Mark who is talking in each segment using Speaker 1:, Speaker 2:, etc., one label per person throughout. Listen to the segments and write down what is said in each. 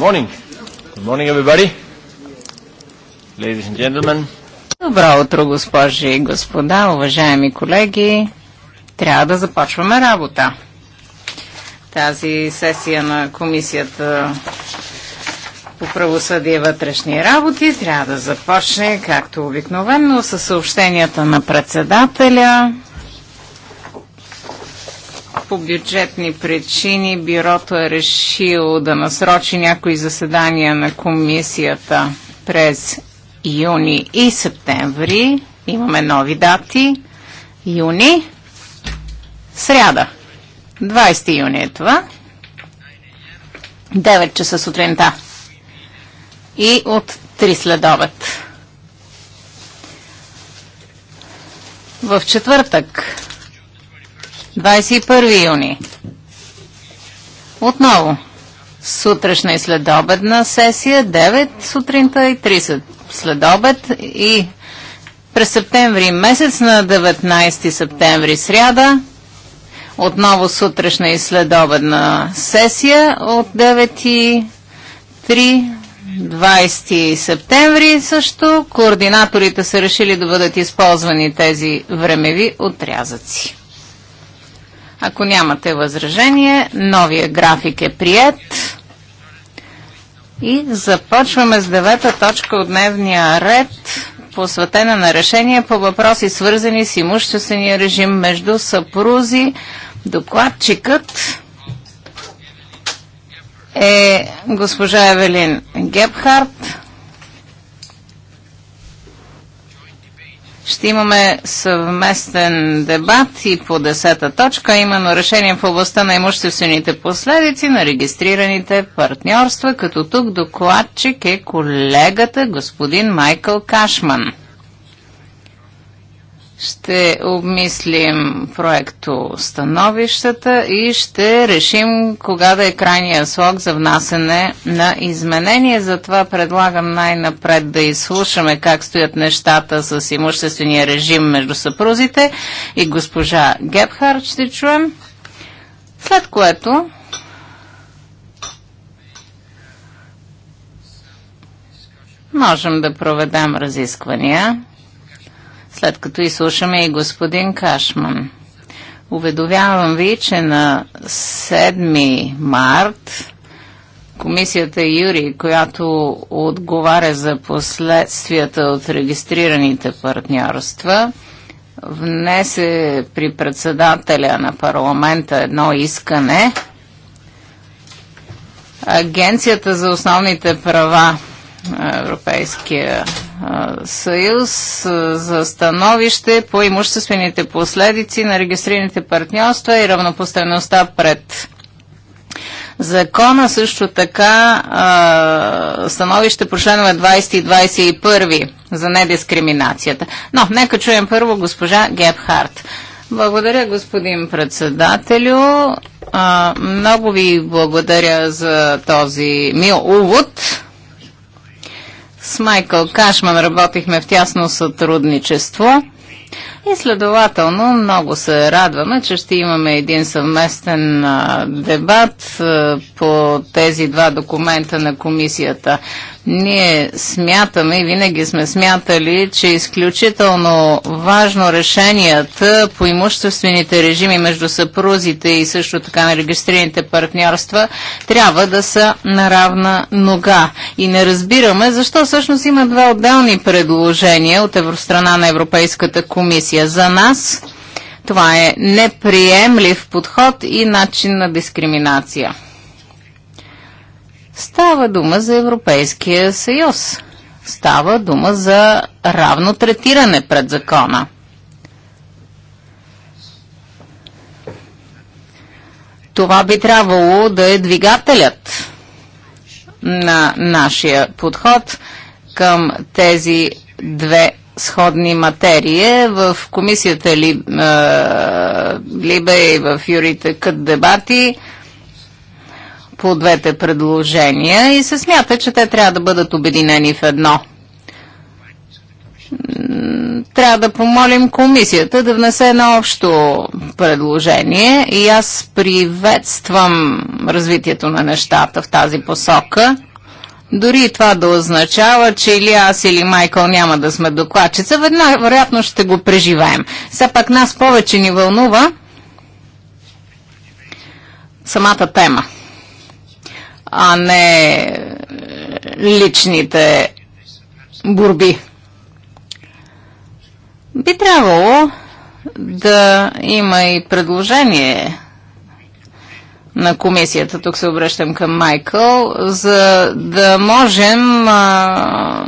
Speaker 1: morning. Good morning, everybody. Ladies and gentlemen.
Speaker 2: Добро утро, госпожи и господа, уважаеми колеги. Трябва да започваме работа. Тази сесия на комисията по правосъдие и вътрешни работи трябва да започне, както обикновено, с съобщенията на председателя по бюджетни причини бюрото е решило да насрочи някои заседания на комисията през юни и септември. Имаме нови дати. Юни. Сряда. 20 юни е това. 9 часа сутринта. И от 3 следобед. В четвъртък 21 юни. Отново. Сутрешна и следобедна сесия 9 сутринта и 30 следобед и през септември месец на 19 септември сряда отново сутрешна и следобедна сесия от 9 и 3 20 септември също координаторите са решили да бъдат използвани тези времеви отрязъци. Ако нямате възражение, новия график е прият. И започваме с девета точка от дневния ред, посветена на решение по въпроси свързани с имуществения режим между съпрузи. Докладчикът е госпожа Евелин Гепхарт. ще имаме съвместен дебат и по десета точка, именно решение в областта на имуществените последици на регистрираните партньорства, като тук докладчик е колегата господин Майкъл Кашман ще обмислим проекто становищата и ще решим кога да е крайния слог за внасене на изменения. Затова предлагам най-напред да изслушаме как стоят нещата с имуществения режим между съпрузите и госпожа Гепхар ще чуем. След което можем да проведем разисквания след като изслушаме и господин Кашман. Уведовявам ви, че на 7 март комисията Юри, която отговаря за последствията от регистрираните партньорства, внесе при председателя на парламента едно искане Агенцията за основните права Европейския съюз за становище по имуществените последици на регистрираните партньорства и равнопоставеността пред закона. Също така становище по членове 20 и 21 за недискриминацията. Но нека чуем първо госпожа Гебхарт. Благодаря, господин председателю. А, много ви благодаря за този мил увод с Майкъл Кашман работихме в тясно сътрудничество и следователно много се радваме, че ще имаме един съвместен а, дебат а, по тези два документа на комисията. Ние смятаме и винаги сме смятали, че изключително важно решенията по имуществените режими между съпрузите и също така на регистрираните партньорства трябва да са на равна нога. И не разбираме защо всъщност има два отделни предложения от страна на Европейската комисия комисия. За нас това е неприемлив подход и начин на дискриминация. Става дума за Европейския съюз. Става дума за равно третиране пред закона. Това би трябвало да е двигателят на нашия подход към тези две сходни материи. Е. В комисията Либ, Либе и в Юрите кът дебати по двете предложения и се смята, че те трябва да бъдат обединени в едно. Трябва да помолим комисията да внесе едно общо предложение и аз приветствам развитието на нещата в тази посока – дори това да означава, че или аз или Майкъл няма да сме докладчица, веднага вероятно ще го преживеем. Все пак нас повече ни вълнува самата тема, а не е, личните борби. Би трябвало да има и предложение на комисията, тук се обръщам към Майкъл, за да можем а,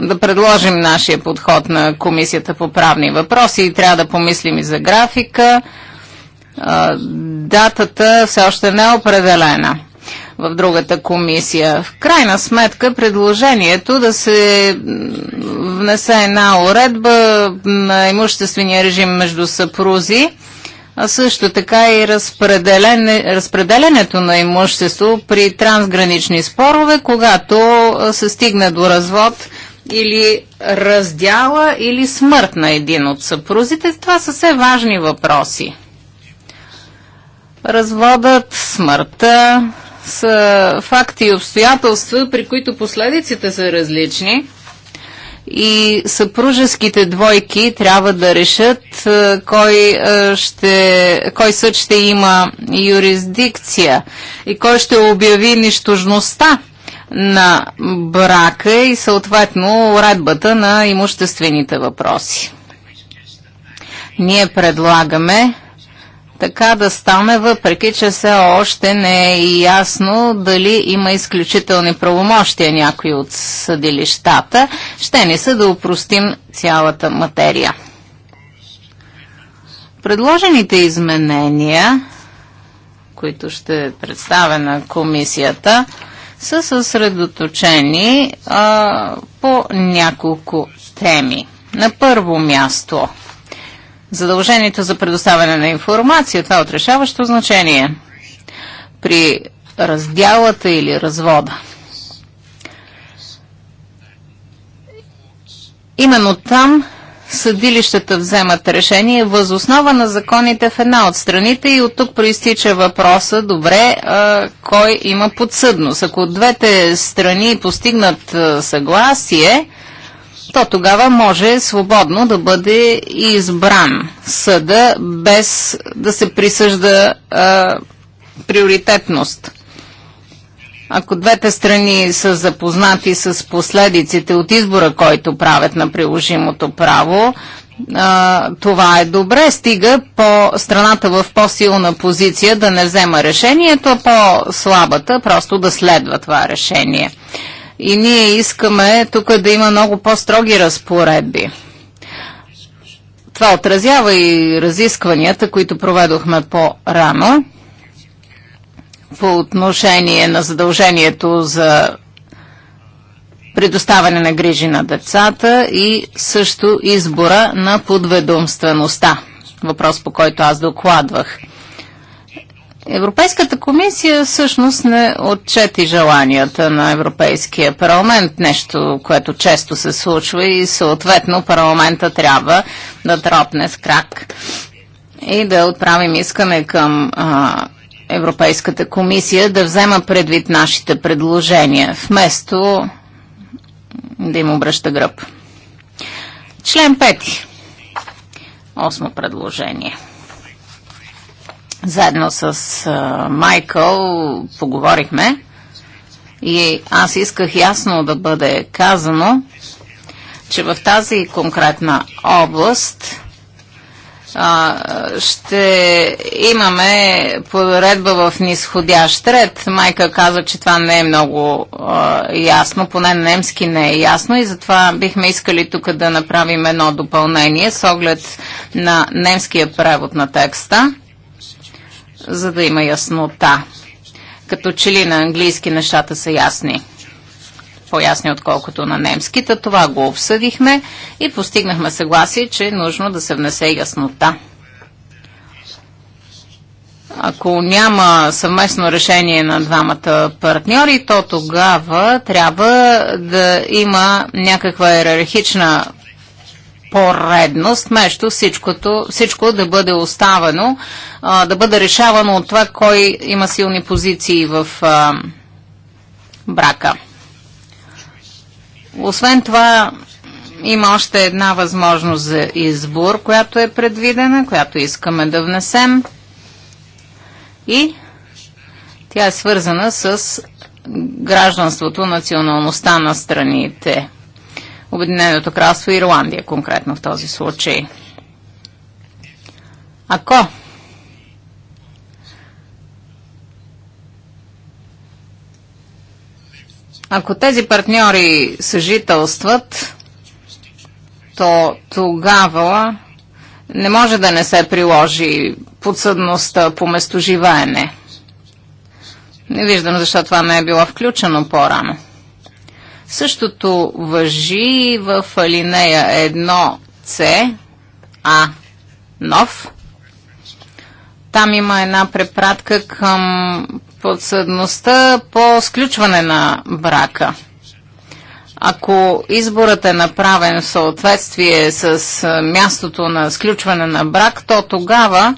Speaker 2: да предложим нашия подход на комисията по правни въпроси. Трябва да помислим и за графика. А, датата все още не е определена в другата комисия. В крайна сметка предложението да се внесе една уредба на имуществения режим между съпрузи а също така и разпределене, разпределенето на имущество при трансгранични спорове, когато се стигне до развод или раздяла или смърт на един от съпрузите. Това са все важни въпроси. Разводът, смъртта са факти и обстоятелства, при които последиците са различни и съпружеските двойки трябва да решат е, кой, е, ще, кой съд ще има юрисдикция и кой ще обяви нищожността на брака и съответно уредбата на имуществените въпроси. Ние предлагаме така да стане, въпреки че все още не е ясно дали има изключителни правомощия някои от съдилищата. Ще ни се да упростим цялата материя. Предложените изменения, които ще представя на комисията, са съсредоточени а, по няколко теми. На първо място – задължението за предоставяне на информация. Това е отрешаващо значение при разделата или развода. Именно там съдилищата вземат решение възоснова на законите в една от страните и от тук проистича въпроса, добре, а, кой има подсъдност. Ако двете страни постигнат а, съгласие, то тогава може свободно да бъде избран съда без да се присъжда а, приоритетност. Ако двете страни са запознати с последиците от избора, който правят на приложимото право, а, това е добре. Стига по страната в по-силна позиция да не взема решението, а по-слабата просто да следва това решение. И ние искаме тук да има много по-строги разпоредби. Това отразява и разискванията, които проведохме по-рано по отношение на задължението за предоставяне на грижи на децата и също избора на подведомствеността. Въпрос, по който аз докладвах. Европейската комисия всъщност не отчети желанията на Европейския парламент, нещо, което често се случва и съответно парламента трябва да тропне с крак и да отправим искане към а, Европейската комисия да взема предвид нашите предложения, вместо да им обръща гръб. Член 5. Осмо предложение. Заедно с Майкъл поговорихме и аз исках ясно да бъде казано, че в тази конкретна област а, ще имаме поредба в нисходящ ред. Майка каза, че това не е много а, ясно, поне немски не е ясно и затова бихме искали тук да направим едно допълнение с оглед на немския превод на текста за да има яснота. Като че ли на английски нещата са ясни, по-ясни отколкото на немските. Това го обсъдихме и постигнахме съгласие, че е нужно да се внесе яснота. Ако няма съвместно решение на двамата партньори, то тогава трябва да има някаква иерархична поредност, вместо всичкото, всичко да бъде оставено, а, да бъде решавано от това, кой има силни позиции в а, брака. Освен това, има още една възможност за избор, която е предвидена, която искаме да внесем. И тя е свързана с гражданството, националността на страните Обединеното кралство и Ирландия конкретно в този случай. Ако ако тези партньори съжителстват, то тогава не може да не се приложи подсъдността по местоживеене. Не виждам защо това не е било включено по-рано. Същото въжи в алинея 1C, а нов. Там има една препратка към подсъдността по сключване на брака. Ако изборът е направен в съответствие с мястото на сключване на брак, то тогава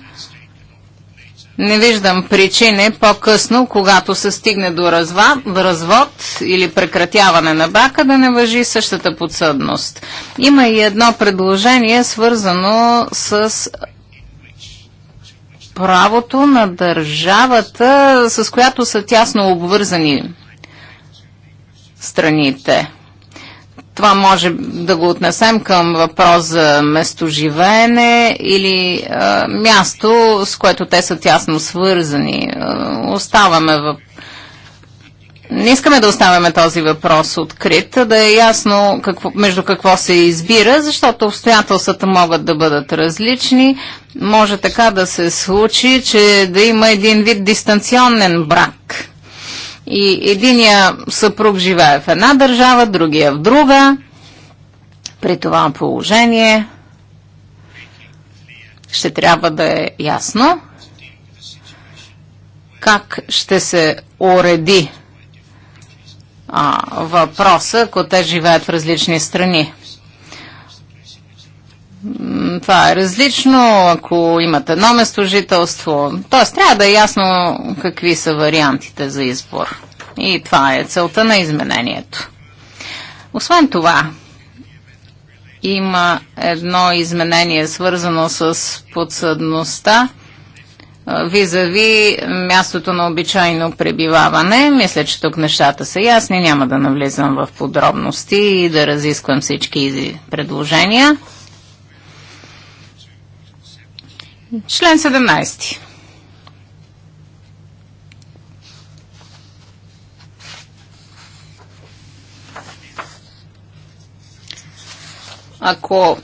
Speaker 2: не виждам причини по-късно, когато се стигне до разва, развод или прекратяване на брака, да не въжи същата подсъдност. Има и едно предложение, свързано с правото на държавата, с която са тясно обвързани страните. Това може да го отнесем към въпрос за местоживеене или а, място, с което те са тясно свързани. А, оставаме в... Не искаме да оставяме този въпрос открит, да е ясно какво, между какво се избира, защото обстоятелствата могат да бъдат различни. Може така да се случи, че да има един вид дистанционен брак и единия съпруг живее в една държава, другия в друга. При това положение ще трябва да е ясно как ще се уреди а, въпроса, ако те живеят в различни страни това е различно, ако имате едно место жителство, Тоест, трябва да е ясно какви са вариантите за избор. И това е целта на изменението. Освен това, има едно изменение свързано с подсъдността визави мястото на обичайно пребиваване. Мисля, че тук нещата са ясни, няма да навлизам в подробности и да разисквам всички предложения. Член 17. Ако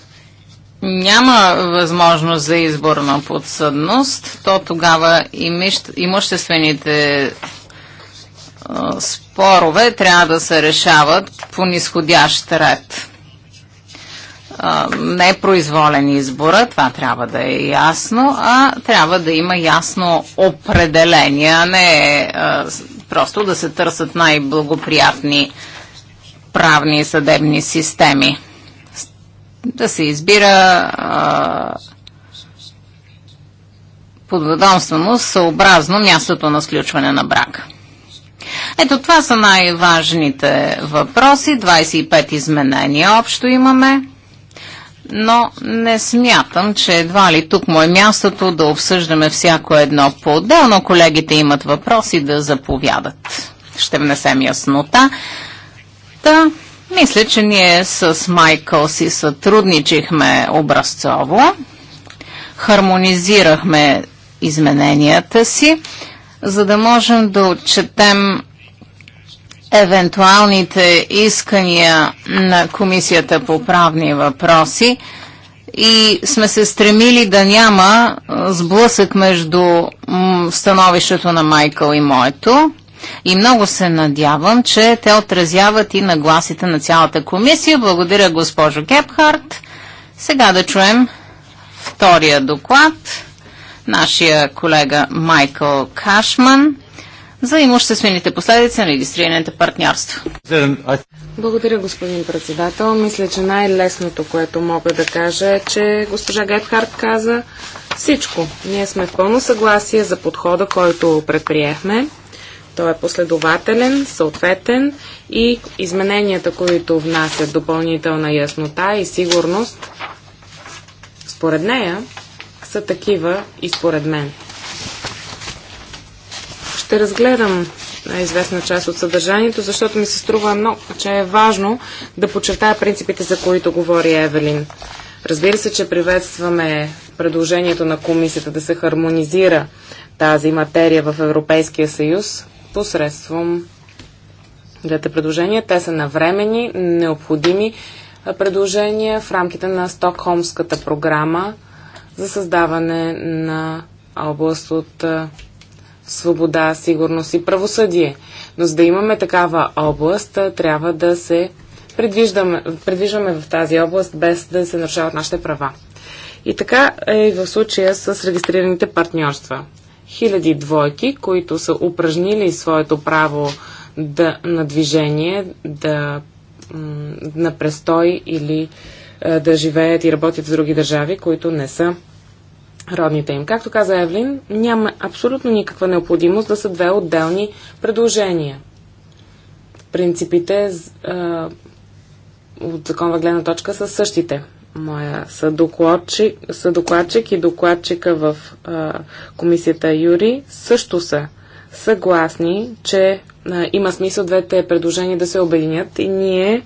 Speaker 2: няма възможност за избор на подсъдност, то тогава имуществените спорове трябва да се решават по нисходящ ред не е произволен избора, това трябва да е ясно, а трябва да има ясно определение, а не а, просто да се търсят най-благоприятни правни и съдебни системи. Да се избира а, подведомствено съобразно мястото на сключване на брак. Ето това са най-важните въпроси. 25 изменения общо имаме но не смятам, че едва ли тук му е мястото да обсъждаме всяко едно по-отделно. Колегите имат въпроси да заповядат. Ще внесем яснота. Та, мисля, че ние с Майкъл си сътрудничихме образцово, хармонизирахме измененията си, за да можем да отчетем евентуалните искания на Комисията по правни въпроси и сме се стремили да няма сблъсък между становището на Майкъл и моето. И много се надявам, че те отразяват и нагласите на цялата комисия. Благодаря, госпожо Гепхарт. Сега да чуем втория доклад. Нашия колега Майкъл Кашман за имуществените последици на регистрираните партньорства.
Speaker 3: Благодаря, господин председател. Мисля, че най-лесното, което мога да кажа е, че госпожа Гетхард каза всичко. Ние сме в пълно съгласие за подхода, който предприехме. Той е последователен, съответен и измененията, които внасят допълнителна яснота и сигурност, според нея, са такива и според мен ще разгледам известна част от съдържанието, защото ми се струва много, че е важно да подчертая принципите, за които говори Евелин. Разбира се, че приветстваме предложението на комисията да се хармонизира тази материя в Европейския съюз посредством двете предложения. Те са навремени, необходими предложения в рамките на Стокхолмската програма за създаване на област от свобода, сигурност и правосъдие. Но за да имаме такава област, трябва да се предвиждаме, предвиждаме в тази област, без да се нарушават нашите права. И така е и в случая с регистрираните партньорства. Хиляди двойки, които са упражнили своето право да, на движение, да, на престой или да живеят и работят в други държави, които не са родните им. Както каза Евлин, няма абсолютно никаква необходимост да са две отделни предложения. Принципите а, от законова гледна точка са същите. Моя съдокладчик, съдокладчик и докладчика в а, комисията Юри също са съгласни, че а, има смисъл двете предложения да се обединят и ние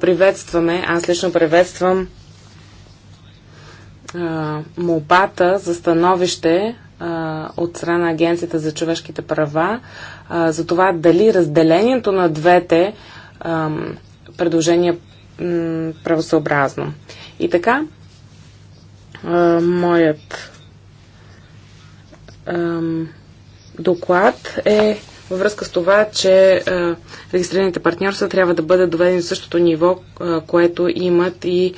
Speaker 3: приветстваме, аз лично приветствам мобата за становище от страна на Агенцията за човешките права за това дали разделението на двете предложения правосъобразно. И така, моят доклад е във връзка с това, че регистрираните партньорства трябва да бъдат доведени до същото ниво, което имат и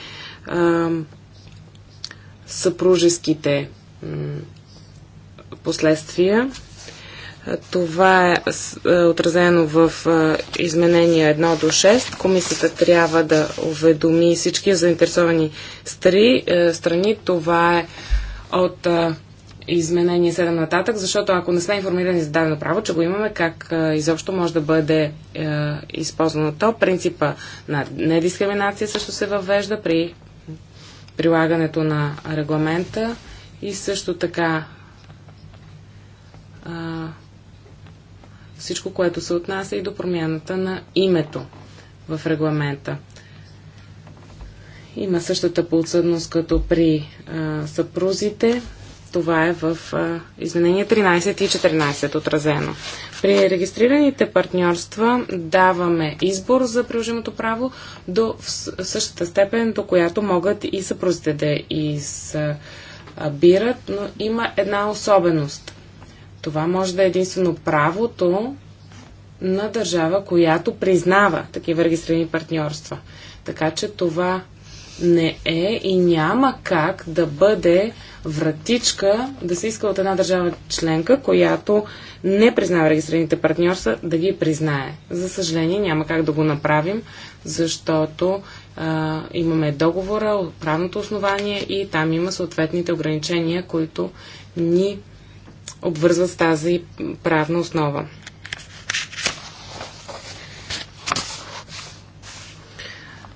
Speaker 3: съпружеските последствия. Това е, е отразено в е, изменения 1 до 6. Комисията трябва да уведоми всички заинтересовани е, страни. Това е от изменение 7 нататък, защото ако не сме информирани за дадено право, че го имаме, как изобщо може да бъде използвано то. Принципа на недискриминация също се въвежда при прилагането на регламента и също така а, всичко, което се отнася и до промяната на името в регламента. Има същата подсъдност като при а, съпрузите. Това е в изменение 13 и 14 отразено. При регистрираните партньорства даваме избор за приложимото право до същата степен, до която могат и съпрузите да избират, но има една особеност. Това може да е единствено правото на държава, която признава такива регистрирани партньорства. Така че това не е и няма как да бъде вратичка да се иска от една държава членка, която не признава регистрираните партньорства, да ги признае. За съжаление няма как да го направим, защото а, имаме договора, правното основание и там има съответните ограничения, които ни обвързват с тази правна основа.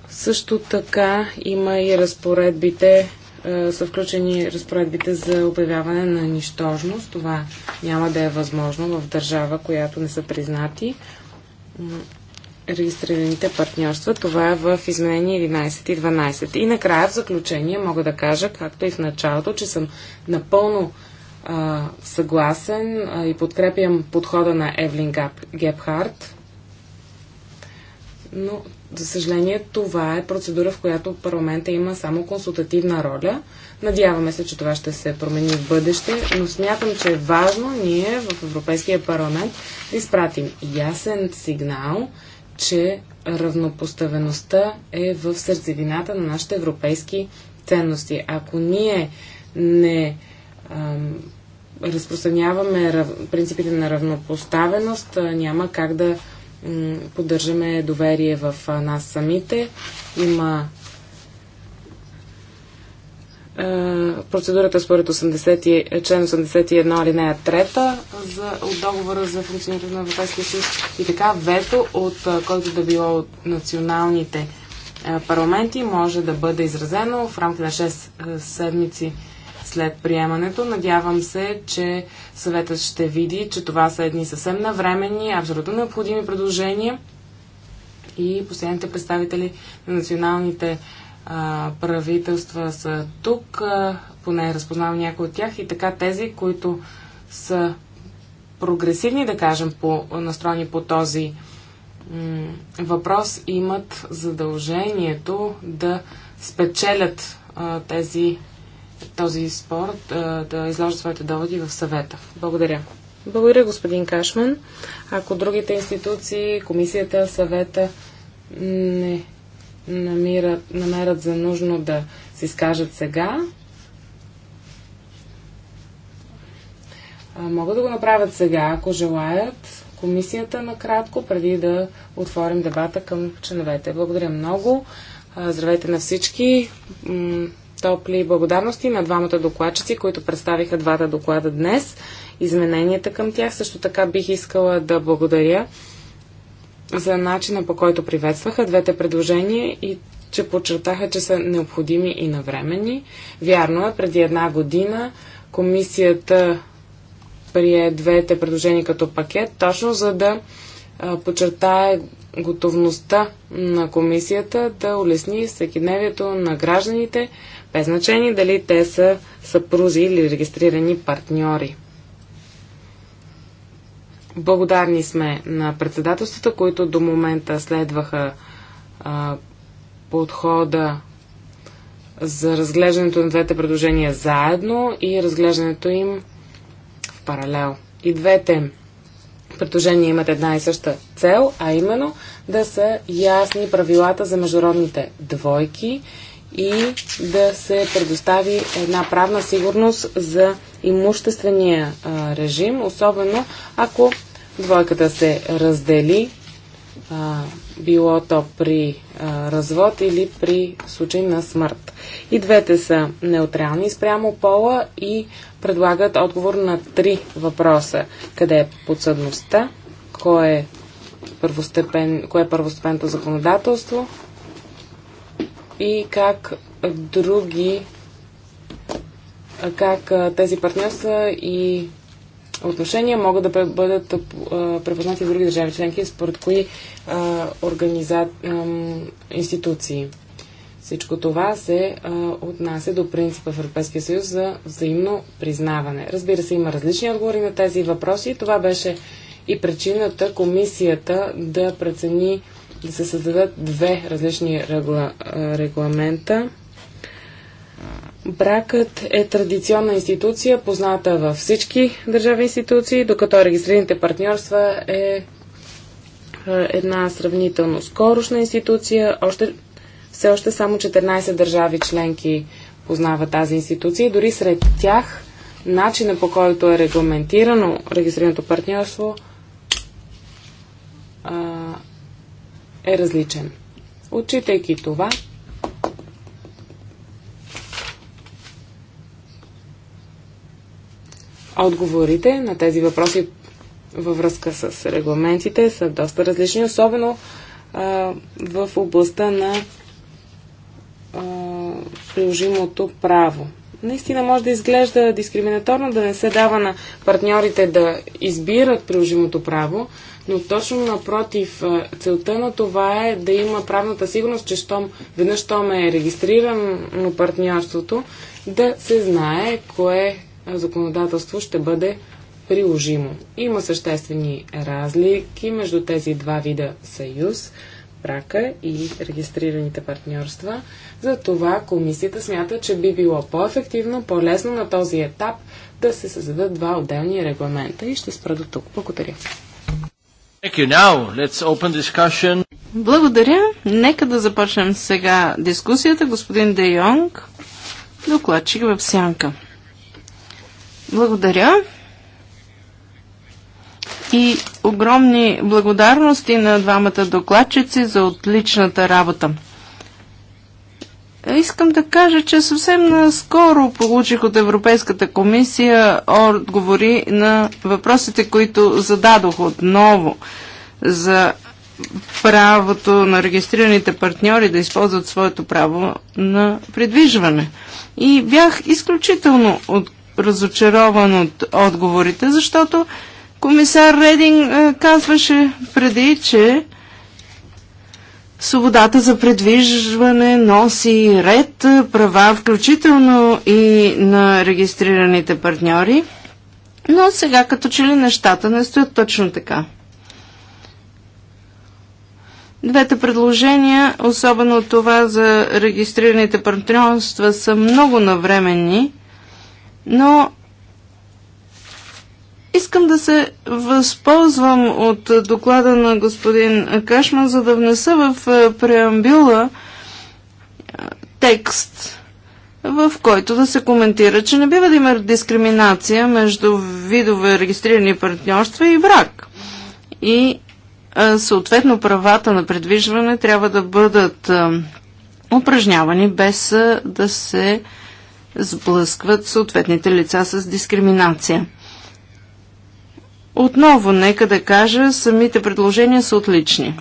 Speaker 3: Също така има и разпоредбите е, са включени разпоредбите за обявяване на нищожност. Това няма да е възможно в държава, която не са признати регистрираните партньорства. Това е в изменение 11 и 12. И накрая в заключение мога да кажа, както и в началото, че съм напълно а, съгласен а, и подкрепям подхода на Евлин Гепхард. Гепхарт, но за съжаление, това е процедура, в която парламента има само консултативна роля. Надяваме се, че това ще се промени в бъдеще, но смятам, че е важно ние в Европейския парламент да изпратим ясен сигнал, че равнопоставеността е в сърцевината на нашите европейски ценности. Ако ние не ам, разпространяваме рав... принципите на равнопоставеност, няма как да поддържаме доверие в нас самите. Има процедурата според 80, член 81 алинея 3 за, от договора за функционирането на Европейския съюз и така вето от който да било от националните парламенти може да бъде изразено в рамките на 6 седмици след приемането. Надявам се, че съветът ще види, че това са едни съвсем навременни, абсолютно необходими предложения и последните представители на националните а, правителства са тук, а, поне разпознавам някои от тях и така тези, които са прогресивни, да кажем, по, настроени по този въпрос, имат задължението да спечелят а, тези този спор, да, да изложат своите доводи в съвета. Благодаря. Благодаря, господин Кашман. Ако другите институции, комисията, съвета не намират, намерят за нужно да се изкажат сега, могат да го направят сега, ако желаят. Комисията накратко, преди да отворим дебата към членовете. Благодаря много. Здравейте на всички топли благодарности на двамата докладчици, които представиха двата доклада днес, измененията към тях. Също така бих искала да благодаря за начина по който приветстваха двете предложения и че подчертаха, че са необходими и навремени. Вярно е, преди една година комисията прие двете предложения като пакет, точно за да подчертае готовността на комисията да улесни всекидневието на гражданите без значение дали те са съпрузи или регистрирани партньори. Благодарни сме на председателствата, които до момента следваха а, подхода за разглеждането на двете предложения заедно и разглеждането им в паралел. И двете предложения имат една и съща цел, а именно да са ясни правилата за международните двойки и да се предостави една правна сигурност за имуществения а, режим, особено ако двойката се раздели, а, било то при а, развод или при случай на смърт. И двете са неутрални спрямо пола и предлагат отговор на три въпроса. Къде е подсъдността? Кое е, първостепен, кое е първостепенното законодателство? и как други, как тези партньорства и отношения могат да бъдат препознати в други държави членки, според кои организа... институции. Всичко това се а, отнася до принципа в Европейския съюз за взаимно признаване. Разбира се, има различни отговори на тези въпроси. Това беше и причината комисията да прецени да се създадат две различни регла, регламента. Бракът е традиционна институция, позната във всички държави институции, докато регистрираните партньорства е една сравнително скорошна институция. Още, все още само 14 държави членки познава тази институция дори сред тях начина по който е регламентирано регистрираното партньорство е различен. Отчитайки това, отговорите на тези въпроси във връзка с регламентите са доста различни, особено а, в областта на а, приложимото право. Наистина може да изглежда дискриминаторно да не се дава на партньорите да избират приложимото право, но точно напротив, целта на това е да има правната сигурност, че щом, веднъж щом е регистрирано партньорството, да се знае кое законодателство ще бъде приложимо. Има съществени разлики между тези два вида съюз, брака и регистрираните партньорства. Затова комисията смята, че би било по-ефективно, по-лесно на този етап да се създадат два отделни регламента и ще спра до тук. Благодаря.
Speaker 4: Благодаря. Нека да започнем сега дискусията. Господин Де Йонг, докладчик в Сянка. Благодаря. И огромни благодарности на двамата докладчици за отличната работа. Искам да кажа, че съвсем наскоро получих от Европейската комисия отговори на въпросите, които зададох отново за правото на регистрираните партньори да използват своето право на придвижване. И бях изключително от, разочарован от отговорите, защото комисар Рединг е, казваше преди, че Свободата за предвижване носи ред права, включително и на регистрираните партньори, но сега като че ли нещата не стоят точно така. Двете предложения, особено това за регистрираните партньорства, са много навременни, но Искам да се възползвам от доклада на господин Кашман, за да внеса в е, преамбюла е, текст, в който да се коментира, че не бива да има дискриминация между видове регистрирани партньорства и брак. И е, съответно правата на предвижване трябва да бъдат упражнявани без да се сблъскват съответните лица с дискриминация. Отново, нека да кажа, самите предложения са отлични.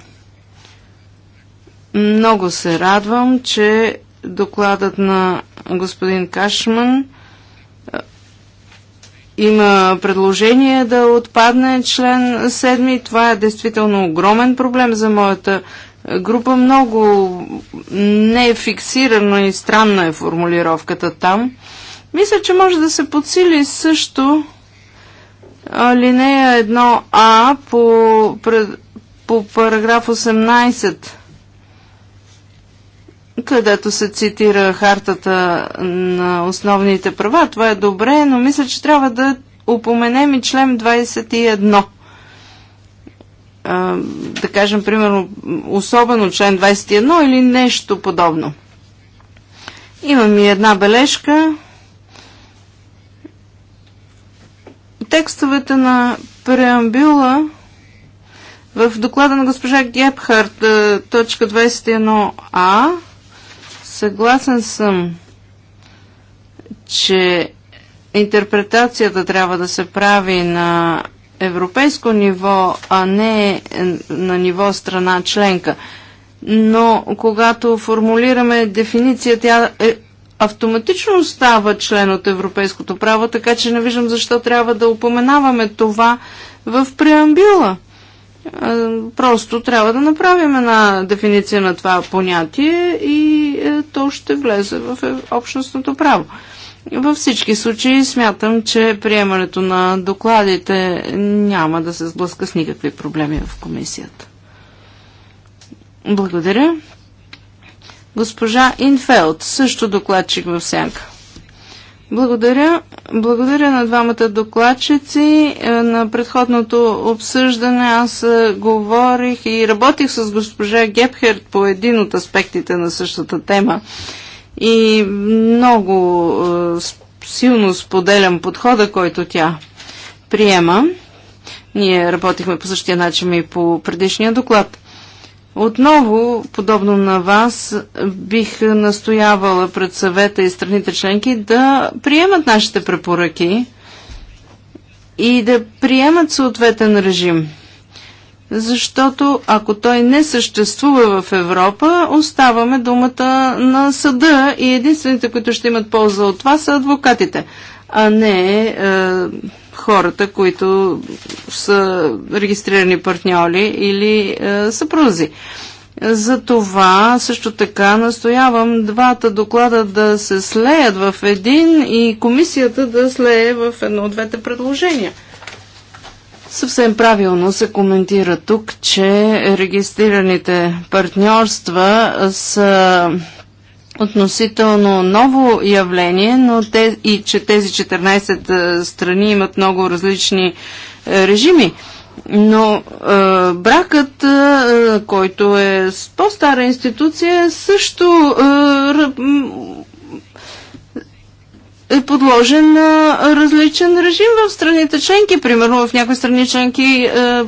Speaker 4: Много се радвам, че докладът на господин Кашман има предложение да отпадне член 7. Това е действително огромен проблем за моята група. Много не е фиксирано и странна е формулировката там. Мисля, че може да се подсили също Алинея 1А по, по параграф 18, където се цитира хартата на основните права. Това е добре, но мисля, че трябва да упоменем и член 21 да кажем, примерно, особено член 21 или нещо подобно. Имам и една бележка текстовете на преамбюла в доклада на госпожа Гепхарт, е, точка 21а, съгласен съм, че интерпретацията трябва да се прави на европейско ниво, а не на ниво страна членка. Но когато формулираме дефиниция, тя е, автоматично става член от европейското право, така че не виждам защо трябва да упоменаваме това в преамбюла. Просто трябва да направим една дефиниция на това понятие и е, то ще влезе в общностното право. Във всички случаи смятам, че приемането на докладите няма да се сблъска с никакви проблеми в комисията. Благодаря. Госпожа Инфелд, също докладчик в сянка. Благодаря. Благодаря на двамата докладчици. Е, на предходното обсъждане аз е, говорих и работих с госпожа Гепхерт по един от аспектите на същата тема. И много е, силно споделям подхода, който тя приема. Ние работихме по същия начин и по предишния доклад. Отново, подобно на вас, бих настоявала пред съвета и страните членки да приемат нашите препоръки и да приемат съответен режим. Защото ако той не съществува в Европа, оставаме думата на съда и единствените, които ще имат полза от това, са адвокатите, а не е, хората, които са регистрирани партньори или е, съпрузи. За това също така настоявам двата доклада да се слеят в един и комисията да слее в едно от двете предложения. Съвсем правилно се коментира тук, че регистрираните партньорства са относително ново явление, но те, и че тези 14 страни имат много различни е, режими. Но е, бракът, е, който е с по-стара институция, също е, е подложен на различен режим в страните членки. Примерно в някои страни членки е,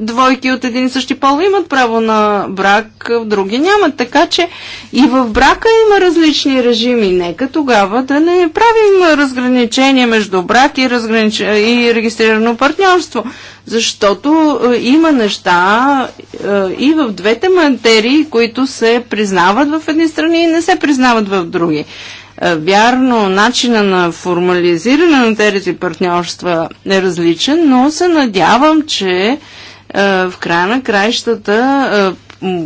Speaker 4: двойки от един и същи пол имат право на брак, в други нямат. Така че и в брака има различни режими. Нека тогава да не правим разграничение между брак и, разгранич... и регистрирано партньорство. Защото има неща и в двете материи, които се признават в едни страни и не се признават в други вярно, начина на формализиране на тези партньорства е различен, но се надявам, че е, в края на краищата е,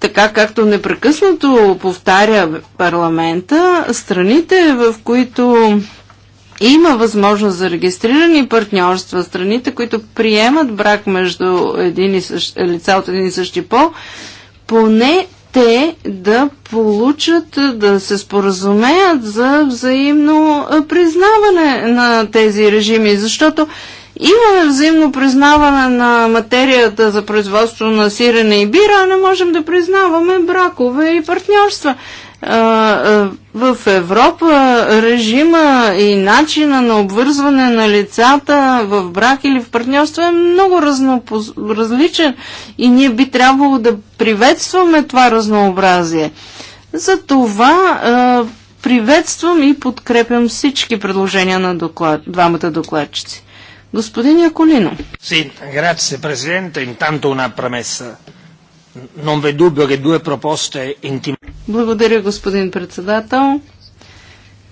Speaker 4: така както непрекъснато повтаря парламента, страните, в които има възможност за регистрирани партньорства, страните, които приемат брак между един и същ, лица от един и същи пол, поне те да получат, да се споразумеят за взаимно е, признаване на тези режими, защото Имаме взаимно признаване на материята за производство на сирене и бира, а не можем да признаваме бракове и партньорства. В Европа режима и начина на обвързване на лицата в брак или в партньорство е много разнопоз... различен и ние би трябвало да приветстваме това разнообразие. Затова приветствам и подкрепям всички предложения на доклад... двамата докладчици. Господин Яколино.
Speaker 1: Sì, grazie Presidente. Intanto una premessa. Non v'è dubbio che due proposte intime... Благодаря, господин
Speaker 4: председател.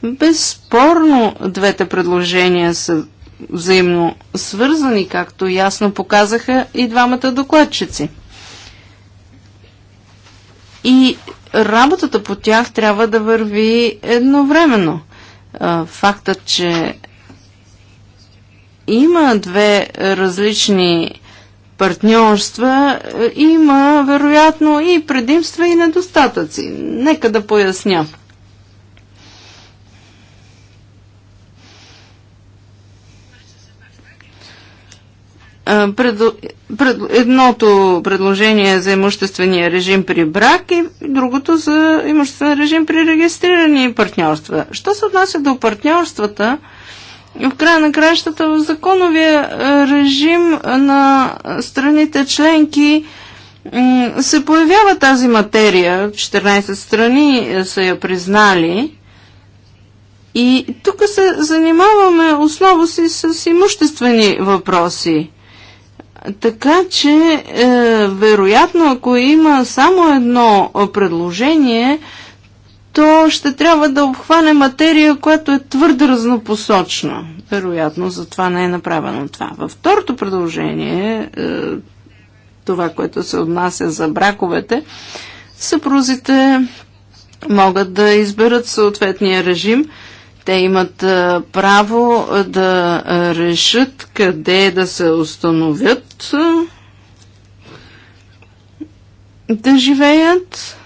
Speaker 4: Безспорно, двете предложения са взаимно свързани, както ясно показаха и двамата докладчици. И работата по тях трябва да върви едновременно. Фактът, че има две различни партньорства, е, има вероятно и предимства и недостатъци. Нека да поясня. Е, пред, пред, едното предложение за имуществения режим при брак и другото за имуществен режим при регистрирани партньорства. Що се отнася до партньорствата, в края на кращата в законовия е, режим на страните членки се появява тази материя. 14 страни е, са я признали. И тук се занимаваме основно си с имуществени въпроси. Така че, е, вероятно, ако има само едно е, предложение, то ще трябва да обхване материя, която е твърде разнопосочна. Вероятно, затова не е направено това. Във второто предложение, е, това, което се отнася за браковете, съпрузите могат да изберат съответния режим. Те имат е, право да е, решат къде да се установят, да живеят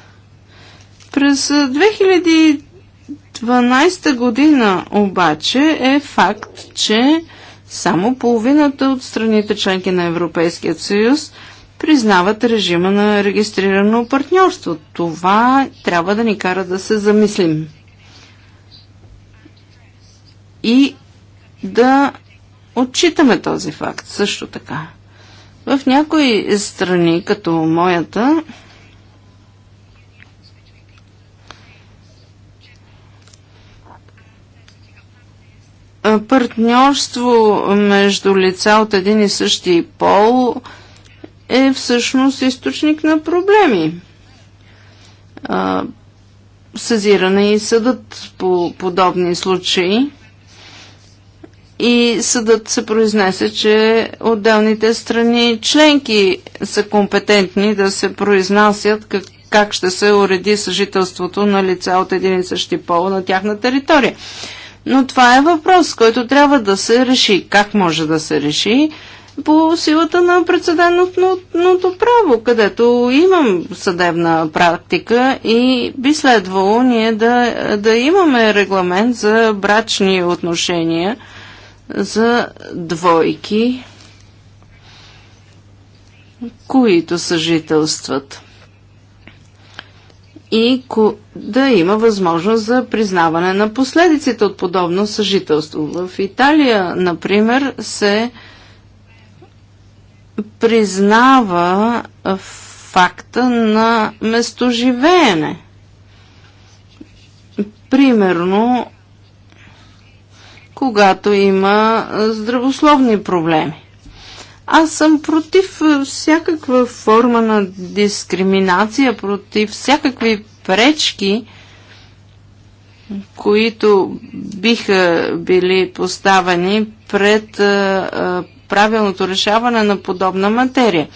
Speaker 4: през 2012 година обаче е факт, че само половината от страните членки на Европейския съюз признават режима на регистрирано партньорство. Това трябва да ни кара да се замислим. И да отчитаме този факт също така. В някои страни, като моята, партньорство между лица от един и същи пол е всъщност източник на проблеми. Съзиране и съдът по подобни случаи и съдът се произнесе, че отделните страни членки са компетентни да се произнасят как, как ще се уреди съжителството на лица от един и същи пол на тяхна територия. Но това е въпрос, който трябва да се реши. Как може да се реши? По силата на прецедентното право, където имам съдебна практика и би следвало ние да, да имаме регламент за брачни отношения, за двойки, които съжителстват и да има възможност за признаване на последиците от подобно съжителство. В Италия, например, се признава факта на местоживеене. Примерно, когато има здравословни проблеми. Аз съм против е, всякаква форма на дискриминация, против всякакви пречки, които биха били поставени пред е, е, правилното решаване на подобна материя.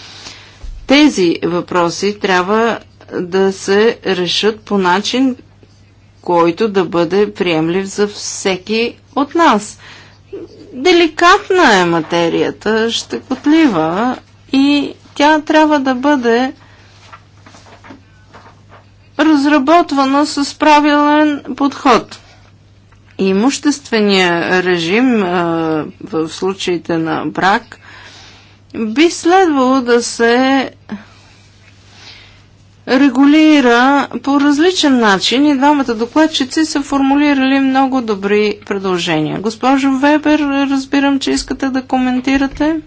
Speaker 4: Тези въпроси трябва да се решат по начин, който да бъде приемлив за всеки от нас деликатна е материята, щекотлива и тя трябва да бъде разработвана с правилен подход. Имуществения режим в случаите на брак би следвало да се регулира по различен начин и двамата докладчици са формулирали много добри предложения. Госпожо Вебер, разбирам, че искате да коментирате.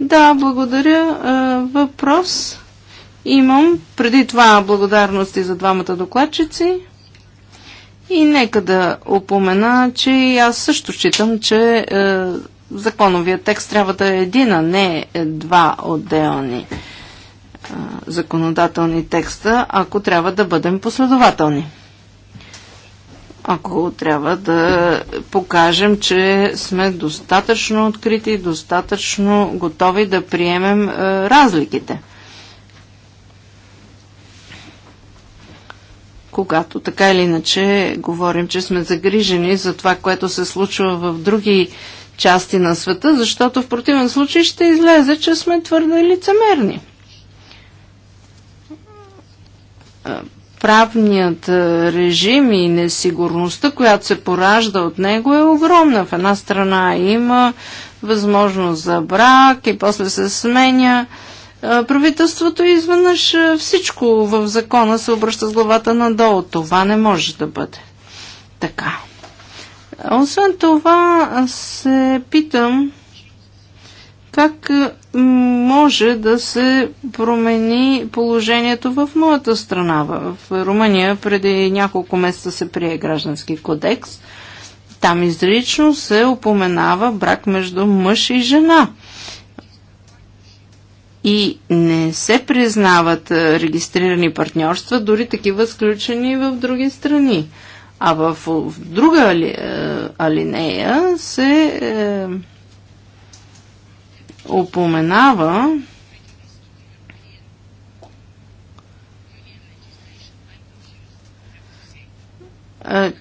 Speaker 4: Да, благодаря. Е, въпрос имам. Преди това благодарности за двамата докладчици. И нека да опомена, че и аз също считам, че е, законовия текст трябва да е един, а не е два отделни законодателни текста, ако трябва да бъдем последователни. Ако трябва да покажем, че сме достатъчно открити, достатъчно готови да приемем разликите. Когато така или иначе говорим, че сме загрижени за това, което се случва в други части на света, защото в противен случай ще излезе, че сме твърде лицемерни. правният режим и несигурността, която се поражда от него е огромна. В една страна има възможност за брак и после се сменя правителството и изведнъж всичко в закона се обръща с главата надолу. Това не може да бъде. Така. Освен това се питам как е, може да се промени положението в моята страна? В Румъния преди няколко месеца се прие граждански кодекс. Там изрично се упоменава брак между мъж и жена. И не се признават е, регистрирани партньорства, дори такива сключени в други страни. А в, в друга али, е, алинея се. Е, опоменава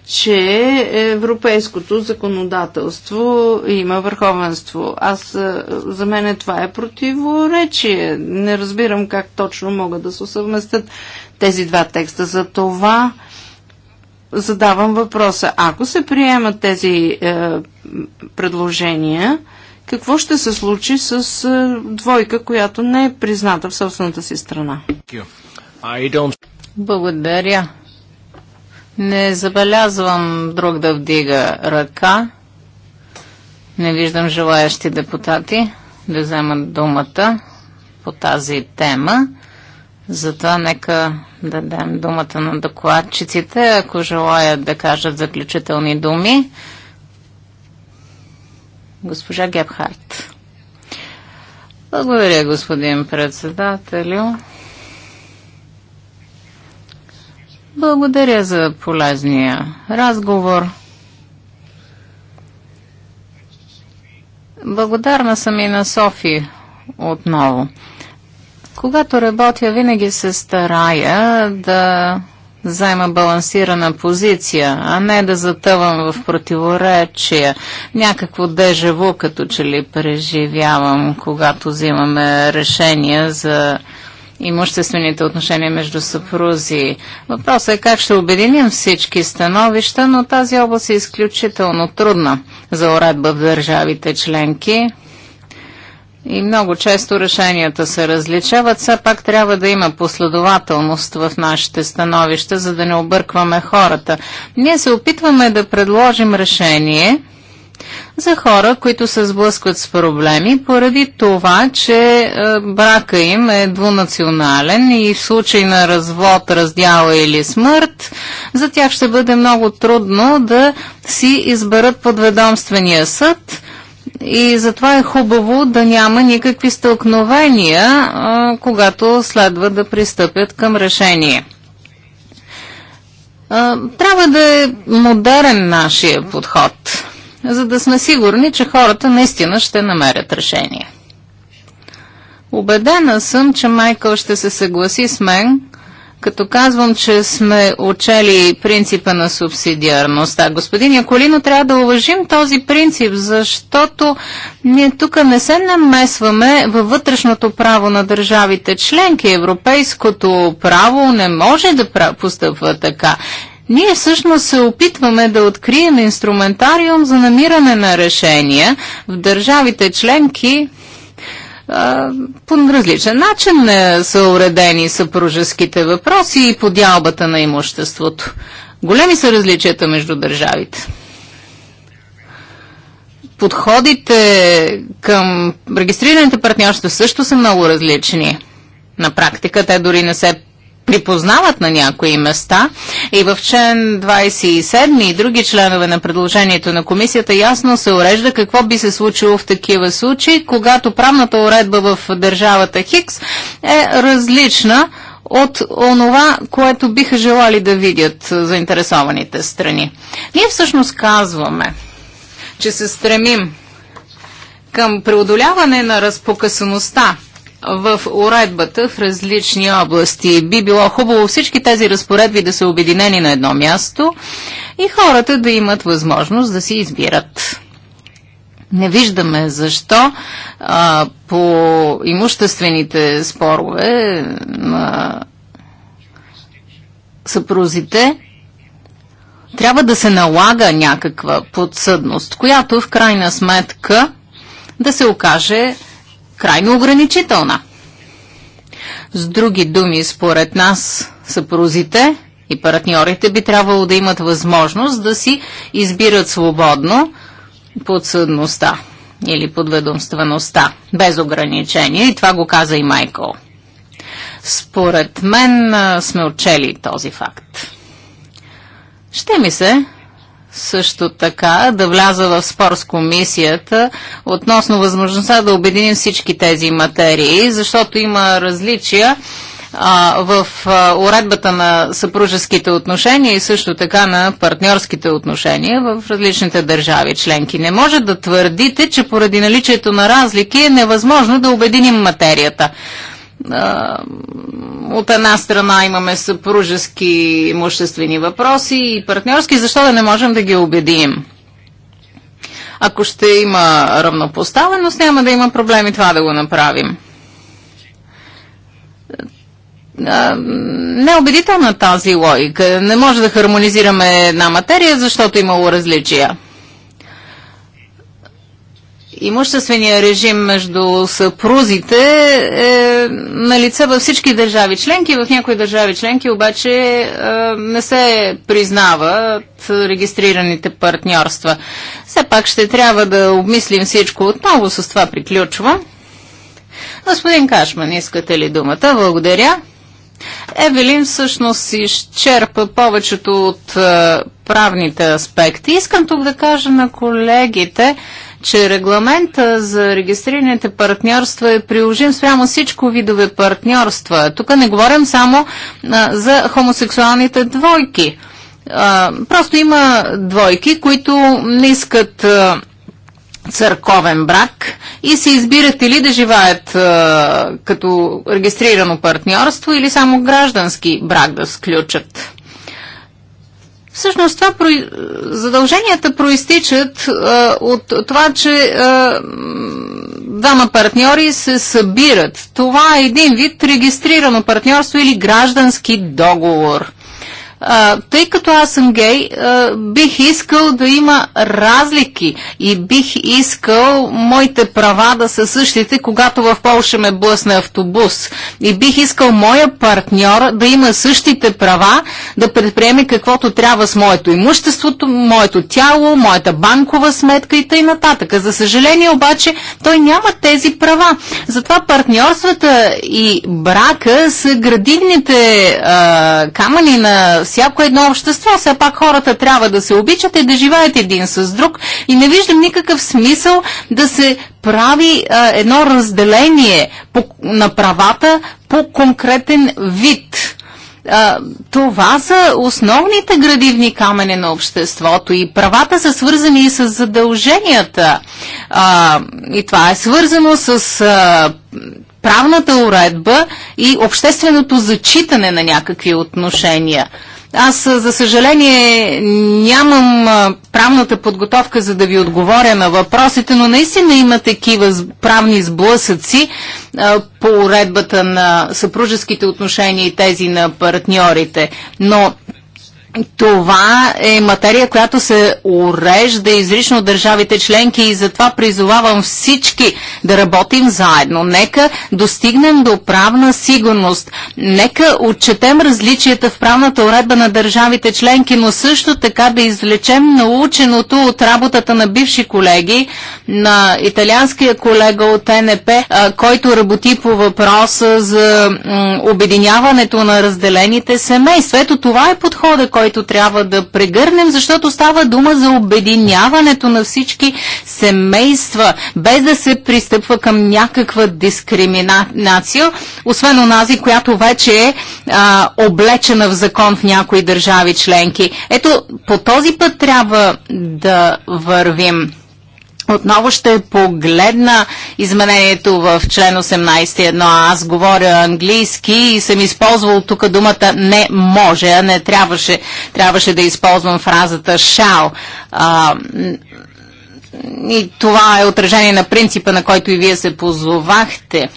Speaker 4: че европейското законодателство има върховенство. Аз, за мен това е противоречие. Не разбирам как точно могат да се съвместят тези два текста. За това задавам въпроса. Ако се приемат тези е, предложения, какво ще се случи с е, двойка, която не е призната в собствената си страна? Благодаря. Не забелязвам
Speaker 2: друг да вдига ръка. Не виждам желаящи депутати да вземат думата по тази тема. Затова нека дадем думата на докладчиците, ако желаят да кажат заключителни думи. Госпожа Гебхарт. Благодаря, господин председателю. Благодаря за полезния разговор. Благодарна съм и на Софи отново. Когато работя, винаги се старая да заема балансирана позиция, а не да затъвам в противоречия. Някакво дежаво като че ли преживявам, когато взимаме решения за имуществените отношения между съпрузи. Въпросът е как ще обединим всички становища, но тази област е изключително трудна за уредба в държавите членки. И много често решенията се различават. Все пак трябва да има последователност в нашите становища, за да не объркваме хората. Ние се опитваме да предложим решение за хора, които се сблъскват с проблеми, поради това, че е, брака им е двунационален и в случай на развод, раздяла или смърт, за тях ще бъде много трудно да си изберат подведомствения съд и затова е хубаво да няма никакви стълкновения, когато следва да пристъпят към решение. трябва да е модерен нашия подход, за да сме сигурни, че хората наистина ще намерят решение. Обедена съм, че Майкъл ще се съгласи с мен, като казвам, че сме учели принципа на субсидиарността. Господин Яколино, трябва да уважим този принцип, защото ние тук не се намесваме във вътрешното право на държавите членки. Европейското право не може да постъпва така. Ние всъщност се опитваме да открием инструментариум за намиране на решения в държавите членки, по различен начин е, са уредени съпружеските въпроси и подялбата на имуществото. Големи са различията между държавите. Подходите към регистрираните партньорства също са много различни. На практика те дори не се припознават на някои места и в член 27 и други членове на предложението на комисията ясно се урежда какво би се случило в такива случаи, когато правната уредба в държавата Хикс е различна от онова, което биха желали да видят заинтересованите страни. Ние всъщност казваме, че се стремим към преодоляване на разпокъсаността в уредбата в различни области. Би било хубаво всички тези разпоредби да са обединени на едно място и хората да имат възможност да си избират. Не виждаме защо а, по имуществените спорове на съпрузите трябва да се налага някаква подсъдност, която в крайна сметка да се окаже крайно ограничителна. С други думи, според нас, съпрузите и партньорите би трябвало да имат възможност да си избират свободно подсъдността или подведомствеността, без ограничения. И това го каза и Майкъл. Според мен сме отчели този факт. Ще ми се също така да вляза в спор с комисията относно възможността да обединим всички тези материи, защото има различия а, в а, уредбата на съпружеските отношения и също така на партньорските отношения в различните държави членки. Не може да твърдите, че поради наличието на разлики е невъзможно да обединим материята от една страна имаме съпружески имуществени въпроси и партньорски, защо да не можем да ги убедим? Ако ще има равнопоставеност, няма да има проблеми това да го направим. Неубедителна тази логика. Не може да хармонизираме една материя, защото имало различия имуществения режим между съпрузите е, е на лице във всички държави членки. В някои държави членки обаче е, не се признават регистрираните партньорства. Все пак ще трябва да обмислим всичко отново. С това приключва. Господин Кашман, искате ли думата? Благодаря. Евелин всъщност изчерпа повечето от е, правните аспекти. Искам тук да кажа на колегите, че регламента за регистрираните партньорства е приложим спрямо всичко видове партньорства. Тук не говорим само а, за хомосексуалните двойки. А, просто има двойки, които не искат а, църковен брак и се избират или да живеят а, като регистрирано партньорство или само граждански брак да сключат. Всъщност това про... задълженията проистичат а, е, от това, че а, е, двама партньори се събират. Това е един вид регистрирано партньорство или граждански договор. А, тъй като аз съм гей, а, бих искал да има разлики и бих искал моите права да са същите, когато в Польша ме блъсне автобус. И бих искал моя партньор да има същите права да предприеме каквото трябва с моето имуществото, моето тяло, моята банкова сметка и т.н. За съжаление обаче той няма тези права. Затова партньорствата и брака са градивните а, камъни на всяко едно общество. Все пак хората трябва да се обичат и да живеят един с друг. И не виждам никакъв смисъл да се прави а, едно разделение по, на правата по конкретен вид. А, това са основните градивни камъни на обществото и правата са свързани и с задълженията. А, и това е свързано с а, правната уредба и общественото зачитане на някакви отношения. Аз, за съжаление, нямам правната подготовка, за да ви отговоря на въпросите, но наистина има такива правни сблъсъци по уредбата на съпружеските отношения и тези на партньорите. Но това е материя, която се урежда изрично от държавите членки и затова призовавам всички да работим заедно. Нека достигнем до правна сигурност. Нека отчетем различията в правната уредба на държавите членки, но също така да извлечем наученото от работата на бивши колеги, на италианския колега от НП, който работи по въпроса за обединяването на разделените семейства. Ето това е подходът, който трябва да прегърнем, защото става дума за обединяването на всички семейства, без да се пристъпва към някаква дискриминация, освен онази, която вече е а, облечена в закон в някои държави членки. Ето, по този път трябва да вървим. Отново ще погледна изменението в член 18.1. Аз говоря английски и съм използвал тук думата не може, а не трябваше, трябваше да използвам фразата shall. А, и това е отражение на принципа, на който и вие се позовахте.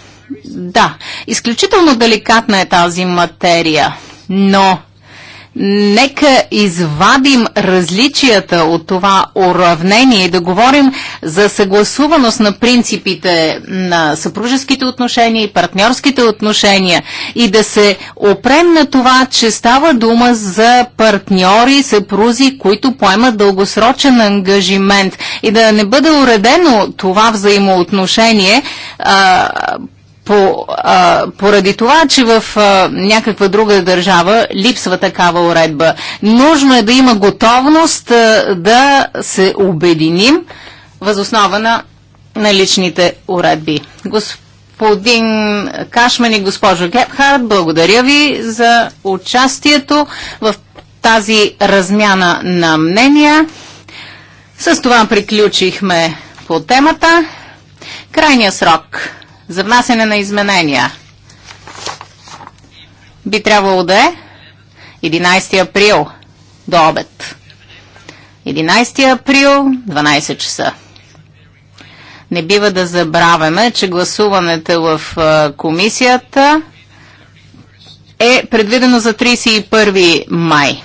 Speaker 2: Да, изключително деликатна е тази материя, но Нека извадим различията от това уравнение и да говорим за съгласуваност на принципите на съпружеските отношения и партньорските отношения и да се опрем на това, че става дума за партньори, съпрузи, които поемат дългосрочен ангажимент и да не бъде уредено това взаимоотношение а, по, а, поради това, че в а, някаква друга държава липсва такава уредба. Нужно е да има готовност а, да се обединим възоснова на наличните уредби. Господин Кашман и госпожо Гепхард, благодаря ви за участието в тази размяна на мнения. С това приключихме по темата. Крайния срок за внасене на изменения. Би трябвало да е 11 април до обед. 11 април, 12 часа. Не бива да забравяме, че гласуването в комисията е предвидено за 31 май.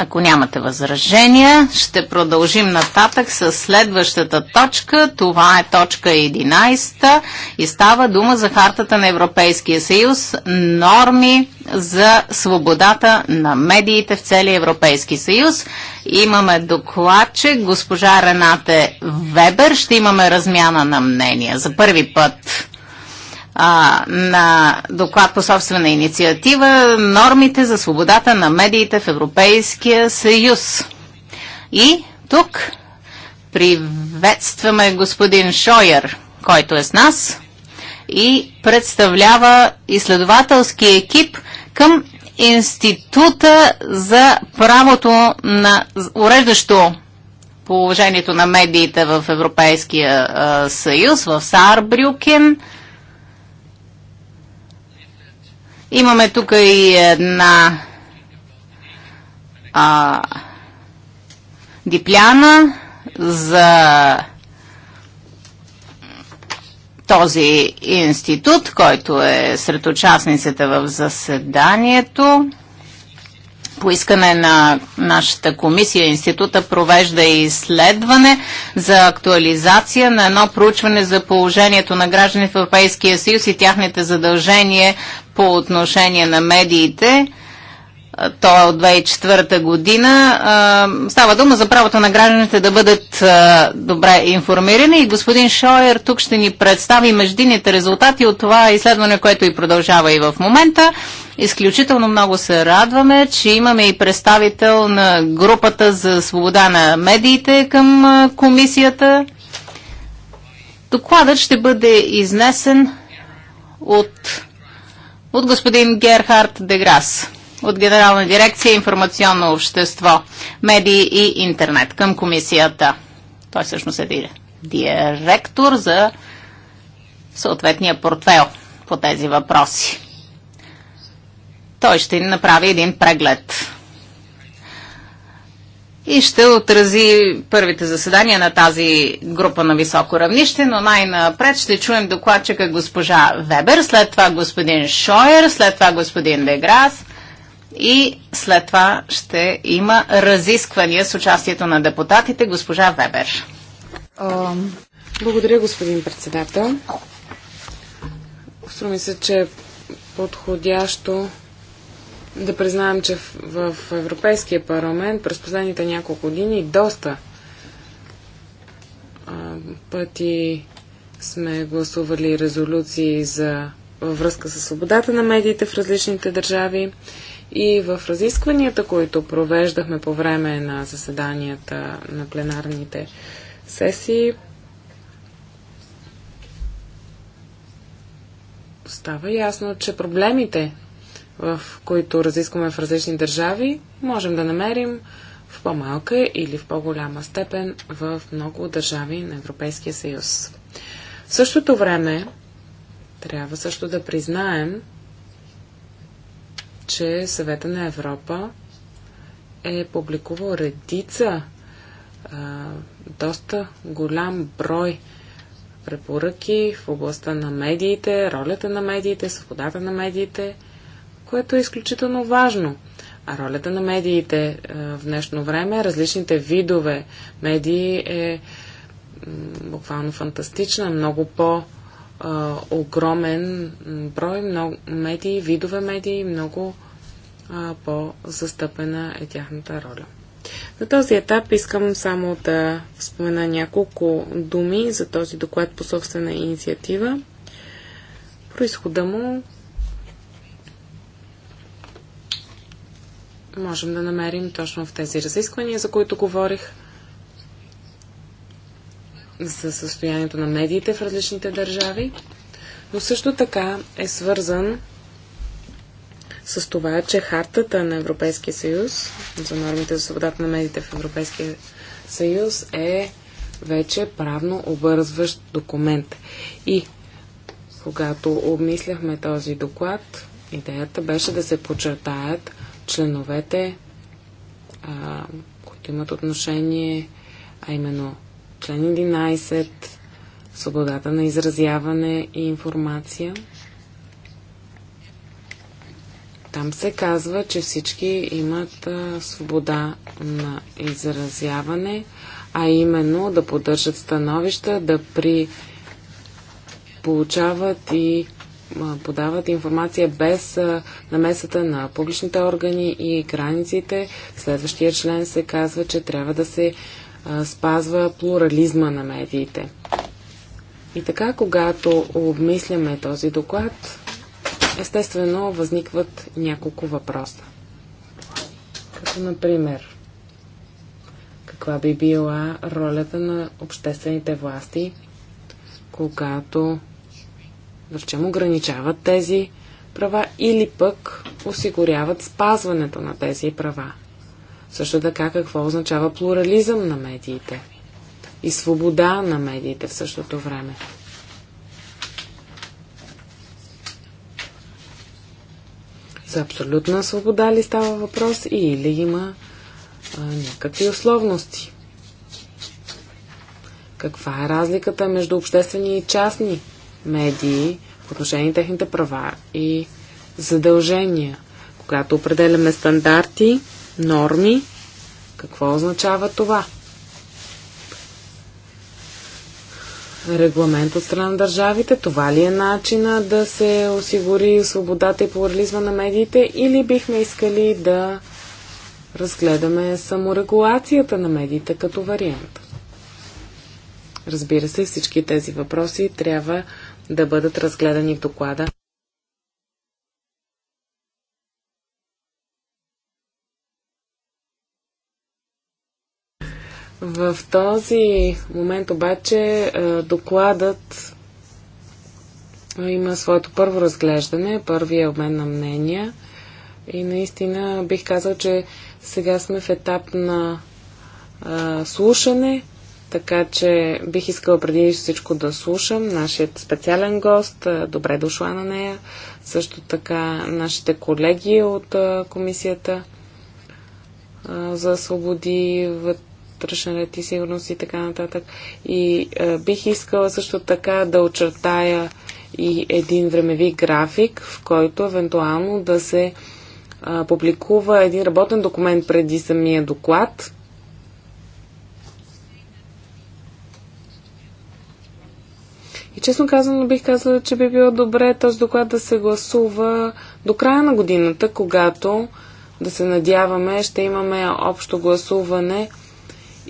Speaker 2: Ако нямате възражения, ще продължим нататък с следващата точка. Това е точка 11 и става дума за Хартата на Европейския съюз, норми за свободата на медиите в целия Европейски съюз. Имаме докладчик госпожа Ренате Вебер. Ще имаме размяна на мнения за първи път на доклад по собствена инициатива нормите за свободата на медиите в Европейския съюз. И тук приветстваме господин Шойер, който е с нас и представлява изследователски екип към Института за правото на уреждащо положението на медиите в Европейския съюз в Сарбрюкен. Имаме тук и една а, дипляна за този институт, който е сред участниците в заседанието. Поискане на нашата комисия, института провежда изследване за актуализация на едно проучване за положението на граждани в Европейския съюз и тяхните задължения по отношение на медиите. То е от 2004 година. Става дума за правото на гражданите да бъдат добре информирани и господин Шойер тук ще ни представи междинните резултати от това изследване, което и продължава и в момента. Изключително много се радваме, че имаме и представител на групата за свобода на медиите към комисията. Докладът ще бъде изнесен от от господин Герхард Деграс от Генерална дирекция Информационно общество, медии и интернет към комисията. Той всъщност е директор за съответния портфел по тези въпроси. Той ще ни направи един преглед и ще отрази първите заседания на тази група на високо равнище, но най-напред ще чуем докладчика госпожа Вебер, след това господин Шойер, след това господин Деграс и след това ще има разисквания с участието на депутатите госпожа Вебер.
Speaker 3: Благодаря, господин председател. Струми се, че е подходящо да признаем, че в, в Европейския парламент през последните няколко години доста а, пъти сме гласували резолюции за във връзка с свободата на медиите в различните държави и в разискванията, които провеждахме по време на заседанията на пленарните сесии, става ясно, че проблемите в които разискваме в различни държави, можем да намерим в по-малка или в по-голяма степен в много държави на Европейския съюз. В същото време трябва също да признаем, че Съвета на Европа е публикувал редица, а, доста голям брой препоръки в областта на медиите, ролята на медиите, свободата на медиите – което е изключително важно. А ролята на медиите е, в днешно време, различните видове медии е буквално фантастична, много по- е, огромен брой много медии, видове медии, много е, по-застъпена е тяхната роля. На този етап искам само да спомена няколко думи за този доклад по собствена инициатива, происхода му, можем да намерим точно в тези разисквания, за които говорих, за състоянието на медиите в различните държави, но също така е свързан с това, че хартата на Европейския съюз за нормите за свободата на медиите в Европейския съюз е вече правно обвързващ документ. И когато обмисляхме този доклад, идеята беше да се подчертаят членовете, а, които имат отношение, а именно член 11, свободата на изразяване и информация. Там се казва, че всички имат а, свобода на изразяване, а именно да поддържат становища, да при получават и подават информация без намесата на публичните органи и границите. Следващия член се казва, че трябва да се спазва плурализма на медиите. И така, когато обмисляме този доклад, естествено възникват няколко въпроса. Като, например, каква би била ролята на обществените власти, когато в чем ограничават тези права или пък осигуряват спазването на тези права. Също така какво означава плурализъм на медиите и свобода на медиите в същото време. За абсолютна свобода ли става въпрос или има а, някакви условности? Каква е разликата между обществени и частни медии по отношение на техните права и задължения. Когато определяме стандарти, норми, какво означава това? Регламент от страна на държавите, това ли е начина да се осигури свободата и плурализма на медиите или бихме искали да разгледаме саморегулацията на медиите като вариант? Разбира се, всички тези въпроси трябва да бъдат разгледани в доклада. В този момент обаче е, докладът е, има своето първо разглеждане, първия е обмен на мнения и наистина бих казал, че сега сме в етап на а, слушане, така че бих искала преди всичко да слушам нашият специален гост. Добре дошла на нея. Също така нашите колеги от Комисията за свободи, вътрешен ред и сигурност и така нататък. И бих искала също така да очертая и един времеви график, в който евентуално да се публикува един работен документ преди самия доклад, И честно казано бих казала, че би било добре този доклад да се гласува до края на годината, когато да се надяваме ще имаме общо гласуване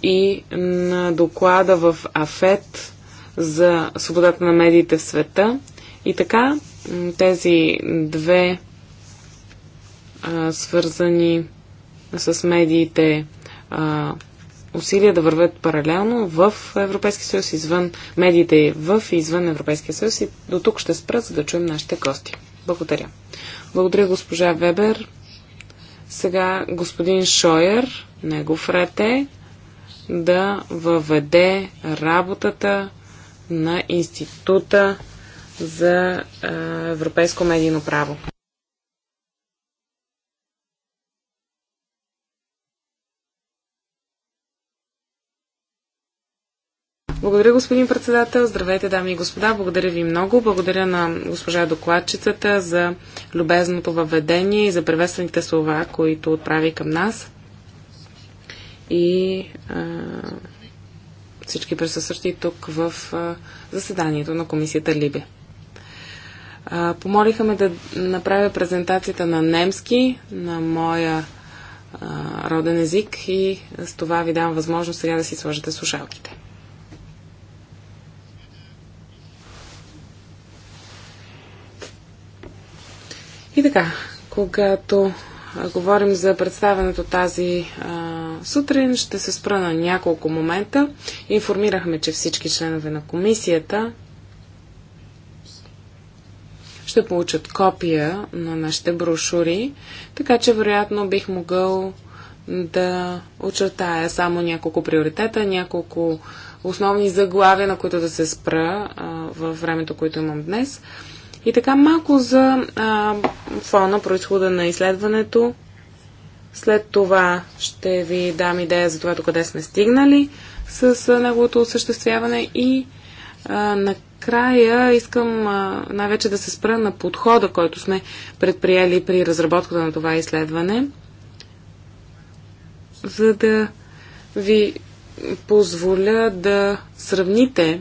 Speaker 3: и на доклада в АФЕТ за свободата на медиите в света. И така, тези две а, свързани с медиите а, усилия да вървят паралелно в Европейския съюз, извън медиите в и извън Европейския съюз. И до тук ще спра, за да чуем нашите гости. Благодаря. Благодаря госпожа Вебер. Сега господин Шойер, негов ред е да въведе работата на Института за европейско медийно
Speaker 1: право. Благодаря, господин
Speaker 3: председател. Здравейте, дами и господа. Благодаря ви много. Благодаря на госпожа докладчицата за любезното въведение и за приветствените слова, които отправи към нас. И а, всички присъстващи тук в а, заседанието на комисията Либе. помолиха ме да направя презентацията на немски, на моя а, роден език и с това ви давам възможност сега да си сложите слушалките. И така, когато говорим за представенето тази а, сутрин, ще се спра на няколко момента. Информирахме, че всички членове на комисията ще получат копия на нашите брошури, така че вероятно бих могъл да очертая само няколко приоритета, няколко основни заглавия, на които да се спра а, във времето, което имам днес. А, и така малко за а, фона, происхода на изследването. След това ще ви дам идея за това докъде сме стигнали с а, неговото осъществяване и а, накрая искам най-вече да се спра на подхода, който сме предприели при разработката на това изследване, за да ви позволя да сравните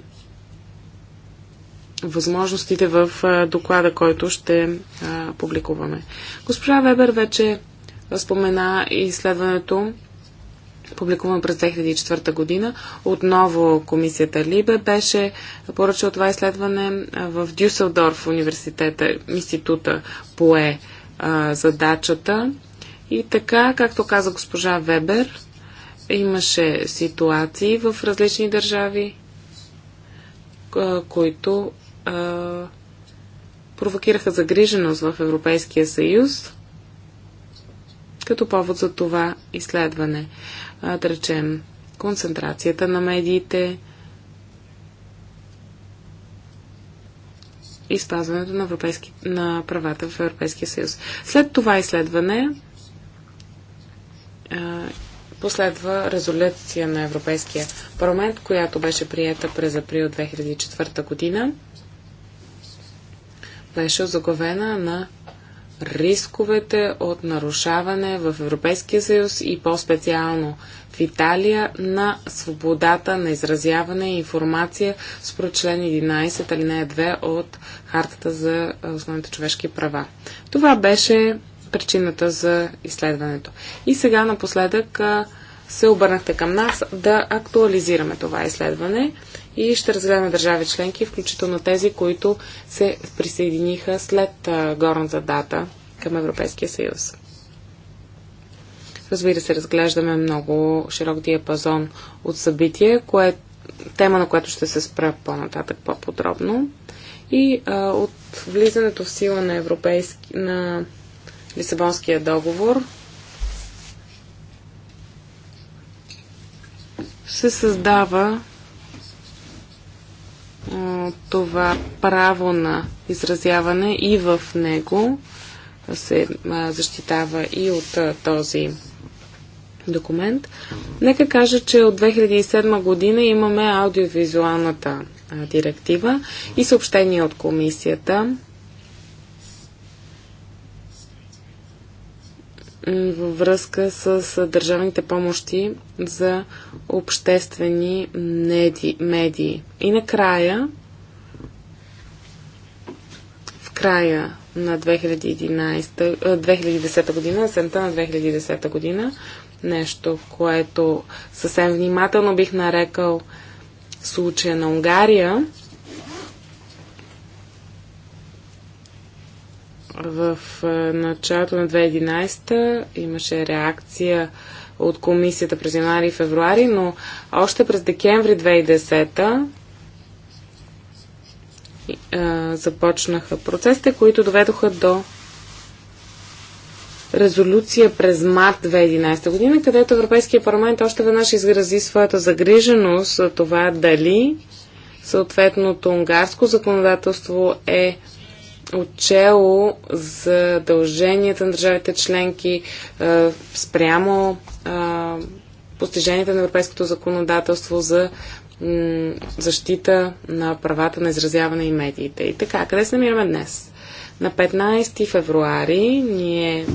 Speaker 3: възможностите в доклада, който ще а, публикуваме. Госпожа Вебер вече спомена изследването, публикувано през 2004 година. Отново комисията Либе беше поръчала това изследване в Дюселдорф университета, института пое а, задачата. И така, както каза госпожа Вебер, имаше ситуации в различни държави, които провокираха загриженост в Европейския съюз като повод за това изследване. А, да речем, концентрацията на медиите, и спазването на, европейски, на правата в Европейския съюз. След това изследване е, последва резолюция на Европейския парламент, която беше приета през април 2004 година беше заговена на рисковете от нарушаване в Европейския съюз и по-специално в Италия на свободата на изразяване и информация според член 11 алинея 2 от Хартата за основните човешки права. Това беше причината за изследването. И сега напоследък се обърнахте към нас да актуализираме това изследване и ще разгледаме държави членки, включително тези, които се присъединиха след горната дата към Европейския съюз. Разбира се, разглеждаме много широк диапазон от събития, кое, тема на което ще се спра по-нататък по-подробно. И а, от влизането в сила на, европейски, на Лисабонския договор се създава това право на изразяване и в него се защитава и от този документ. Нека кажа, че от 2007 година имаме аудиовизуалната директива и съобщение от комисията Е, във връзка с държавните помощи за обществени медии. И накрая, в края на 2011, 2010 година, есента на 2010 година, нещо, което съвсем внимателно бих нарекал случая на Унгария, В началото е, на 2011 имаше реакция от комисията през януари и февруари, но още през декември 2010 е, започнаха процесите, които доведоха до резолюция през март 2011 година, където Европейския парламент още веднъж изрази своята загриженост за това дали съответното унгарско законодателство е отчело задълженията на държавите членки а, е, спрямо а, е, постиженията на европейското законодателство за защита на правата на изразяване и медиите. И така, къде се намираме днес? На 15 февруари ние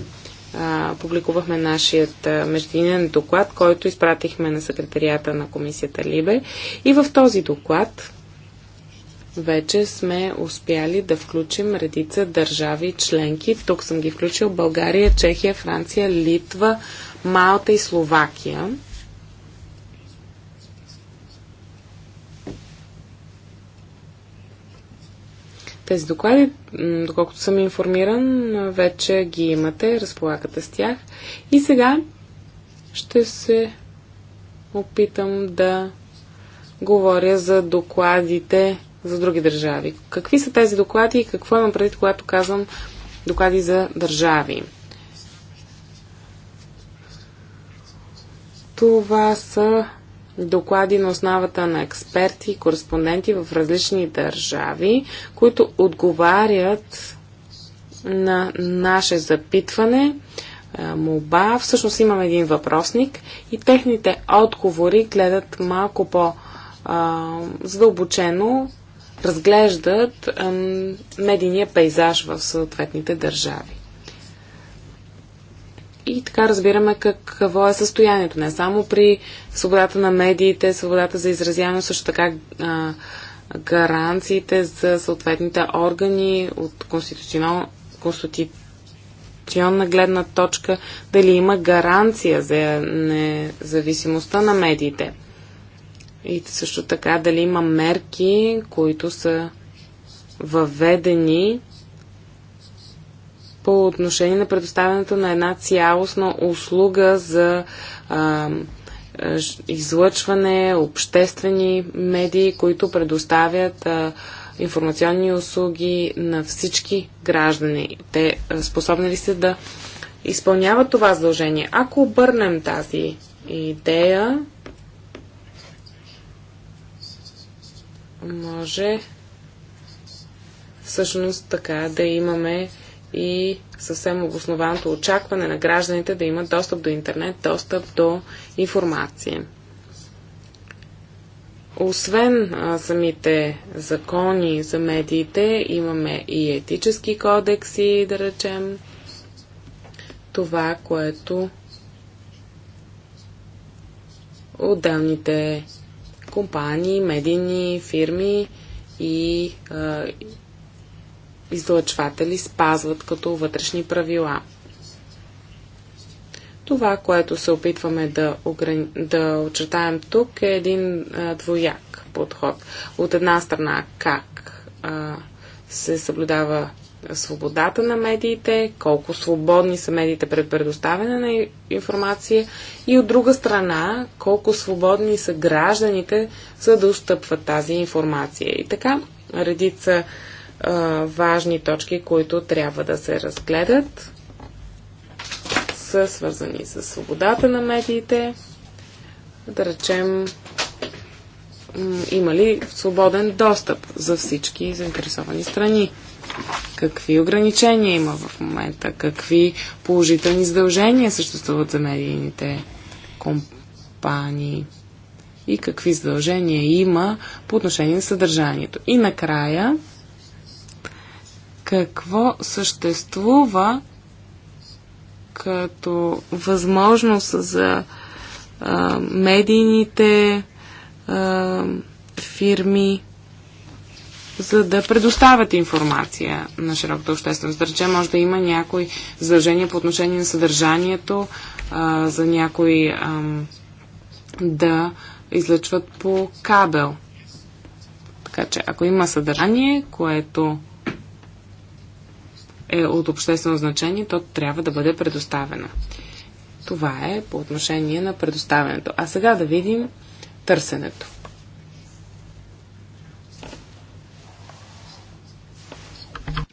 Speaker 3: а, е, публикувахме нашият междинен доклад, който изпратихме на секретарията на комисията Либе. И в този доклад вече сме успяли да включим редица държави членки. Тук съм ги включил България, Чехия, Франция, Литва, Малта и Словакия. Тези доклади, доколкото съм информиран, вече ги имате, разполагате с тях. И сега ще се опитам да говоря за докладите за други държави. Какви са тези доклади и какво имам предвид, когато казвам доклади за държави? Това са доклади на основата на експерти и кореспонденти в различни държави, които отговарят на наше запитване, е, моба. Всъщност имам един въпросник и техните отговори гледат малко по- задълбочено разглеждат медийния пейзаж в съответните държави. И така разбираме какво е състоянието. Не само при свободата на медиите, свободата за изразяване, също така а, гаранциите за съответните органи от конституционна гледна точка, дали има гаранция за независимостта на медиите. И също така дали има мерки, които са въведени по отношение на предоставянето на една цялостна услуга за а, излъчване, обществени медии, които предоставят а, информационни услуги на всички граждани. Те а, способни ли са да изпълняват това задължение? Ако обърнем тази идея може всъщност така да имаме и съвсем обоснованото очакване на гражданите да имат достъп до интернет, достъп до информация. Освен а, самите закони за медиите, имаме и етически кодекси, да речем, това, което отделните компании, медийни фирми и а, излъчватели спазват като вътрешни правила. Това, което се опитваме да, ограни... да очертаем тук е един а, двояк подход. От една страна как а, се съблюдава свободата на медиите, колко свободни са медиите пред предоставяне на информация и от друга страна, колко свободни са гражданите за да отстъпват тази информация. И така, редица а, важни точки, които трябва да се разгледат, са свързани с свободата на медиите. Да речем, има ли свободен достъп за всички заинтересовани страни? Какви ограничения има в момента? Какви положителни задължения съществуват за медийните компании? И какви задължения има по отношение на съдържанието? И накрая, какво съществува като възможност за а, медийните а, фирми за да предоставят информация на широката общественост. Да речем, може да има някои задължения по отношение на съдържанието, а, за някои ам, да излъчват по кабел. Така че, ако има съдържание, което е от обществено значение, то трябва да бъде предоставено. Това е по отношение на предоставянето. А сега да видим търсенето.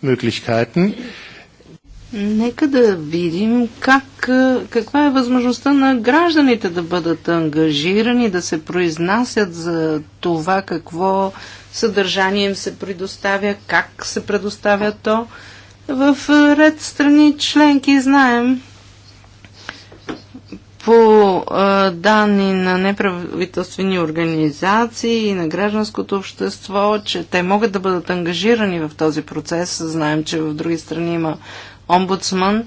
Speaker 4: Möglichkeiten. Нека да видим как, каква е възможността на гражданите да бъдат ангажирани, да се произнасят за това какво съдържание им се предоставя, как се предоставя то. В ред страни членки знаем, по а, данни на неправителствени организации и на гражданското общество, че те могат да бъдат ангажирани в този процес, знаем, че в други страни има омбудсман.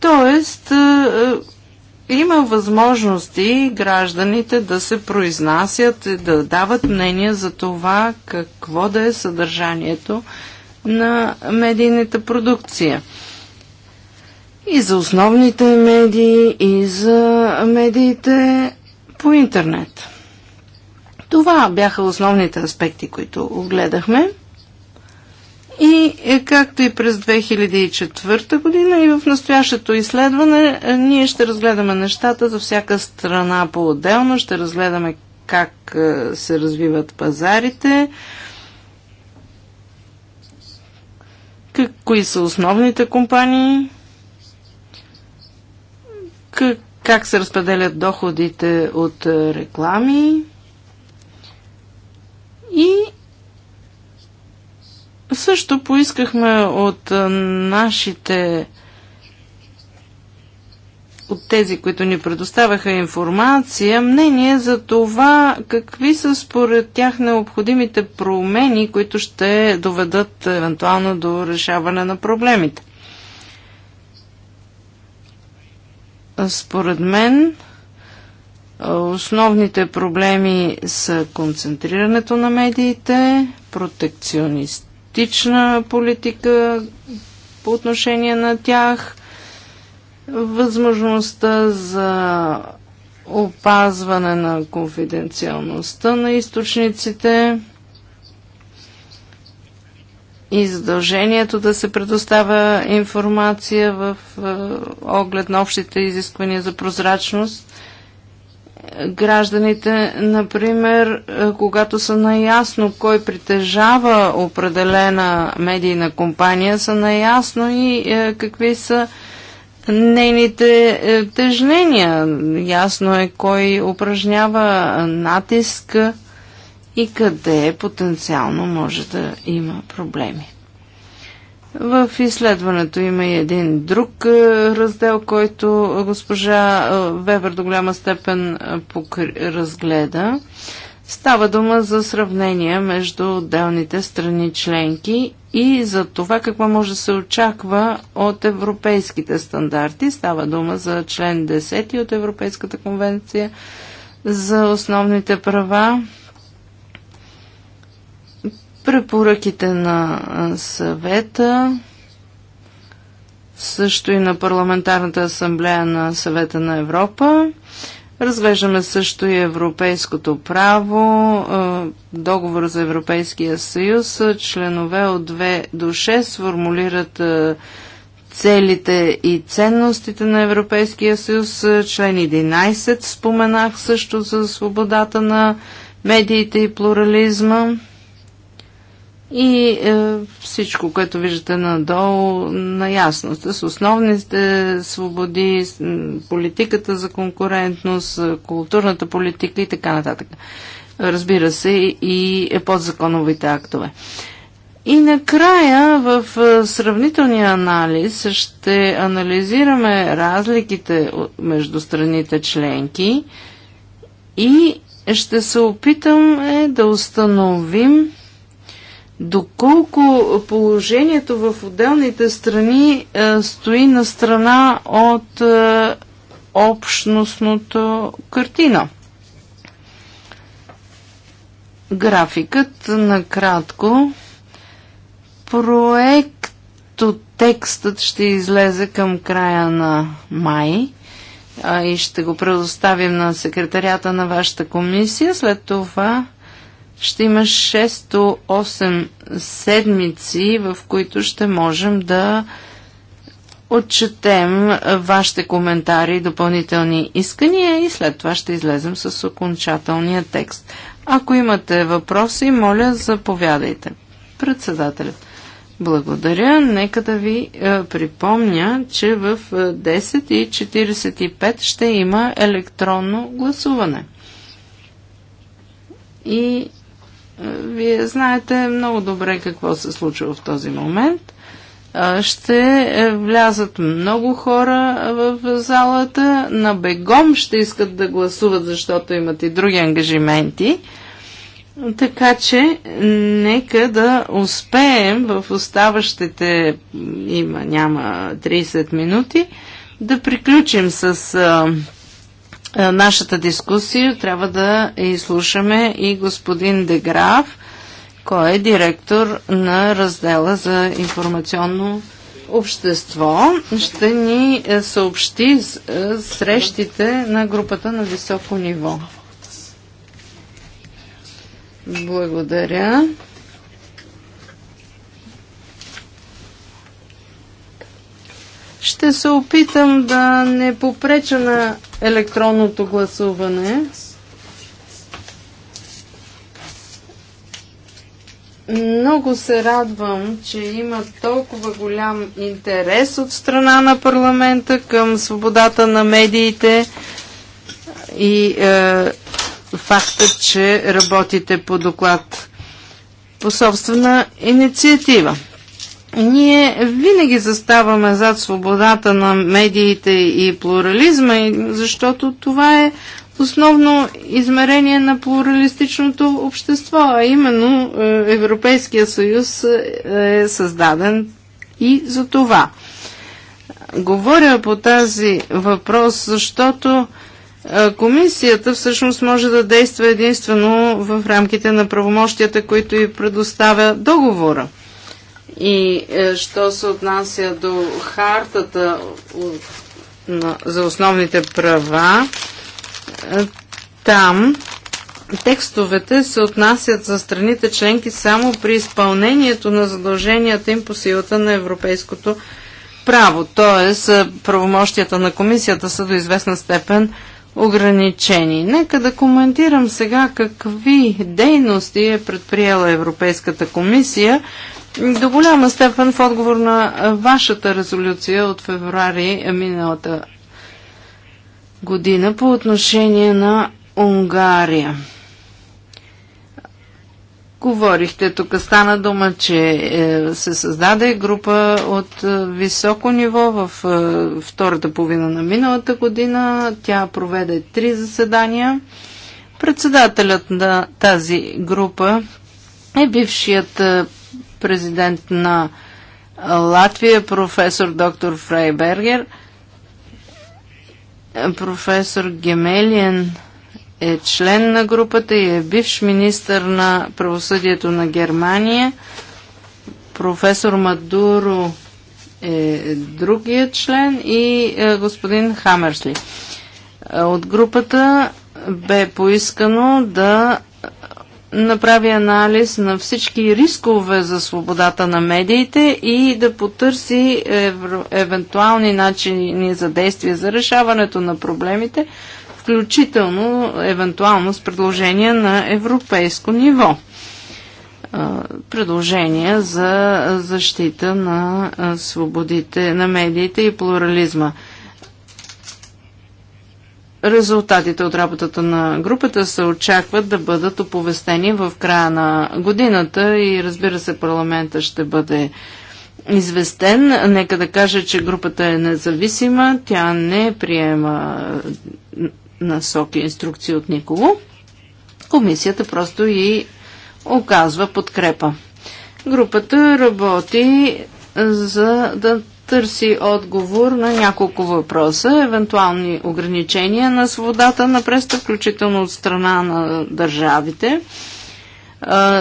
Speaker 4: Тоест, а, има възможности гражданите да се произнасят и да дават мнение за това какво да е съдържанието на медийната продукция и за основните медии, и за медиите по интернет. Това бяха основните аспекти, които огледахме. И е, както и през 2004 година и в настоящето изследване, е, ние ще разгледаме нещата за всяка страна по-отделно, ще разгледаме как е, се развиват пазарите, как, кои са основните компании, как се разпределят доходите от е, реклами и също поискахме от е, нашите от тези, които ни предоставяха информация, мнение за това какви са според тях необходимите промени, които ще доведат е, евентуално до решаване на проблемите. Според мен основните проблеми са концентрирането на медиите, протекционистична политика по отношение на тях, възможността за опазване на конфиденциалността на източниците, и задължението да се предоставя информация в оглед на общите изисквания за прозрачност. Гражданите, например, е, когато са наясно кой притежава определена медийна компания, са наясно и е, какви са нейните е, тежнения. Ясно е кой упражнява натиск и къде потенциално може да има проблеми. В изследването има и един друг е, раздел, който госпожа е, Вебер до голяма степен е, разгледа. Става дума за сравнение между отделните страни членки и за това какво може да се очаква от европейските стандарти. Става дума за член 10 от Европейската конвенция за основните права Препоръките на съвета, също и на Парламентарната асамблея на съвета на Европа. Разглеждаме също и европейското право, договор за Европейския съюз, членове от 2 до 6 формулират целите и ценностите на Европейския съюз. Член 11 споменах също за свободата на медиите и плурализма. И е, всичко, което виждате надолу, наясно с основните свободи, политиката за конкурентност, е, културната политика и така нататък. Разбира се, и подзаконовите актове. И накрая в е, сравнителния анализ ще анализираме разликите между страните членки и ще се опитаме да установим доколко положението в отделните страни е, стои на страна от е, общностното картина. Графикът накратко. Проекто текстът ще излезе към края на май а, и ще го предоставим на секретарята на вашата комисия. След това ще има 6-8 седмици, в които ще можем да отчетем вашите коментари и допълнителни искания и след това ще излезем с окончателния текст. Ако имате въпроси, моля, заповядайте. Председателят. Благодаря. Нека да ви е, припомня, че в 10.45 е, ще има електронно гласуване. И вие знаете много добре какво се случва в този момент. Ще е, влязат много хора в залата, на бегом ще искат да гласуват, защото имат и други ангажименти. Така че, нека да успеем в оставащите, има, няма 30 минути, да приключим с е, нашата дискусия трябва да изслушаме и господин Деграф, кой е директор на раздела за информационно общество. Ще ни е, съобщи е, срещите на групата на високо ниво. Благодаря. Ще се опитам да не попреча на електронното гласуване. Много се радвам, че има толкова голям интерес от страна на парламента към свободата на медиите и е, факта, че работите по доклад по собствена инициатива. Ние винаги заставаме зад свободата на медиите и плурализма, защото това е основно измерение на плуралистичното общество, а именно е, Европейския съюз е, е създаден и за това. Говоря по тази въпрос, защото е, комисията всъщност може да действа единствено в рамките на правомощията, които и предоставя договора. И е, що се отнася до хартата на, за основните права, е, там текстовете се отнасят за страните членки само при изпълнението на задълженията им по силата на европейското право. Тоест, е, правомощията на комисията са до известна степен ограничени. Нека да коментирам сега какви дейности е предприела Европейската комисия до голяма степен в отговор на вашата резолюция от феврари миналата година по отношение на Унгария. Говорихте, тук стана дума, че е, се създаде група от е, високо ниво в е, втората половина на миналата година. Тя проведе три заседания. Председателят на тази група е бившият е, президент на Латвия, професор доктор Фрайбергер. Професор Гемелиен е член на групата и е бивш министър на правосъдието на Германия. Професор Мадуро е другия член и е, господин Хамерсли. Е, от групата бе поискано да направи анализ на всички рискове за свободата на медиите и да потърси евентуални начини за действие за решаването на проблемите, включително евентуално с предложения на европейско ниво. Предложения за защита на свободите на медиите и плурализма. Резултатите от работата на групата се очакват да бъдат оповестени в края на годината и разбира се парламента ще бъде известен. Нека да кажа, че групата е независима, тя не приема насоки инструкции от никого. Комисията просто и оказва подкрепа. Групата работи за да търси отговор на няколко въпроса, евентуални ограничения на свободата на преста, включително от страна на държавите,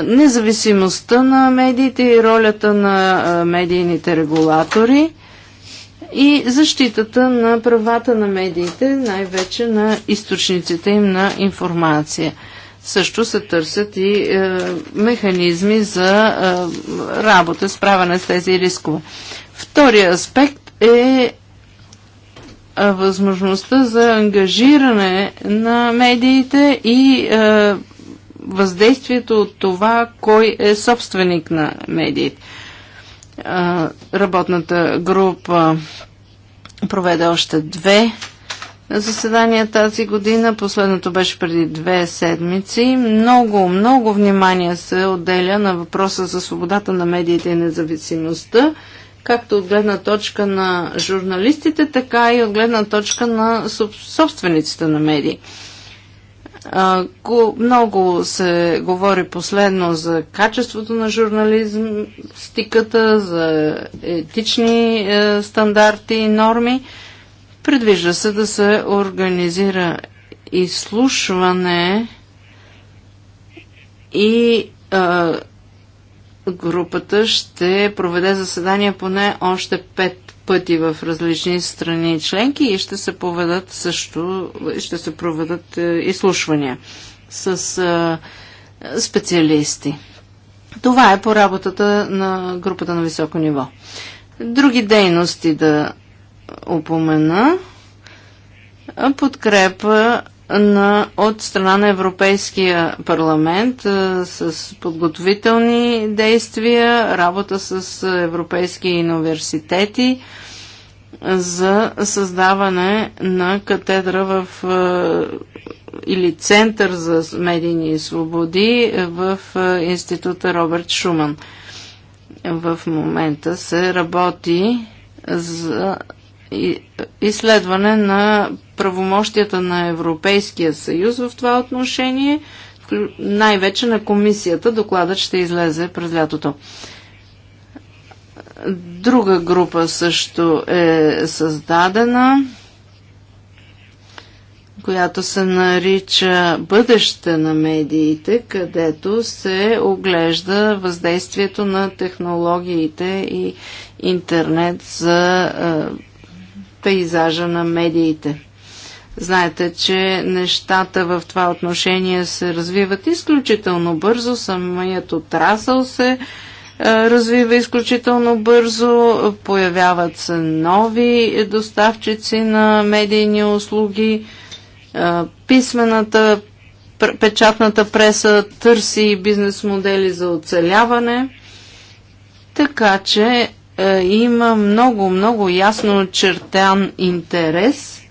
Speaker 4: независимостта на медиите и ролята на медийните регулатори и защитата на правата на медиите, най-вече на източниците им на информация също се търсят и е, механизми за е, работа, справяне с тези рискове. Втория аспект е възможността за ангажиране на медиите и въздействието от това, кой е собственик на медиите. работната група проведе още две заседания тази година. Последното беше преди две седмици. Много, много внимание се отделя на въпроса за свободата на медиите и независимостта както от гледна точка на журналистите, така и от гледна точка на собствениците на медии. Много се говори последно за качеството на журналистиката, за етични е, стандарти и норми. Предвижда се да се организира изслушване и групата ще проведе заседания поне още пет пъти в различни страни и членки и ще се поведат също, ще се проведат е, изслушвания с е, специалисти. Това е по работата на групата на високо ниво. Други дейности да упомена. Подкрепа на, от страна на Европейския парламент а, с подготовителни действия, работа с европейски университети за създаване на катедра в а, или Център за медийни свободи в а, Института Робърт Шуман. В момента се работи за изследване на правомощията на Европейския съюз в това отношение, най-вече на комисията. Докладът ще излезе през лятото. Друга група също е създадена, която се нарича Бъдеще на медиите, където се оглежда въздействието на технологиите и интернет за е, пейзажа на медиите. Знаете, че нещата в това отношение се развиват изключително бързо, самият отрасъл се е, развива изключително бързо, появяват се нови доставчици на медийни услуги, е, писмената, печатната преса търси бизнес модели за оцеляване, така че е, има много, много ясно чертан интерес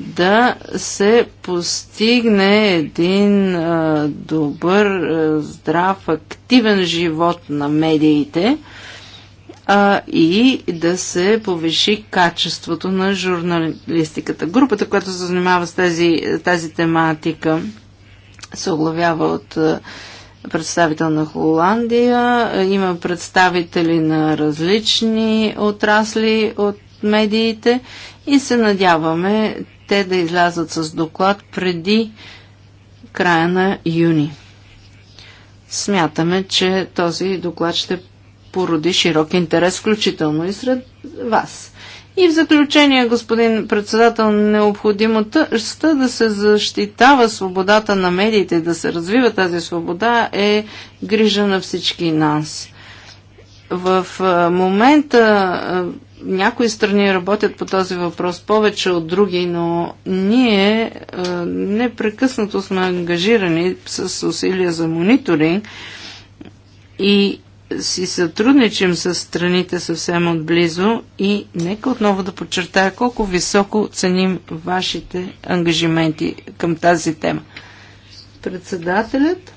Speaker 4: да се постигне един а, е, добър, а, е, здрав, активен живот на медиите а, и да се повиши качеството на журналистиката. Групата, която се занимава с тази, тази тематика, се оглавява от а, представител на Холандия, има представители на различни отрасли от медиите и се надяваме те да излязат с доклад преди края на юни. Смятаме, че този доклад ще породи широк интерес, включително и сред вас. И в заключение, господин председател, необходимостта да се защитава свободата на медиите, да се развива тази свобода е грижа на всички нас. В момента някои страни работят по този въпрос повече от други, но ние непрекъснато сме ангажирани с усилия за мониторинг и си сътрудничим с страните съвсем отблизо и нека отново да подчертая колко високо ценим вашите ангажименти към тази тема. Председателят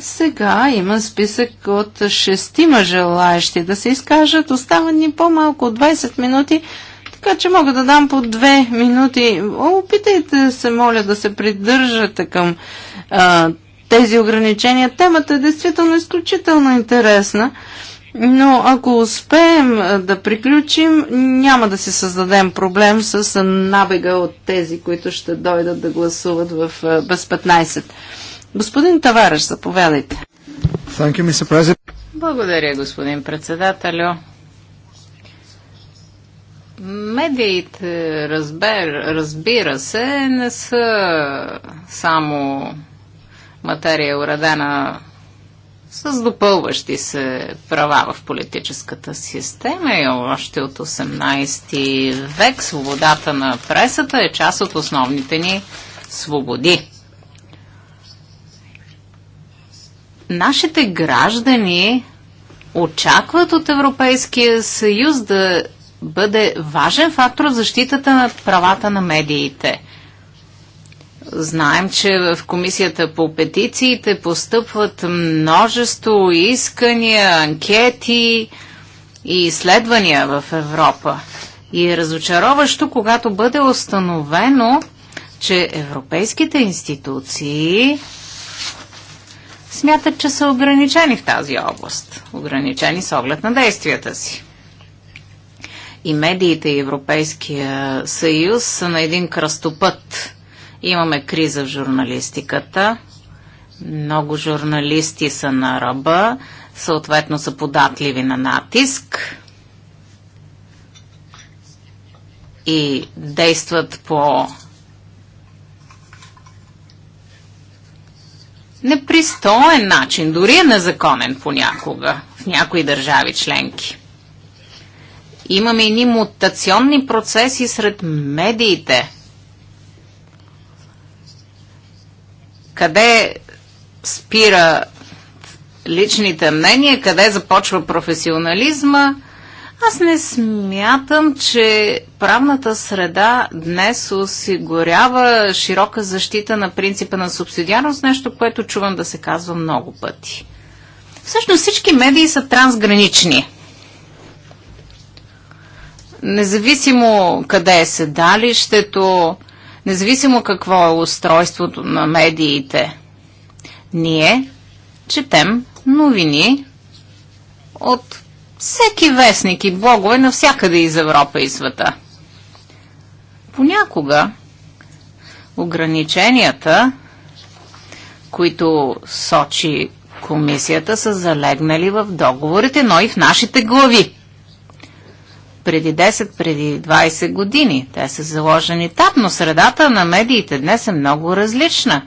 Speaker 4: сега има списък от шестима желаящи да се изкажат. Остава ни по-малко от 20 минути, така че мога да дам по 2 минути. Опитайте се, моля, да се придържате към а, тези ограничения. Темата е действително изключително интересна, но ако успеем да приключим, няма да си създадем проблем с набега от тези, които ще дойдат да гласуват в без 15. Господин Тавареш, заповядайте. You,
Speaker 2: Благодаря, господин
Speaker 4: председателю.
Speaker 2: Медиите, разбира се, не са само материя уредена с допълващи се права в политическата система и още от 18 век свободата на пресата е част от основните ни свободи. Нашите граждани очакват от Европейския съюз да бъде важен фактор в защитата на правата на медиите. Знаем, че в комисията по петициите постъпват множество искания, анкети и изследвания в Европа. И е разочароващо, когато бъде установено, че европейските институции смятат, че са ограничени в тази област. Ограничени с оглед на действията си. И медиите и Европейския съюз са на един кръстопът Имаме криза в журналистиката. Много журналисти са на ръба, съответно са податливи на натиск и действат по непристоен начин, дори е незаконен понякога в някои държави членки. Имаме ни мутационни процеси сред медиите – къде спира личните мнения, къде започва професионализма. Аз не смятам, че правната среда днес осигурява широка защита на принципа на субсидиарност, нещо, което чувам да се казва много пъти. Всъщност всички медии са трансгранични. Независимо къде е седалището, независимо какво е устройството на медиите, ние четем новини от всеки вестник и блогове навсякъде из Европа и света. Понякога ограниченията, които сочи комисията, са залегнали в договорите, но и в нашите глави преди 10, преди 20 години. Те са заложени там, но средата на медиите днес е много различна.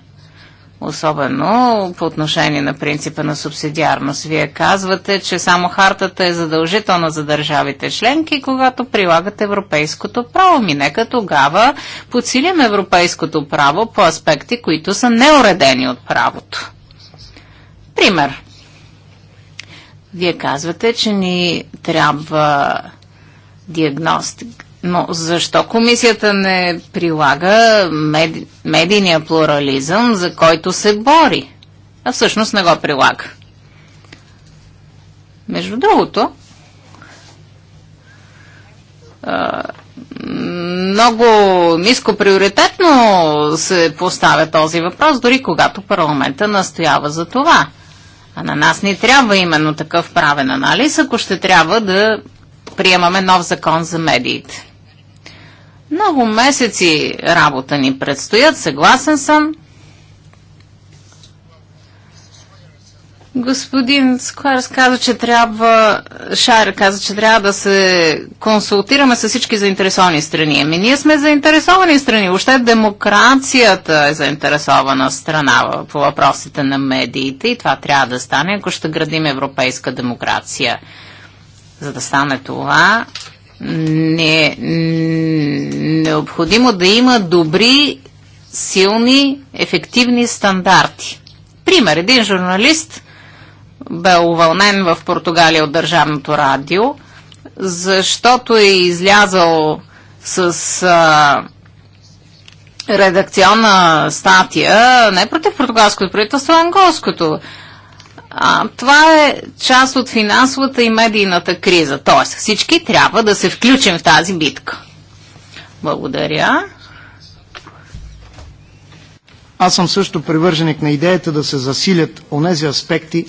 Speaker 2: Особено по отношение на принципа на субсидиарност. Вие казвате, че само хартата е задължителна за държавите членки, когато прилагат европейското право. Ми нека тогава подсилим европейското право по аспекти, които са неуредени от правото. Пример. Вие казвате, че ни трябва диагностик. Но защо комисията не прилага меди... медийния плурализъм, за който се бори, а всъщност не го прилага? Между другото, много ниско приоритетно се поставя този въпрос, дори когато парламента настоява за това. А на нас ни трябва именно такъв правен анализ, ако ще трябва да приемаме нов закон за медиите. Много месеци работа ни предстоят, съгласен съм. Господин Скарс каза, че трябва, Шайер каза, че трябва да се консултираме с всички заинтересовани страни. Ами ние сме заинтересовани страни. Въобще демокрацията е заинтересована страна по въпросите на медиите и това трябва да стане, ако ще градим европейска демокрация. За да стане това, не е необходимо да има добри, силни, ефективни стандарти. Пример, един журналист бе увълнен в Португалия от Държавното радио, защото е излязал с а, редакционна статия не против португалското правителство, а анголското. А, това е част от финансовата и медийната криза. Тоест, всички трябва да се включим в тази битка. Благодаря.
Speaker 1: Аз съм също привърженик на идеята да се засилят онези аспекти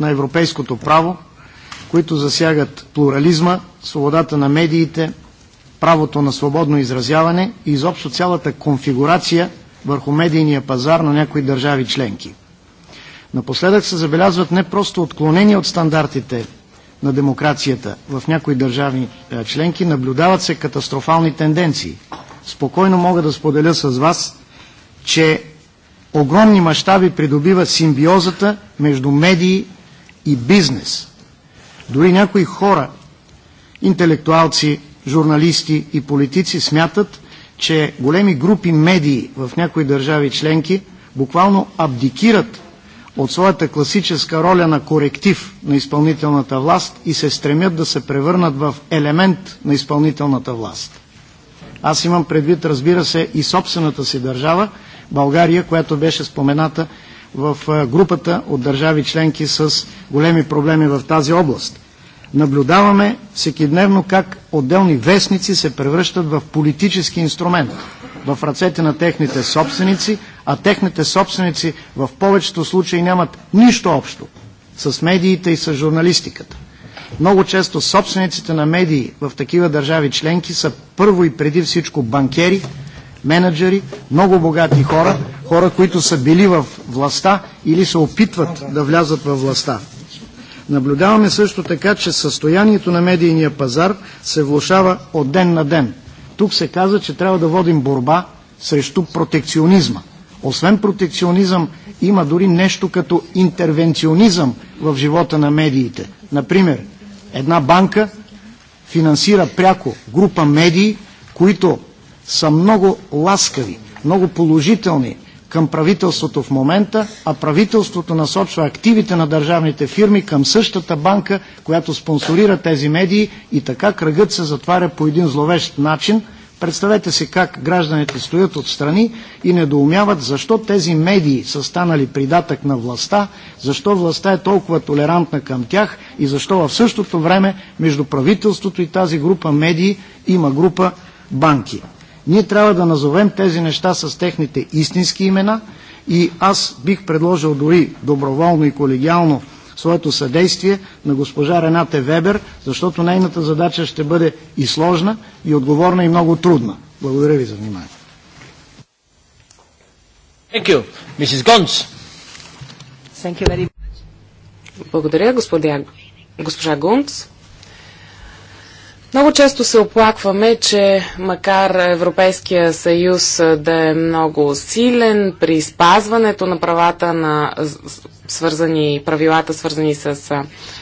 Speaker 1: на европейското право, които засягат плурализма, свободата на медиите, правото на свободно изразяване и изобщо цялата конфигурация върху медийния пазар на някои държави членки – Напоследък се забелязват не просто отклонения от стандартите на демокрацията в някои държави е, членки, наблюдават се катастрофални тенденции. Спокойно мога да споделя с вас, че огромни мащаби придобива симбиозата между медии и бизнес. Дори някои хора, интелектуалци, журналисти и политици смятат, че големи групи медии в някои държави членки буквално абдикират от своята класическа роля на коректив на изпълнителната власт и се стремят да се превърнат в елемент на изпълнителната власт. Аз имам предвид, разбира се, и собствената си държава, България, която беше спомената в групата от държави членки с големи проблеми в тази област. Наблюдаваме всекидневно как отделни вестници се превръщат в политически инструмент – в ръцете на техните собственици, а техните собственици в повечето случаи нямат нищо общо с медиите и с журналистиката. Много често собствениците на медии в такива държави членки са първо и преди всичко банкери, менеджери, много богати хора, хора, които са били в властта или се опитват да влязат в властта. Наблюдаваме също така, че състоянието на медийния пазар се влушава от ден на ден – тук се каза, че трябва да водим борба срещу протекционизма. Освен протекционизъм, има дори нещо като интервенционизъм в живота на медиите. Например, една банка финансира пряко група медии, които са много ласкави, много положителни към правителството в момента, а правителството насочва активите на държавните фирми към същата банка, която спонсорира тези медии и така кръгът се затваря по един зловещ начин. Представете си как гражданите стоят отстрани и недоумяват защо тези медии са станали придатък на властта, защо властта е толкова толерантна към тях и защо в същото време между правителството и тази група медии има група банки. Ние трябва да назовем тези неща с техните истински имена и аз бих предложил дори доброволно и колегиално своето съдействие на госпожа Рената Вебер, защото нейната задача ще бъде и сложна, и отговорна, и много трудна. Благодаря ви за вниманието.
Speaker 3: Благодаря, господин. госпожа Гонц. Много често се оплакваме, че макар Европейския съюз да е много силен при спазването на правата на свързани, правилата свързани с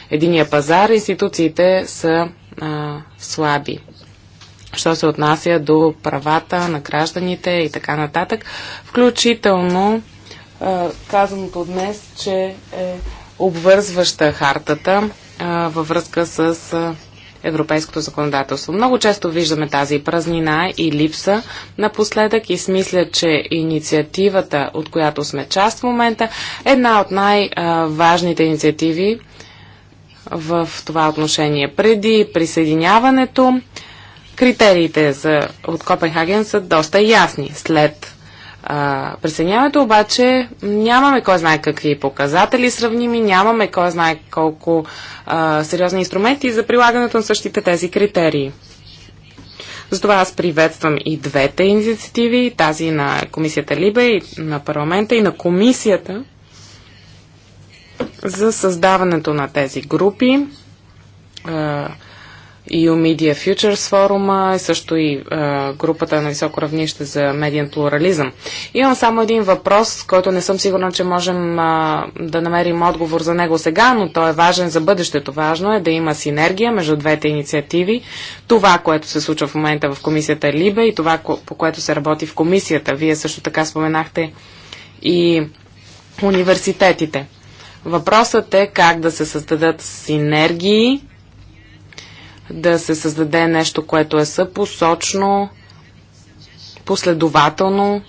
Speaker 3: единия пазар, институциите са а, слаби. Що се отнася до правата на гражданите и така нататък, включително а, казаното днес, че е обвързваща хартата а, във връзка с а, европейското законодателство. Много често виждаме тази празнина и липса напоследък и смисля, че инициативата, от която сме част в момента, е една от най-важните инициативи в това отношение. Преди присъединяването, критериите за, от Копенхаген са доста ясни. След а, обаче нямаме кой знае какви показатели сравними, нямаме кой знае колко а, сериозни инструменти за прилагането на същите тези критерии. Затова аз приветствам и двете инициативи, тази на комисията Либе, и на парламента, и на комисията за създаването на тези групи. А, EU Media Futures форума и също и а, групата на високо равнище за медиен плурализъм. Имам само един въпрос, който не съм сигурна, че можем а, да намерим отговор за него сега, но той е важен за бъдещето. Важно е да има синергия между двете инициативи. Това, което се случва в момента в комисията Либе и това, по което се работи в комисията. Вие също така споменахте и университетите. Въпросът е как да се създадат синергии да се създаде нещо, което е съпосочно, последователно,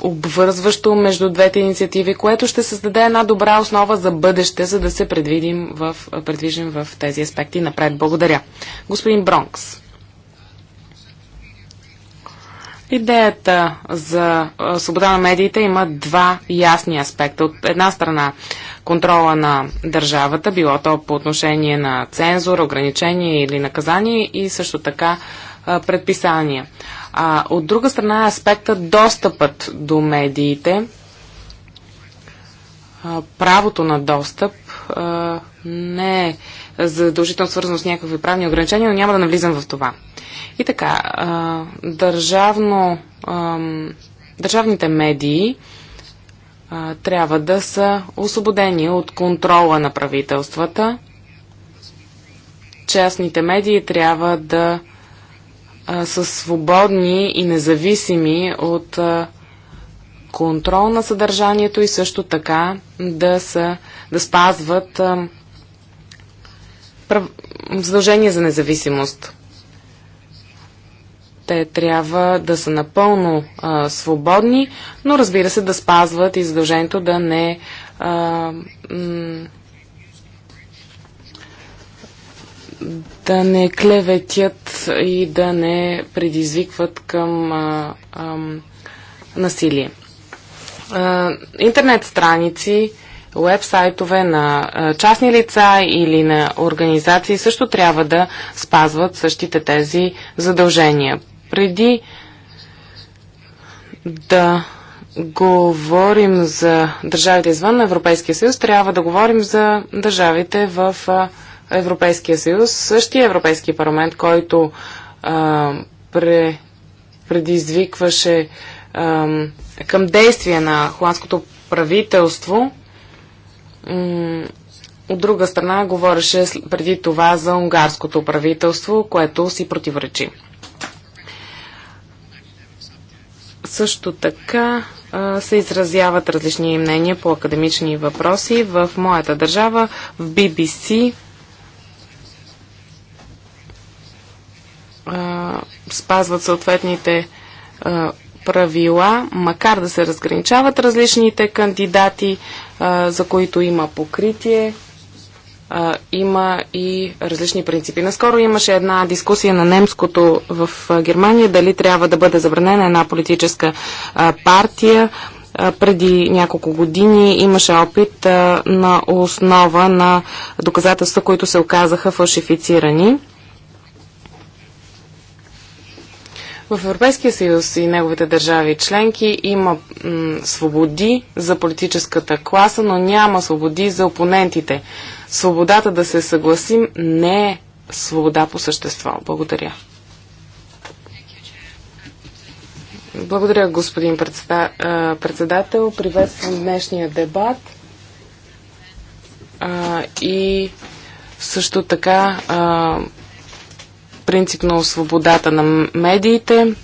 Speaker 3: обвързващо между двете инициативи, което ще създаде една добра основа за бъдеще, за да се предвидим в, предвижим в тези аспекти напред. Благодаря. Господин Бронкс. Идеята за свобода на медиите има два ясни аспекта. От една страна контрола на държавата, било то по отношение на цензура, ограничение или наказание и също така предписания. А, от друга страна е аспекта достъпът до медиите, правото на достъп не е задължително свързано с някакви правни ограничения, но няма да навлизам в това. И така, държавно, държавните медии а, трябва да са освободени от контрола на правителствата. Частните медии трябва да а, са свободни и независими от а, контрол на съдържанието и също така да, са, да спазват а, прав... задължение за независимост те трябва да са напълно а, свободни, но разбира се да спазват и задължението да не а, да не клеветят и да не предизвикват към а, а, насилие. А, интернет страници, вебсайтове на а, частни лица или на организации също трябва да спазват същите тези задължения преди да говорим за държавите извън Европейския съюз, трябва да говорим за държавите в Европейския съюз. Същия Европейски парламент, който а, пре, предизвикваше а, към действие на холандското правителство, от друга страна говореше преди това за унгарското правителство, което си противоречи. Също така се изразяват различни мнения по академични въпроси. В моята държава, в BBC, спазват съответните правила, макар да се разграничават различните кандидати, за които има покритие а, има и различни принципи. Наскоро имаше една дискусия на немското в Германия, дали трябва да бъде забранена една политическа а, партия. А, преди няколко години имаше опит а, на основа на доказателства, които се оказаха фалшифицирани. В Европейския съюз и неговите държави членки има свободи за политическата класа, но няма свободи за опонентите свободата да се съгласим не е свобода по същество. Благодаря. Благодаря, господин председател. Приветствам днешния дебат и също така принципно свободата на медиите.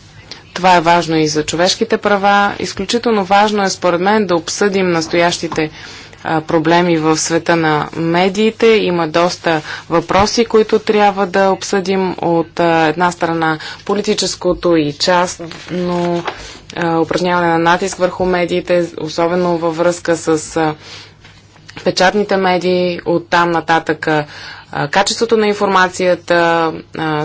Speaker 3: Това е важно и за човешките права. Изключително важно е, според мен, да обсъдим настоящите проблеми в света на медиите. Има доста въпроси, които трябва да обсъдим от една страна политическото и частно упражняване на натиск върху медиите, особено във връзка с печатните медии, от там нататък качеството на информацията,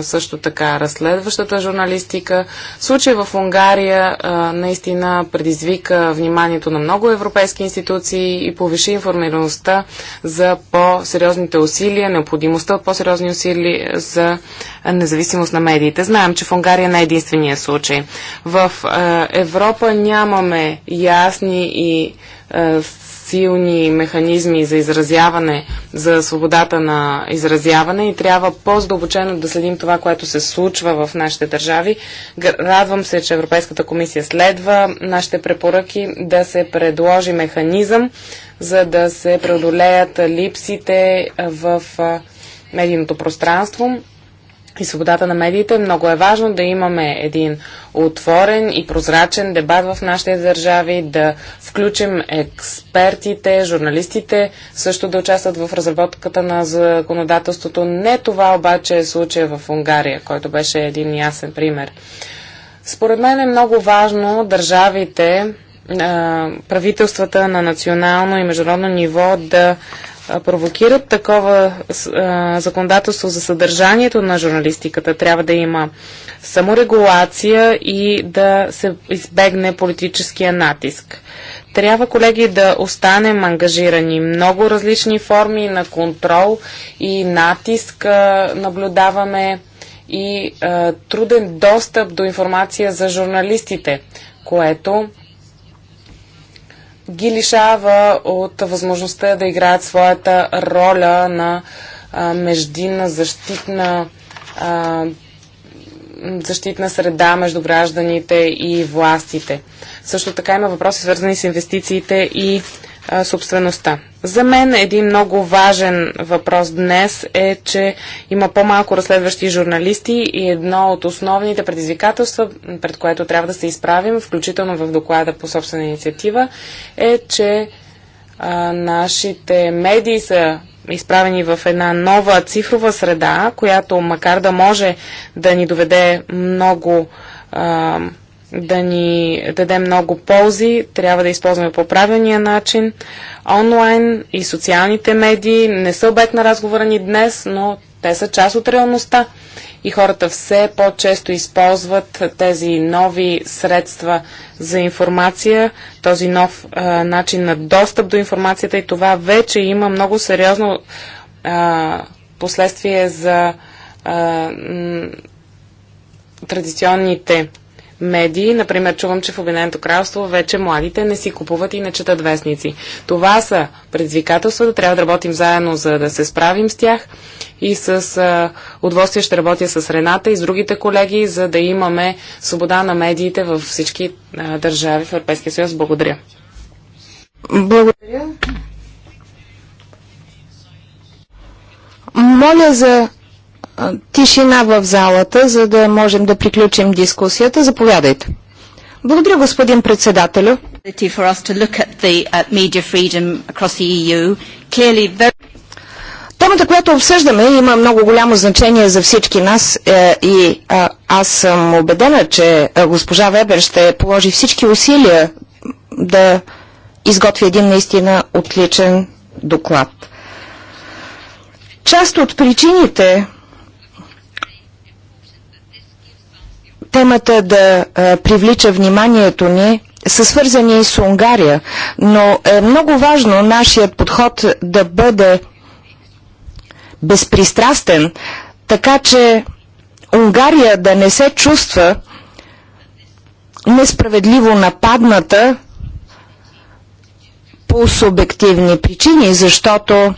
Speaker 3: също така разследващата журналистика. Случай в Унгария наистина предизвика вниманието на много европейски институции и повиши информираността за по-сериозните усилия, необходимостта от по-сериозни усилия за независимост на медиите. Знаем, че в Унгария не е единствения случай. В Европа нямаме ясни и силни механизми за изразяване, за свободата на изразяване и трябва по-здълбочено да следим това, което се случва в нашите държави. Радвам се, че Европейската комисия следва нашите препоръки да се предложи механизъм, за да се преодолеят липсите в медийното пространство и свободата на медиите, много е важно да имаме един отворен и прозрачен дебат в нашите държави, да включим експертите, журналистите също да участват в разработката на законодателството. Не това обаче е случая в Унгария, който беше един ясен пример. Според мен е много важно държавите, правителствата на национално и международно ниво да провокират такова а, законодателство за съдържанието на журналистиката. Трябва да има саморегулация и да се избегне политическия натиск. Трябва, колеги, да останем ангажирани. Много различни форми на контрол и натиск а, наблюдаваме и а, труден достъп до информация за журналистите, което ги лишава от възможността да играят своята роля на а, междинна защитна а, защитна среда между гражданите и властите. Също така има въпроси свързани с инвестициите и а, собствеността. За мен един много важен въпрос днес е, че има по-малко разследващи журналисти и едно от основните предизвикателства, пред което трябва да се изправим, включително в доклада по собствена инициатива, е, че а, нашите медии са изправени в една нова цифрова среда, която макар да може да ни доведе много а, да ни даде много ползи, трябва да използваме по правилния начин. Онлайн и социалните медии не са обект на разговора ни днес, но те са част от реалността и хората все по-често използват тези нови средства за информация, този нов а, начин на достъп до информацията и това вече има много сериозно а, последствие за а, традиционните медии. Например, чувам, че в Обединеното кралство вече младите не си купуват и не четат вестници. Това са да Трябва да работим заедно, за да се справим с тях. И с а, удоволствие ще работя с Рената и с другите колеги, за да имаме свобода на медиите във всички а, държави в Европейския съюз. Благодаря. Благодаря.
Speaker 5: Моля за тишина в залата, за да можем да приключим дискусията. Заповядайте. Благодаря, господин председателю.
Speaker 2: Uh, e
Speaker 5: Темата, която обсъждаме, има много голямо значение за всички нас е, и а, аз съм убедена, че а, госпожа Вебер ще положи всички усилия да изготви един наистина отличен доклад. Част от причините темата да а, привлича вниманието ни са свързани и с Унгария, но е много важно нашият подход да бъде безпристрастен, така че Унгария да не се чувства несправедливо нападната по субективни причини, защото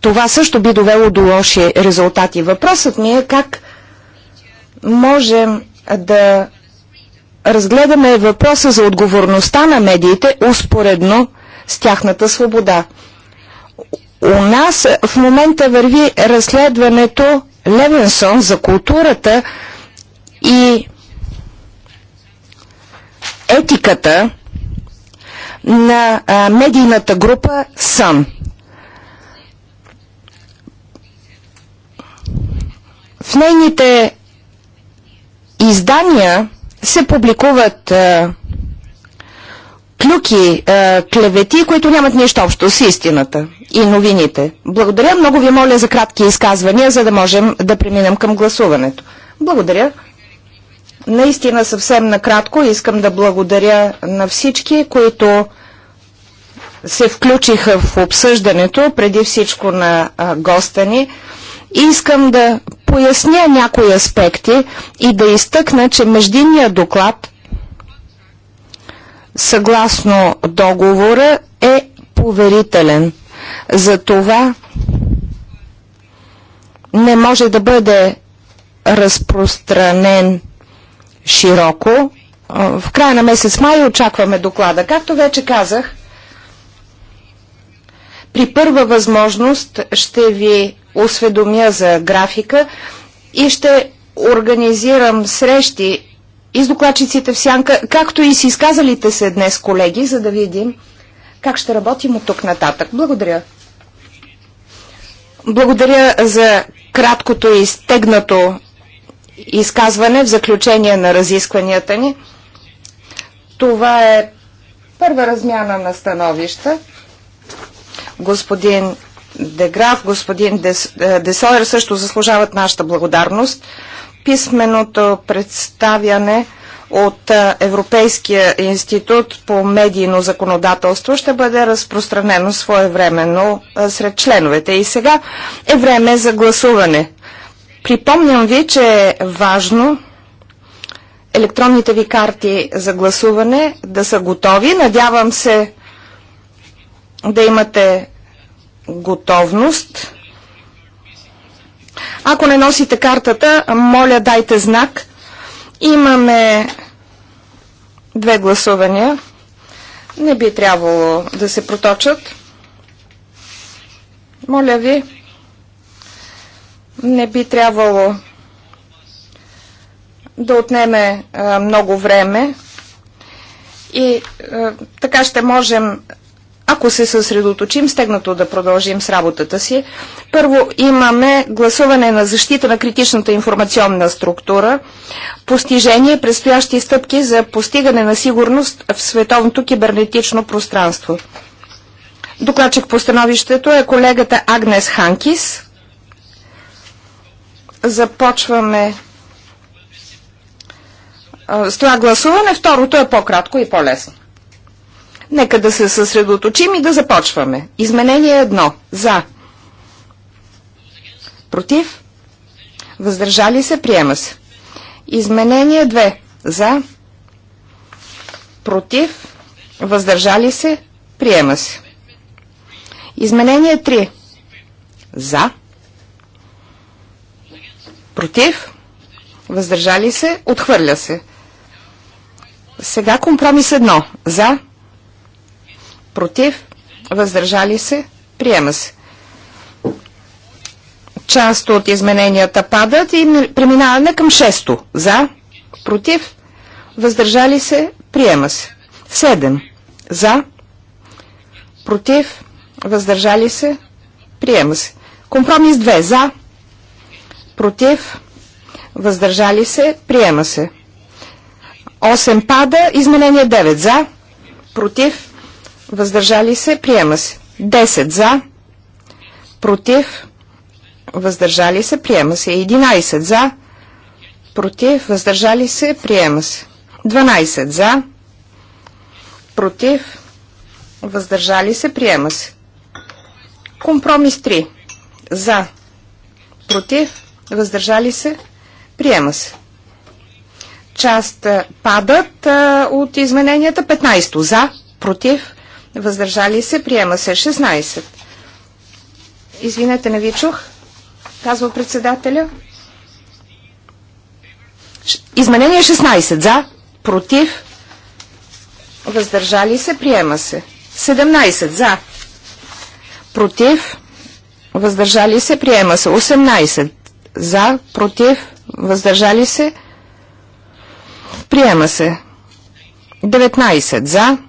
Speaker 5: това също би довело до лоши резултати. Въпросът ми е как можем да разгледаме въпроса за отговорността на медиите успоредно с тяхната свобода. У нас в момента върви разследването Левенсон за културата и етиката на а, медийната група САН. В нейните издания се публикуват е, клюки, е, клевети, които нямат нищо общо с истината и новините. Благодаря. Много ви моля за кратки изказвания, за да можем да преминем към гласуването. Благодаря. Наистина съвсем накратко искам да благодаря на всички, които се включиха в обсъждането, преди всичко на а, госта ни. и Искам да поясня някои аспекти и да изтъкна, че междинния доклад съгласно договора е поверителен. Затова не може да бъде разпространен широко. В края на месец май очакваме доклада. Както вече казах, при първа възможност ще ви осведомя за графика и ще организирам срещи и с докладчиците в сянка, както и с изказалите се днес колеги, за да видим как ще работим от тук нататък. Благодаря. Благодаря за краткото и стегнато изказване в заключение на разискванията ни. Това е първа размяна на становища. Господин Деграф, господин е, Десойер също заслужават нашата благодарност. Писменото представяне от е, Европейския институт по медийно законодателство ще бъде разпространено своевременно е, сред членовете. И сега е време за гласуване. Припомням ви, че е важно електронните ви карти за гласуване да са готови. Надявам се да имате готовност. Ако не носите картата, моля дайте знак. Имаме две гласувания. Не би трябвало да се проточат. Моля ви, не би трябвало да отнеме а, много време и а, така ще можем ако се съсредоточим, стегнато да продължим с работата си. Първо имаме гласуване на защита на критичната информационна структура, постижение, предстоящи стъпки за постигане на сигурност в световното кибернетично пространство. Докладчик по становището е колегата Агнес Ханкис. Започваме с това гласуване. Второто е по-кратко и по-лесно. Нека да се съсредоточим и да започваме. Изменение едно. За. Против. Въздържали се. Приема се. Изменение 2. За. Против. Въздържали се. Приема се. Изменение 3. За. Против. Въздържали се. Отхвърля се. Сега компромис 1. За против, въздържали се, приема се. Част от измененията падат и преминаваме към шесто. За, против, въздържали се, приема се. 7. За, против, въздържали се, приема се. Компромис 2. За, против, въздържали се, приема се. 8 пада, изменение 9 за, против, въздържали се, приема се. 10 за, против, въздържали се, приема се. 11 за, против, въздържали се, приема се. 12 за, против, въздържали се, приема се. Компромис 3. За, против, въздържали се, приема се. Част падат а, от измененията 15. За, против, въздържали се, приема се 16. Извинете, не ви чух, казва председателя. Изменение 16. За, против, въздържали се, приема се. 17. За, против, въздържали се, приема се. 18. За, против, въздържали се, приема се. 19. За, против,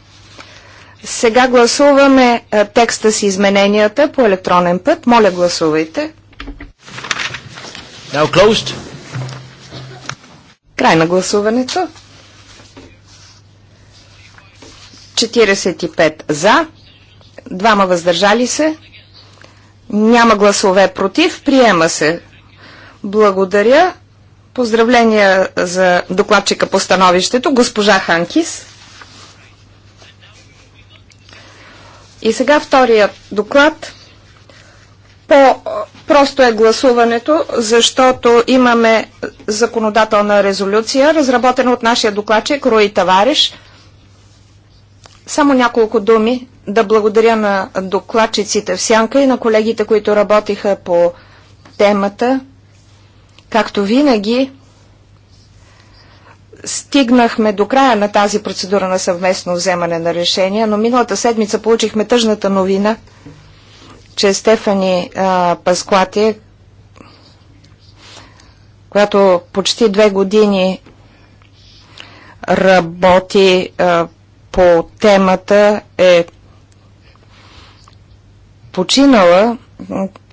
Speaker 5: Сега гласуваме е, текста с измененията по електронен път. Моля, гласувайте.
Speaker 1: Now closed. Край
Speaker 5: на гласуването. 45 за, двама въздържали се, няма гласове против, приема се. Благодаря. Поздравления за докладчика по становището, госпожа Ханкис. И сега вторият доклад. По-просто е гласуването, защото имаме законодателна резолюция, разработена от нашия докладчик Руи Тавариш. Само няколко думи да благодаря на докладчиците в Сянка и на колегите, които работиха по темата. Както винаги, стигнахме до края на тази процедура на съвместно вземане на решения, но миналата седмица получихме тъжната новина, че Стефани а, Пасклати, която почти две години работи а, по темата, е починала.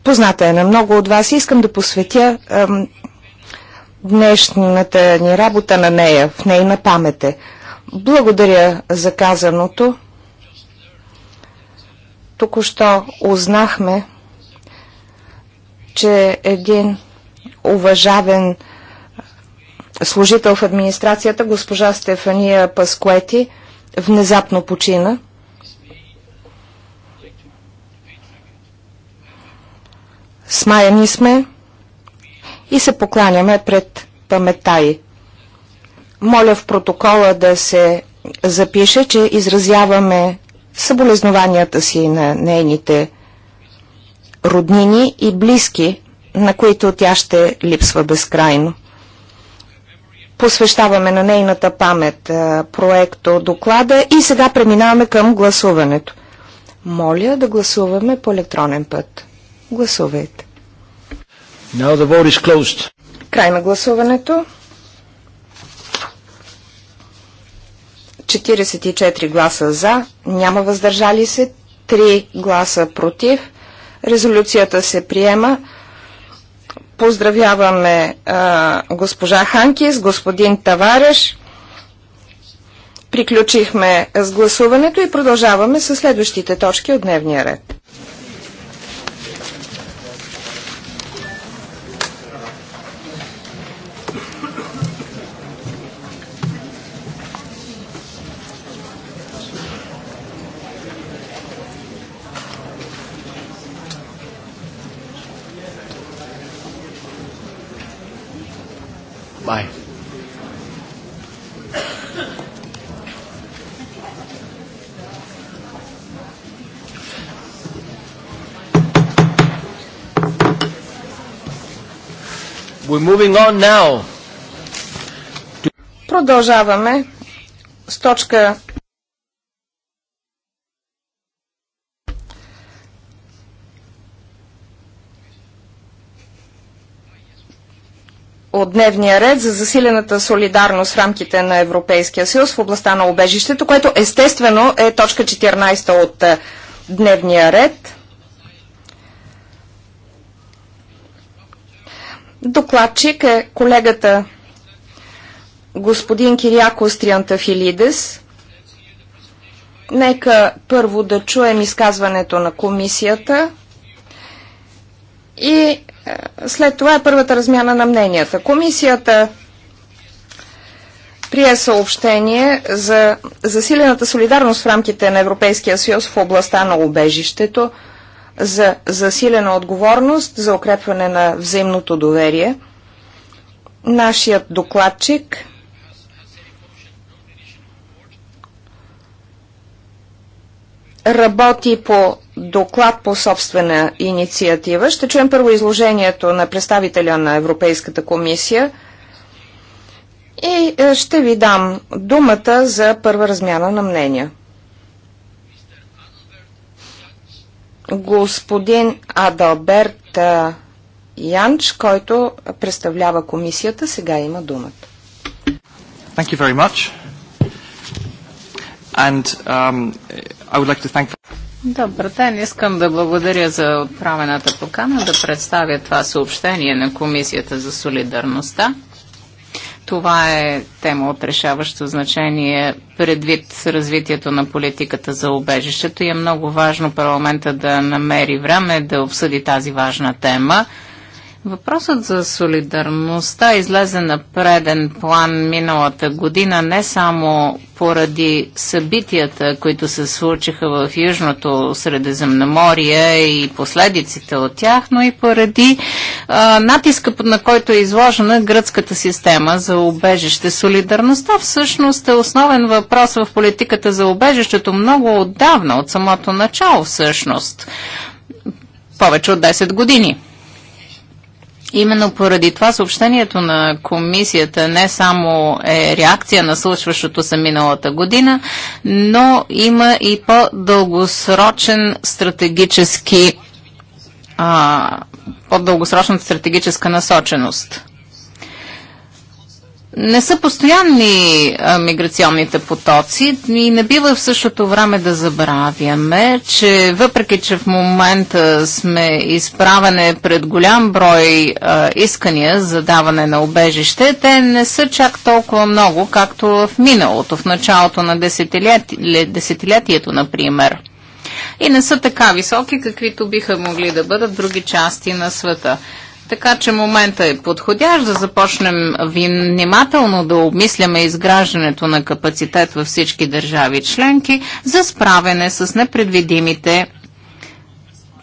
Speaker 5: Позната е на много от вас. Искам да посветя а, днешната ни работа на нея, в нейна памете. Благодаря за казаното. Току-що узнахме, че един уважавен служител в администрацията, госпожа Стефания Паскуети, внезапно почина. Смаяни сме и се покланяме пред паметта й. Моля в протокола да се запише, че изразяваме съболезнованията си на нейните роднини и близки, на които тя ще липсва безкрайно. Посвещаваме на нейната памет проекто доклада и сега преминаваме към гласуването. Моля да гласуваме по електронен път. Гласувайте.
Speaker 1: Now the vote is closed.
Speaker 5: Край на гласуването. 44 гласа за, няма въздържали се, 3 гласа против. Резолюцията се приема. Поздравяваме а, госпожа Ханкис, господин Тавареш. Приключихме с гласуването и продължаваме с следващите точки от дневния ред.
Speaker 4: Bye.
Speaker 1: We're moving on now.
Speaker 5: Продължаваме с точка от дневния ред за засилената солидарност в рамките на Европейския съюз в областта на обежището, което естествено е точка 14 от е, дневния ред. Докладчик е колегата господин Кирияко Стриантафилидес. Нека първо да чуем изказването на комисията и след това е първата размяна на мненията. Комисията прие съобщение за засилената солидарност в рамките на Европейския съюз в областта на убежището, за засилена отговорност, за укрепване на взаимното доверие. Нашият докладчик работи по доклад по собствена инициатива. Ще чуем първо изложението на представителя на Европейската комисия и е, ще ви дам думата за първа размяна на мнения. Господин Адалберт Янч, който представлява комисията, сега има думата.
Speaker 1: Thank you very much. And um, I would like to thank
Speaker 2: Добър ден. Искам да благодаря за отправената покана да представя това съобщение на Комисията за солидарността. Това е тема от решаващо значение предвид развитието на политиката за убежището и е много важно парламента да намери време да обсъди тази важна тема. Въпросът за солидарността излезе на преден план миналата година не само поради събитията, които се случиха в Южното Средиземноморие и последиците от тях, но и поради а, натиска, на който е изложена гръцката система за убежище. Солидарността всъщност е основен въпрос в политиката за убежището много отдавна, от самото начало всъщност. Повече от 10 години. Именно поради това съобщението на комисията не само е реакция на случващото се миналата година, но има и по-дългосрочен стратегически по дългосрочна стратегическа насоченост не са постоянни а, миграционните потоци и не бива в същото време да забравяме, че въпреки, че в момента сме изправени пред голям брой а, искания за даване на обежище, те не са чак толкова много, както в миналото, в началото на десетилети... десетилетието, например. И не са така високи, каквито биха могли да бъдат други части на света. Така че момента е подходящ да започнем внимателно да обмисляме изграждането на капацитет във всички държави членки за справяне с непредвидимите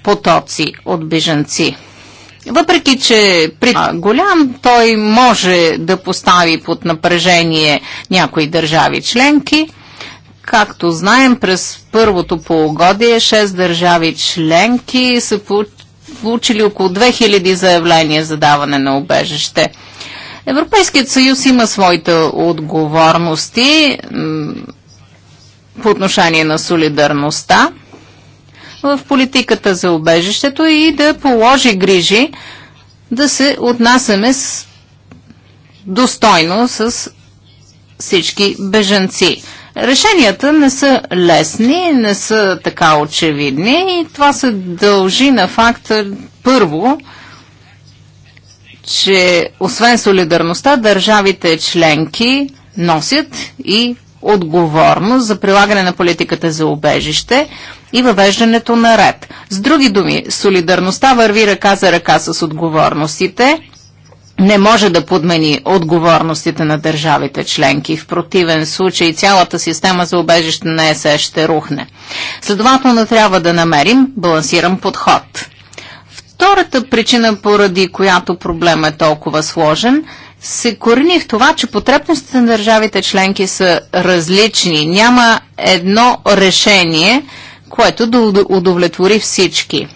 Speaker 2: потоци от бежанци. Въпреки, че при голям той може да постави под напрежение някои държави членки, Както знаем, през първото полугодие 6 държави членки са получили около 2000 заявления за даване на обежище. Европейският съюз има своите отговорности по отношение на солидарността в политиката за обежището и да положи грижи да се отнасяме с, достойно с всички бежанци. Решенията не са лесни, не са така очевидни и това се дължи на факта първо, че освен солидарността, държавите членки носят и отговорност за прилагане на политиката за обежище и въвеждането на ред. С други думи, солидарността върви ръка за ръка с отговорностите не може да подмени отговорностите на държавите членки. В противен случай цялата система за убежище на ЕСЕ ще рухне. Следователно трябва да намерим балансиран подход. Втората причина, поради която проблем е толкова сложен, се корени в това, че потребностите на държавите членки са различни. Няма едно решение, което да удовлетвори всички.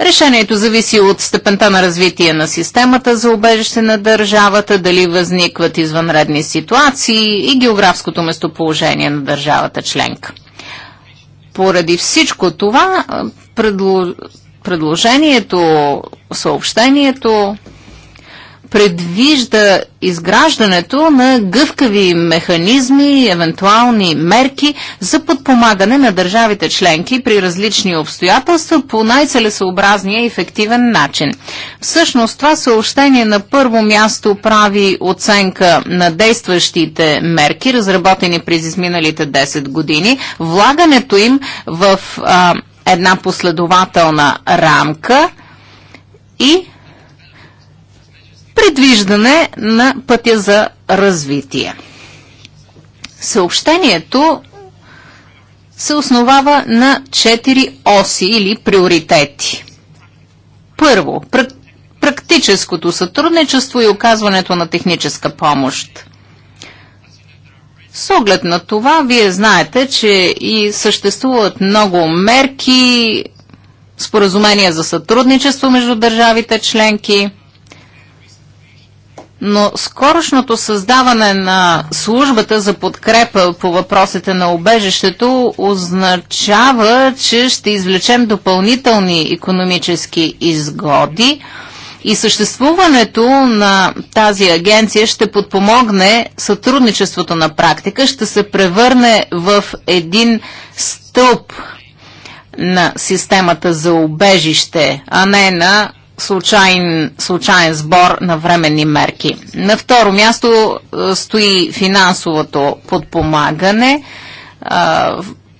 Speaker 2: Решението зависи от степента на развитие на системата за убежище на държавата, дали възникват извънредни ситуации и географското местоположение на държавата членка. Поради всичко това, предложението, съобщението предвижда изграждането на гъвкави механизми и евентуални мерки за подпомагане на държавите членки при различни обстоятелства по най-целесообразния и ефективен начин. Всъщност това съобщение на първо място прави оценка на действащите мерки, разработени през изминалите 10 години, влагането им в а, една последователна рамка и предвиждане на пътя за развитие. Съобщението се основава на четири оси или приоритети. Първо, практическото сътрудничество и оказването на техническа помощ. С оглед на това, вие знаете, че и съществуват много мерки, споразумения за сътрудничество между държавите членки – но скорошното създаване на службата за подкрепа по въпросите на обежището означава, че ще извлечем допълнителни економически изгоди и съществуването на тази агенция ще подпомогне сътрудничеството на практика, ще се превърне в един стълб на системата за обежище, а не на случайен, случайен сбор на временни мерки. На второ място е, стои финансовото подпомагане. Е,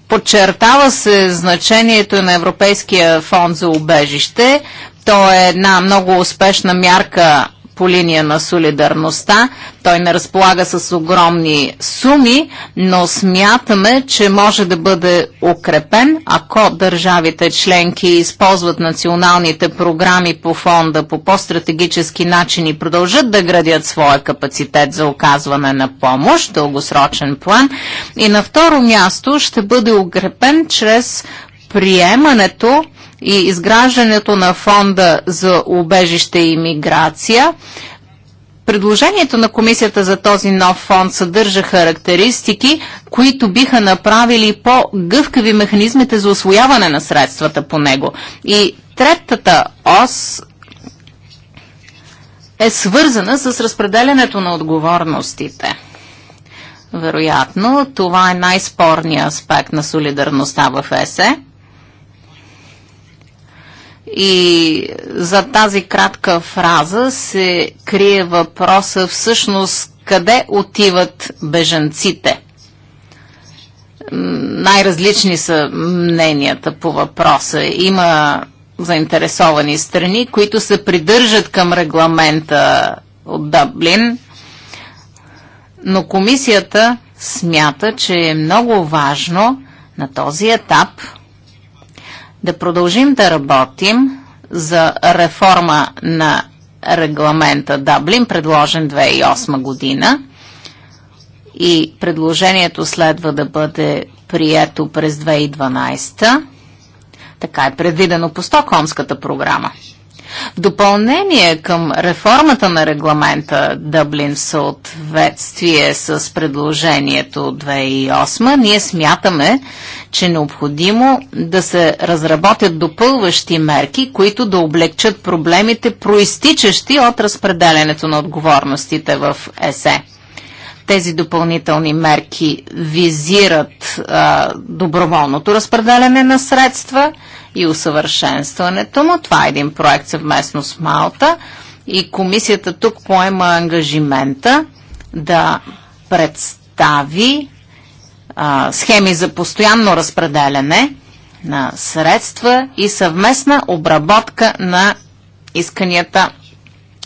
Speaker 2: подчертава се значението на Европейския фонд за убежище. То е една много успешна мярка по линия на солидарността. Той не разполага с огромни суми, но смятаме, че може да бъде укрепен, ако държавите членки използват националните програми по фонда по по-стратегически начин и продължат да градят своя капацитет за оказване на помощ, дългосрочен план. И на второ място ще бъде укрепен чрез приемането и изграждането на фонда за убежище и миграция. Предложението на комисията за този нов фонд съдържа характеристики, които биха направили по-гъвкави механизмите за освояване на средствата по него. И третата ос е свързана с разпределянето на отговорностите. Вероятно, това е най-спорният аспект на солидарността в ЕСЕ. И за тази кратка фраза се крие въпроса всъщност къде отиват бежанците. Най-различни са мненията по въпроса. Има заинтересовани страни, които се придържат към регламента от Дъблин, но комисията смята, че е много важно на този етап – да продължим да работим за реформа на регламента Даблин, предложен 2008 година и предложението следва да бъде прието през 2012. Така е предвидено по Стокхолмската програма. В допълнение към реформата на регламента Дъблин в съответствие с предложението 2008, ние смятаме, че е необходимо да се разработят допълващи мерки, които да облегчат проблемите, проистичащи от разпределянето на отговорностите в ЕСЕ тези допълнителни мерки визират а, доброволното разпределяне на средства и усъвършенстването му. Това е един проект съвместно с Малта и комисията тук поема ангажимента да представи а, схеми за постоянно разпределяне на средства и съвместна обработка на исканията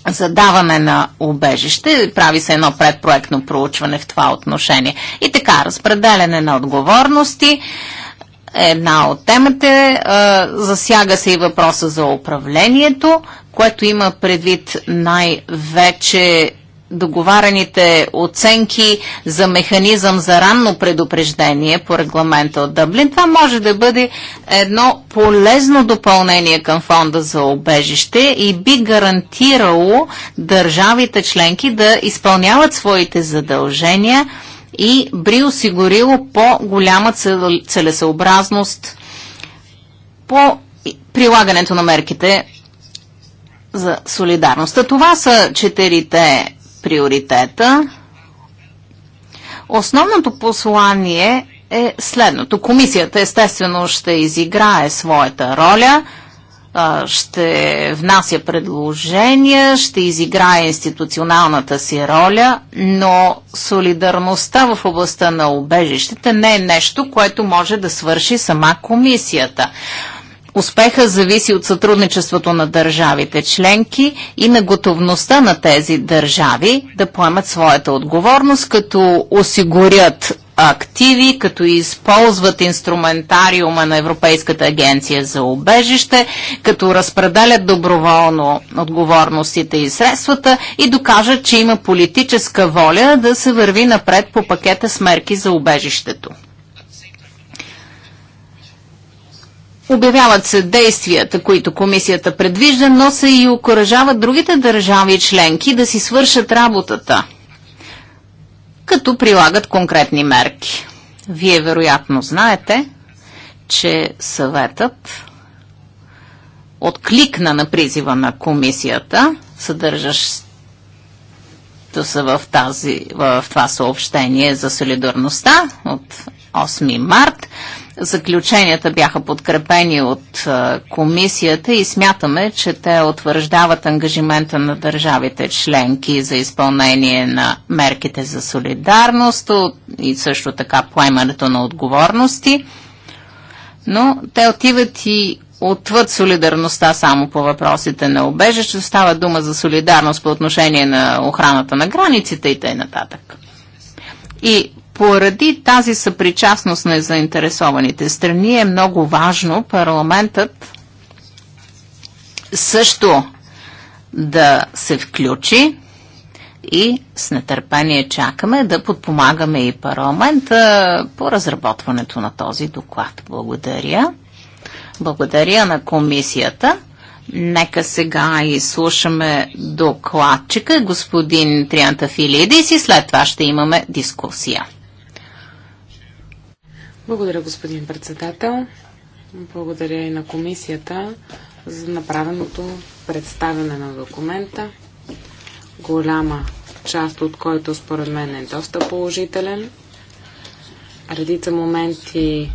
Speaker 2: за даване на убежище. Прави се едно предпроектно проучване в това отношение. И така, разпределяне на отговорности е една от темата. Е, засяга се и въпроса за управлението, което има предвид най-вече договарените оценки за механизъм за ранно предупреждение по регламента от Дъблин. Това може да бъде едно полезно допълнение към фонда за обежище и би гарантирало държавите членки да изпълняват своите задължения – и би осигурило по-голяма целесъобразност по прилагането на мерките за солидарност. Това са четирите приоритета. Основното послание е следното. Комисията естествено ще изиграе своята роля – ще внася предложения, ще изиграе институционалната си роля, но солидарността в областта на убежищите не е нещо, което може да свърши сама комисията. Успеха зависи от сътрудничеството на държавите членки и на готовността на тези държави да поемат своята отговорност, като осигурят активи, като използват инструментариума на Европейската агенция за убежище, като разпределят доброволно отговорностите и средствата и докажат, че има политическа воля да се върви напред по пакета с мерки за убежището. Обявяват се действията, които комисията предвижда, но се и окоръжават другите държави членки да си свършат работата – като прилагат конкретни мерки. Вие вероятно знаете, че съветът откликна на призива на комисията, съдържащо се в, тази, в това съобщение за солидарността от 8 март. Заключенията бяха подкрепени от комисията и смятаме, че те утвърждават ангажимента на държавите членки за изпълнение на мерките за солидарност и също така поемането на отговорности. Но те отиват и отвъд солидарността само по въпросите на обежище. Става дума за солидарност по отношение на охраната на границите и т.н. И поради тази съпричастност на заинтересованите страни е много важно парламентът също да се включи и с нетърпение чакаме да подпомагаме и парламента по разработването на този доклад. Благодаря. Благодаря на комисията. Нека сега изслушаме докладчика господин Трианта Филидис и след това ще имаме дискусия.
Speaker 3: Благодаря, господин председател. Благодаря и на комисията за направеното представяне на документа. Голяма част от който според мен е доста положителен. Редица моменти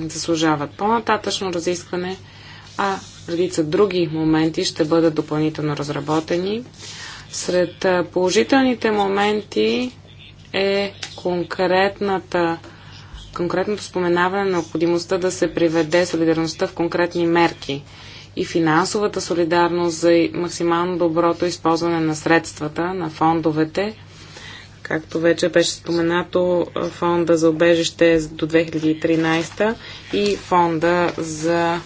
Speaker 3: заслужават по-нататъчно разискване, а редица други моменти ще бъдат допълнително разработени. Сред положителните моменти е конкретната конкретното споменаване на необходимостта да се приведе солидарността в конкретни мерки и финансовата солидарност за максимално доброто използване на средствата, на фондовете, както вече беше споменато, фонда за обежище до 2013 и фонда за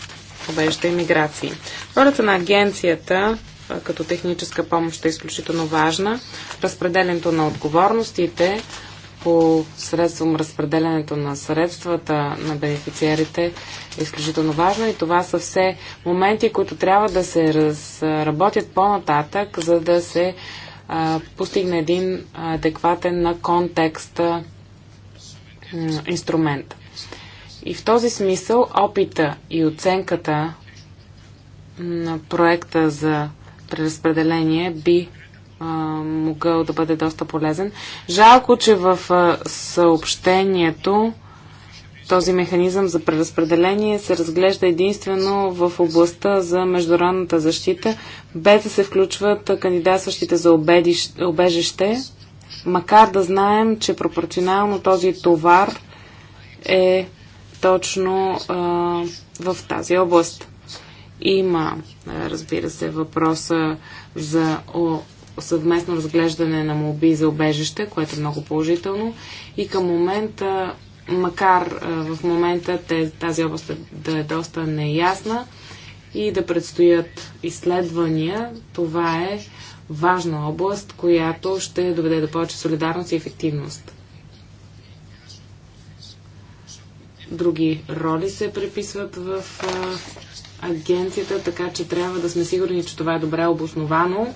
Speaker 3: обежище и миграции. Ролята на агенцията като техническа помощ е изключително важна. Разпределенето на отговорностите по средством разпределянето на средствата на бенефициарите е изключително важно и това са все моменти, които трябва да се разработят по-нататък, за да се а, постигне един адекватен на контекста инструмент. И в този смисъл опита и оценката на проекта за преразпределение би могъл да бъде доста полезен. Жалко, че в съобщението този механизъм за преразпределение се разглежда единствено в областта за международната защита, без да се включват кандидатстващите за обежище, макар да знаем, че пропорционално този товар е точно а, в тази област. Има, разбира се, въпроса за съвместно разглеждане на молби за обежище, което е много положително. И към момента, макар в момента тази област е, да е доста неясна и да предстоят изследвания, това е важна област, която ще доведе до повече солидарност и ефективност. Други роли се преписват в агенцията, така че трябва да сме сигурни, че това е добре обосновано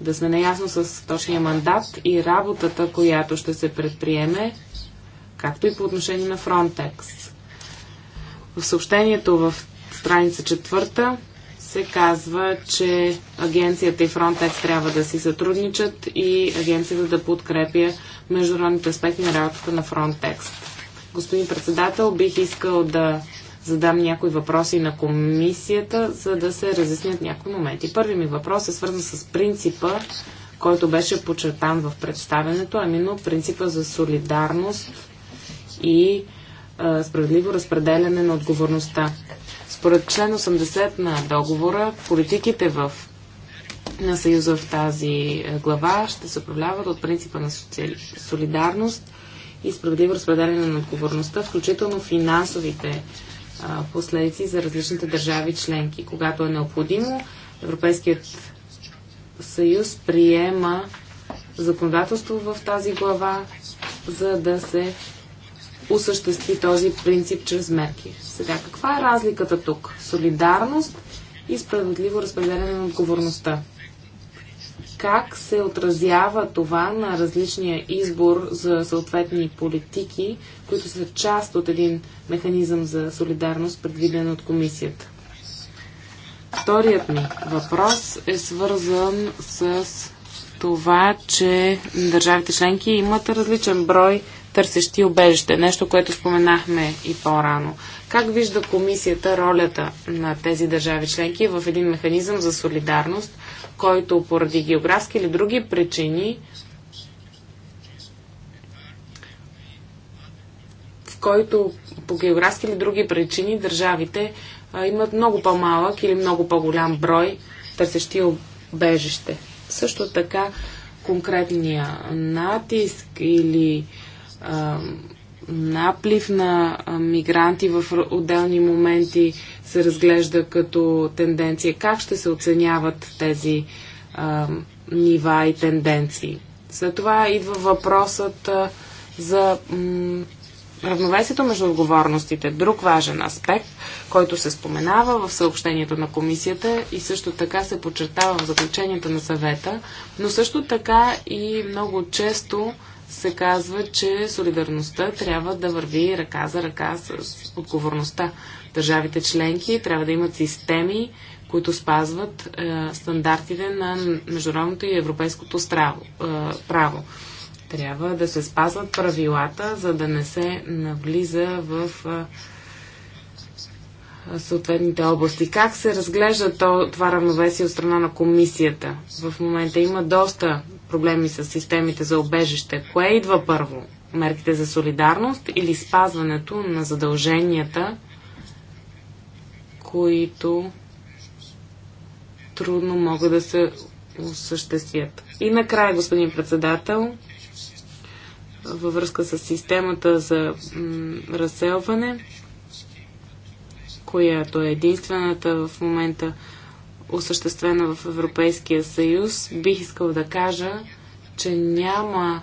Speaker 3: да сме наясно с точния мандат и работата, която ще се предприеме, както и по отношение на Frontex. В съобщението в страница четвърта се казва, че агенцията и Frontex трябва да си сътрудничат и агенцията да подкрепя международните аспекти на работата на Frontex. Господин председател, бих искал да задам някои въпроси на комисията, за да се разяснят някои моменти. Първи ми въпрос е свързан с принципа, който беше подчертан в представенето, а именно принципа за солидарност и а, справедливо разпределяне на отговорността. Според член 80 на договора, политиките в на Съюза в тази е, глава ще се управляват от принципа на солидарност и справедливо разпределение на отговорността, включително финансовите последици за различните държави членки. Когато е необходимо, Европейският съюз приема законодателство в тази глава, за да се осъществи този принцип чрез мерки. Сега, каква е разликата тук? Солидарност и справедливо разпределение на отговорността как се отразява това на различния избор за съответни политики, които са част от един механизъм за солидарност, предвиден от комисията. Вторият ми въпрос е свързан с това, че държавите членки имат различен брой търсещи обежище, Нещо, което споменахме и по-рано. Как вижда комисията ролята на тези държави членки в един механизъм за солидарност, който поради географски или други причини в който по географски или други причини държавите а, имат много по-малък или много по-голям брой търсещи обежище. Също така конкретния натиск или а, наплив на мигранти в отделни моменти се разглежда като тенденция. Как ще се оценяват тези а, нива и тенденции? След това идва въпросът а, за равновесието между отговорностите. Друг важен аспект, който се споменава в съобщението на комисията и също така се подчертава в заключенията на съвета, но също така и много често се казва, че солидарността трябва да върви ръка за ръка с отговорността. Държавите членки трябва да имат системи, които спазват е, стандартите на международното и европейското страво, е, право. Трябва да се спазват правилата, за да не се навлиза в. Е, съответните области. Как се разглежда то, това равновесие от страна на комисията? В момента има доста проблеми с системите за обежище. Кое идва първо? Мерките за солидарност или спазването на задълженията, които трудно могат да се осъществят? И накрая, господин председател, във връзка с системата за разселване, която е единствената в момента осъществена в Европейския съюз, бих искал да кажа, че няма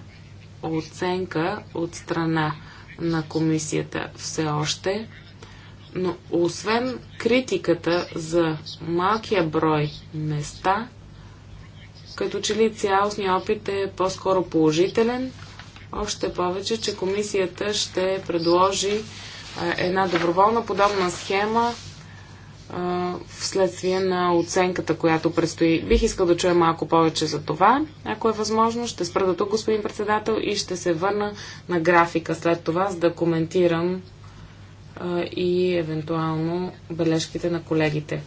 Speaker 3: оценка от страна на комисията все още, но освен критиката за малкия брой места, като че ли цялостния опит е по-скоро положителен, още повече, че комисията ще предложи една доброволна подобна схема вследствие на оценката, която предстои. Бих искал да чуя малко повече за това, ако е възможно. Ще спра до тук, господин председател, и ще се върна на графика след това, за да коментирам и евентуално бележките на колегите.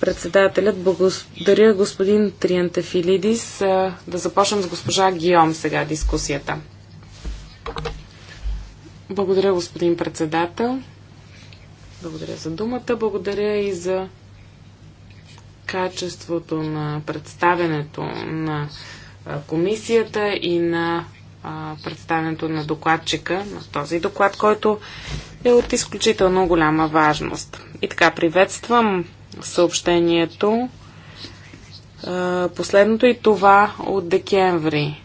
Speaker 3: Председателят, благодаря господин Триантефилидис. Да започнем с госпожа Гиом сега дискусията. Благодаря, господин председател. Благодаря за думата. Благодаря и за качеството на представенето на комисията и на представенето на докладчика на този доклад, който е от изключително голяма важност. И така, приветствам съобщението, последното и това от декември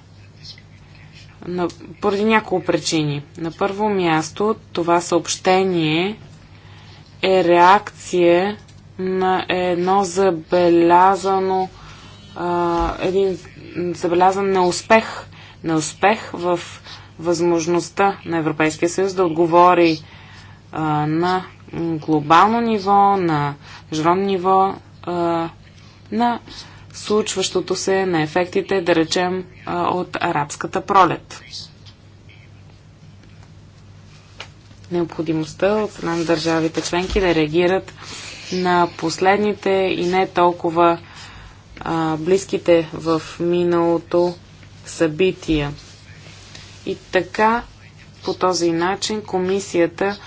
Speaker 3: на, поради няколко причини. На първо място, това съобщение е реакция на едно забелязано а, един забелязан неуспех. Неуспех в възможността на Европейския съюз да отговори а, на глобално ниво, на международно ниво, а, на случващото се, на ефектите, да речем, от арабската пролет. Необходимостта от една на държавите членки да реагират на последните и не толкова а, близките в миналото събития. И така, по този начин, комисията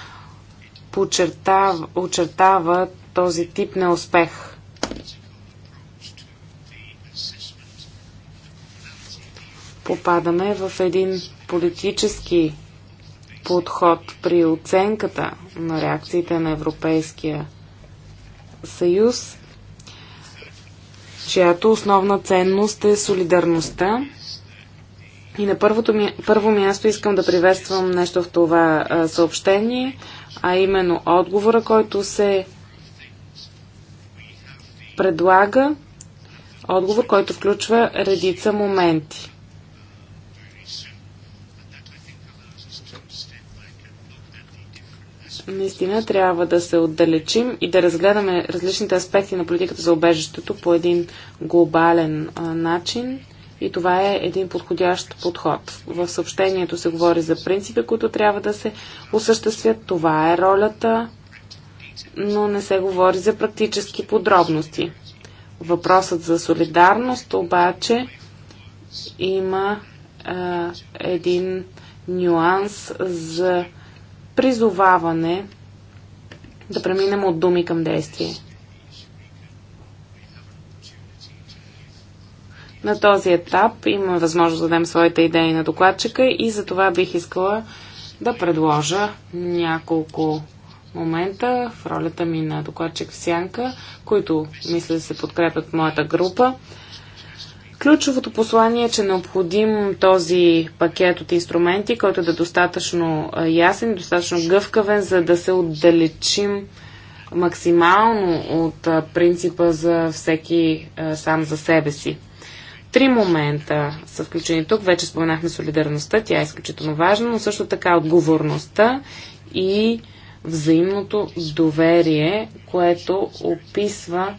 Speaker 3: подчертава, очертава този тип неуспех – попадаме в един политически подход при оценката на реакциите на Европейския съюз, чиято основна ценност е солидарността. И на първото, първо място искам да приветствам нещо в това а, съобщение, а именно отговора, който се предлага, отговор, който включва редица моменти. Наистина трябва да се отдалечим и да разгледаме различните аспекти на политиката за убежището по един глобален а, начин. И това е един подходящ подход. В съобщението се говори за принципи, които трябва да се осъществят. Това е ролята, но не се говори за практически подробности. Въпросът за солидарност обаче има а, един нюанс за призоваване да преминем от думи към действие. На този етап имаме възможност да дадем своите идеи на докладчика и за това бих искала да предложа няколко момента в ролята ми на докладчик в Сянка, които мисля да се подкрепят моята група. Ключовото послание е, че е необходим този пакет от инструменти, който да е достатъчно ясен, достатъчно гъвкавен, за да се отдалечим максимално от принципа за всеки сам за себе си. Три момента са включени тук. Вече споменахме солидарността, тя е изключително важна, но също така отговорността и взаимното доверие, което описва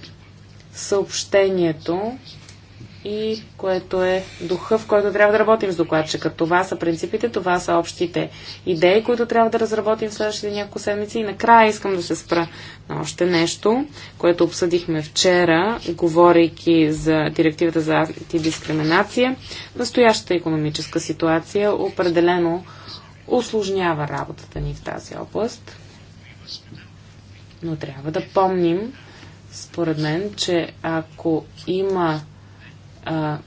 Speaker 3: съобщението и което е духа, в който трябва да работим с докладчика. Това са принципите, това са общите идеи, които трябва да разработим в следващите няколко седмици. И накрая искам да се спра на още нещо, което обсъдихме вчера, говорейки за директивата за антидискриминация. Настоящата економическа ситуация определено осложнява работата ни в тази област. Но трябва да помним, според мен, че ако има а,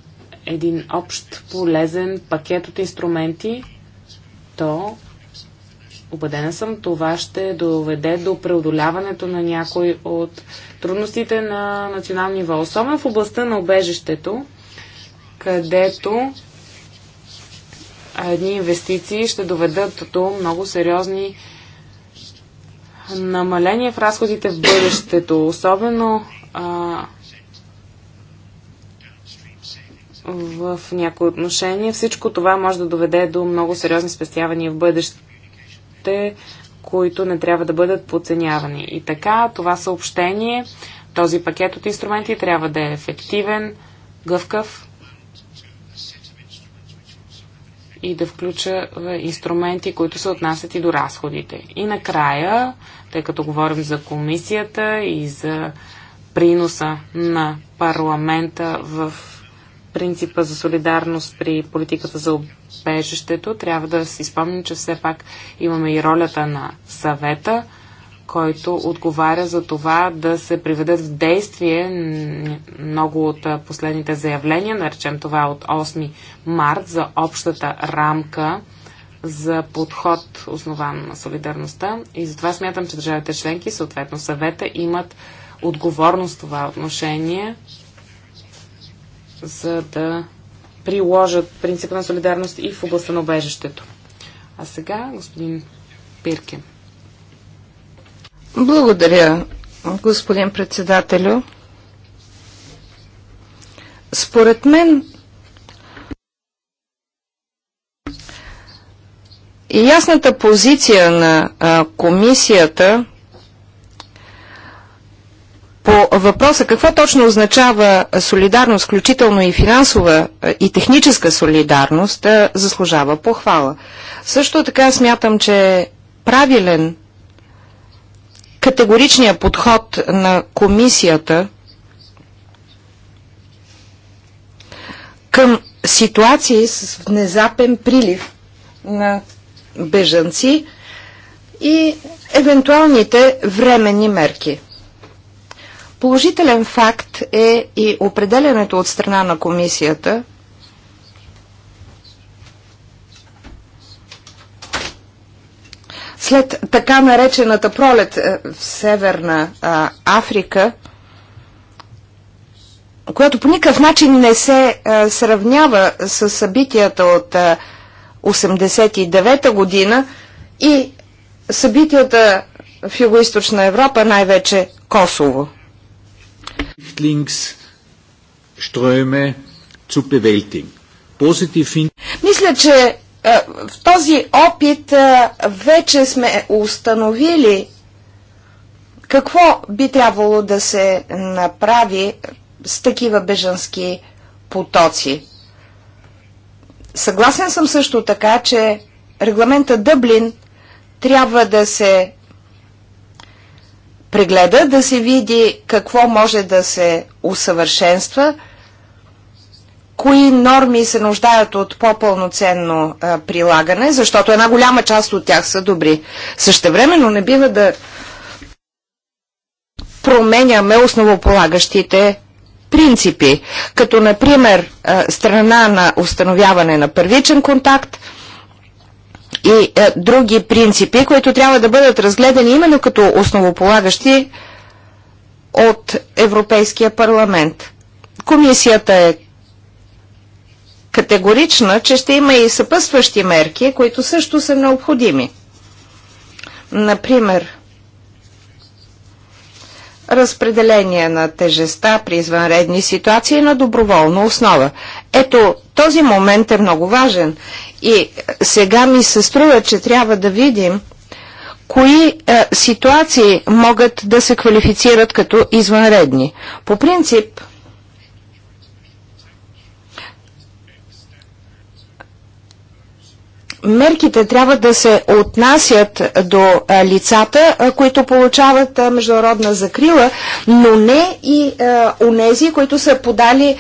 Speaker 3: един общ полезен пакет от инструменти, то убедена съм, това ще доведе до преодоляването на някои от трудностите на национално ниво, особено в областта на обежището, където едни инвестиции ще доведат до много сериозни намаления в разходите в бъдещето, особено а, в някои отношения. Всичко това може да доведе до много сериозни спестявания в бъдеще, които не трябва да бъдат подценявани. И така, това съобщение, този пакет от инструменти трябва да е ефективен, гъвкав и да включа е, инструменти, които се отнасят и до разходите. И накрая, тъй като говорим за комисията и за приноса на парламента в принципа за солидарност при политиката за обежището, трябва да си спомним, че все пак имаме и ролята на съвета, който отговаря за това да се приведат в действие много от последните заявления, наречем това от 8 март, за общата рамка за подход, основан на солидарността. И затова смятам, че държавите членки, съответно съвета, имат отговорност в това отношение за да приложат принципа на солидарност и в областта на обежището. А сега господин Пиркин.
Speaker 5: Благодаря, господин председателю. Според мен И ясната позиция на а, комисията по въпроса какво точно означава солидарност, включително и финансова и техническа солидарност, е, заслужава похвала. Също така смятам, че правилен категоричният подход на комисията към ситуации с внезапен прилив на бежанци и евентуалните временни мерки. Положителен факт е и определенето от страна на комисията след така наречената пролет е, в Северна а, Африка, която по никакъв начин не се а, е, сравнява с събитията от 1989 е, година и събитията в Юго-Источна Европа, най-вече Косово. Мисля, че е, в този опит е, вече сме установили какво би трябвало да се направи с такива бежански потоци. Съгласен съм също така, че регламента Дъблин трябва да се прегледа, да се види какво може да се усъвършенства, кои норми се нуждаят от по-пълноценно прилагане, защото една голяма част от тях са добри. Същевременно не бива да променяме основополагащите принципи, като например страна на установяване на първичен контакт – и е, други принципи, които трябва да бъдат разгледани именно като основополагащи от Европейския парламент. Комисията е категорична, че ще има и съпъстващи мерки, които също са необходими. Например, разпределение на тежеста при извънредни ситуации на доброволна основа. Ето този момент е много важен. И е, сега ми се струва, че трябва да видим кои е, ситуации могат да се квалифицират като извънредни. По принцип, мерките трябва да се отнасят до е, лицата, е, които получават международна закрила, но не и унези, които са подали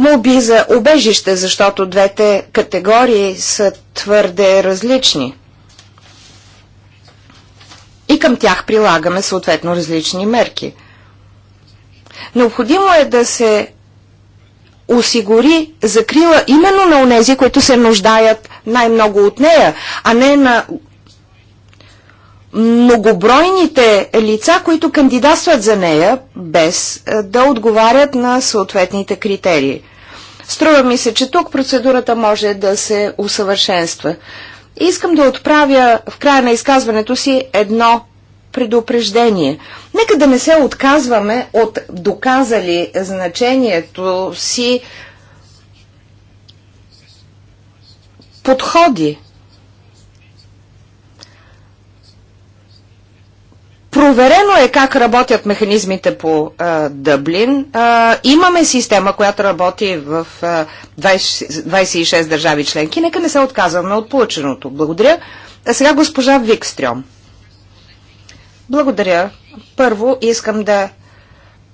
Speaker 5: молби за убежище, защото двете категории са твърде различни. И към тях прилагаме съответно различни мерки. Необходимо е да се осигури закрила именно на онези, които се нуждаят най-много от нея, а не на многобройните лица, които кандидатстват за нея, без е, да отговарят на съответните критерии. Струва ми се, че тук процедурата може да се усъвършенства. Искам да отправя в края на изказването си едно предупреждение. Нека да не се отказваме от доказали значението си подходи Проверено е как работят механизмите по а, Дъблин. А, имаме система, която работи в а, 20, 26 държави членки. Нека не се отказваме от полученото. Благодаря. А сега госпожа Викстрем. Благодаря. Първо искам да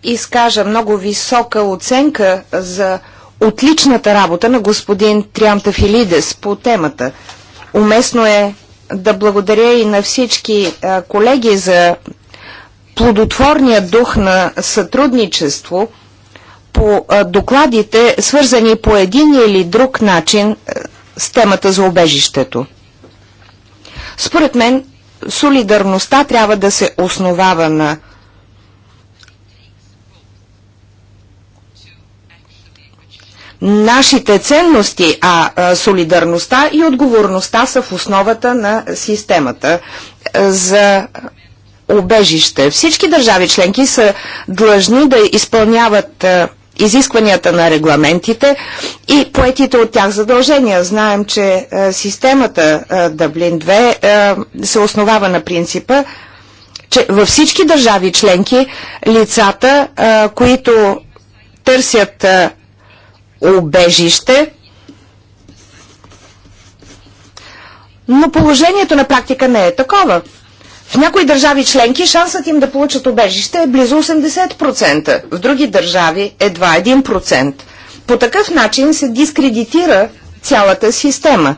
Speaker 5: изкажа много висока оценка за отличната работа на господин Триантафилидес по темата. Уместно е да благодаря и на всички колеги за плодотворния дух на сътрудничество по докладите, свързани по един или друг начин с темата за обежището. Според мен, солидарността трябва да се основава на нашите ценности, а солидарността и отговорността са в основата на системата за обежище. Всички държави членки са длъжни да изпълняват изискванията на регламентите и поетите от тях задължения. Знаем, че системата Дъблин 2 се основава на принципа, че във всички държави членки лицата, които търсят убежище, но положението на практика не е такова. В някои държави членки шансът им да получат обежище е близо 80%, в други държави едва 1%. По такъв начин се дискредитира цялата система.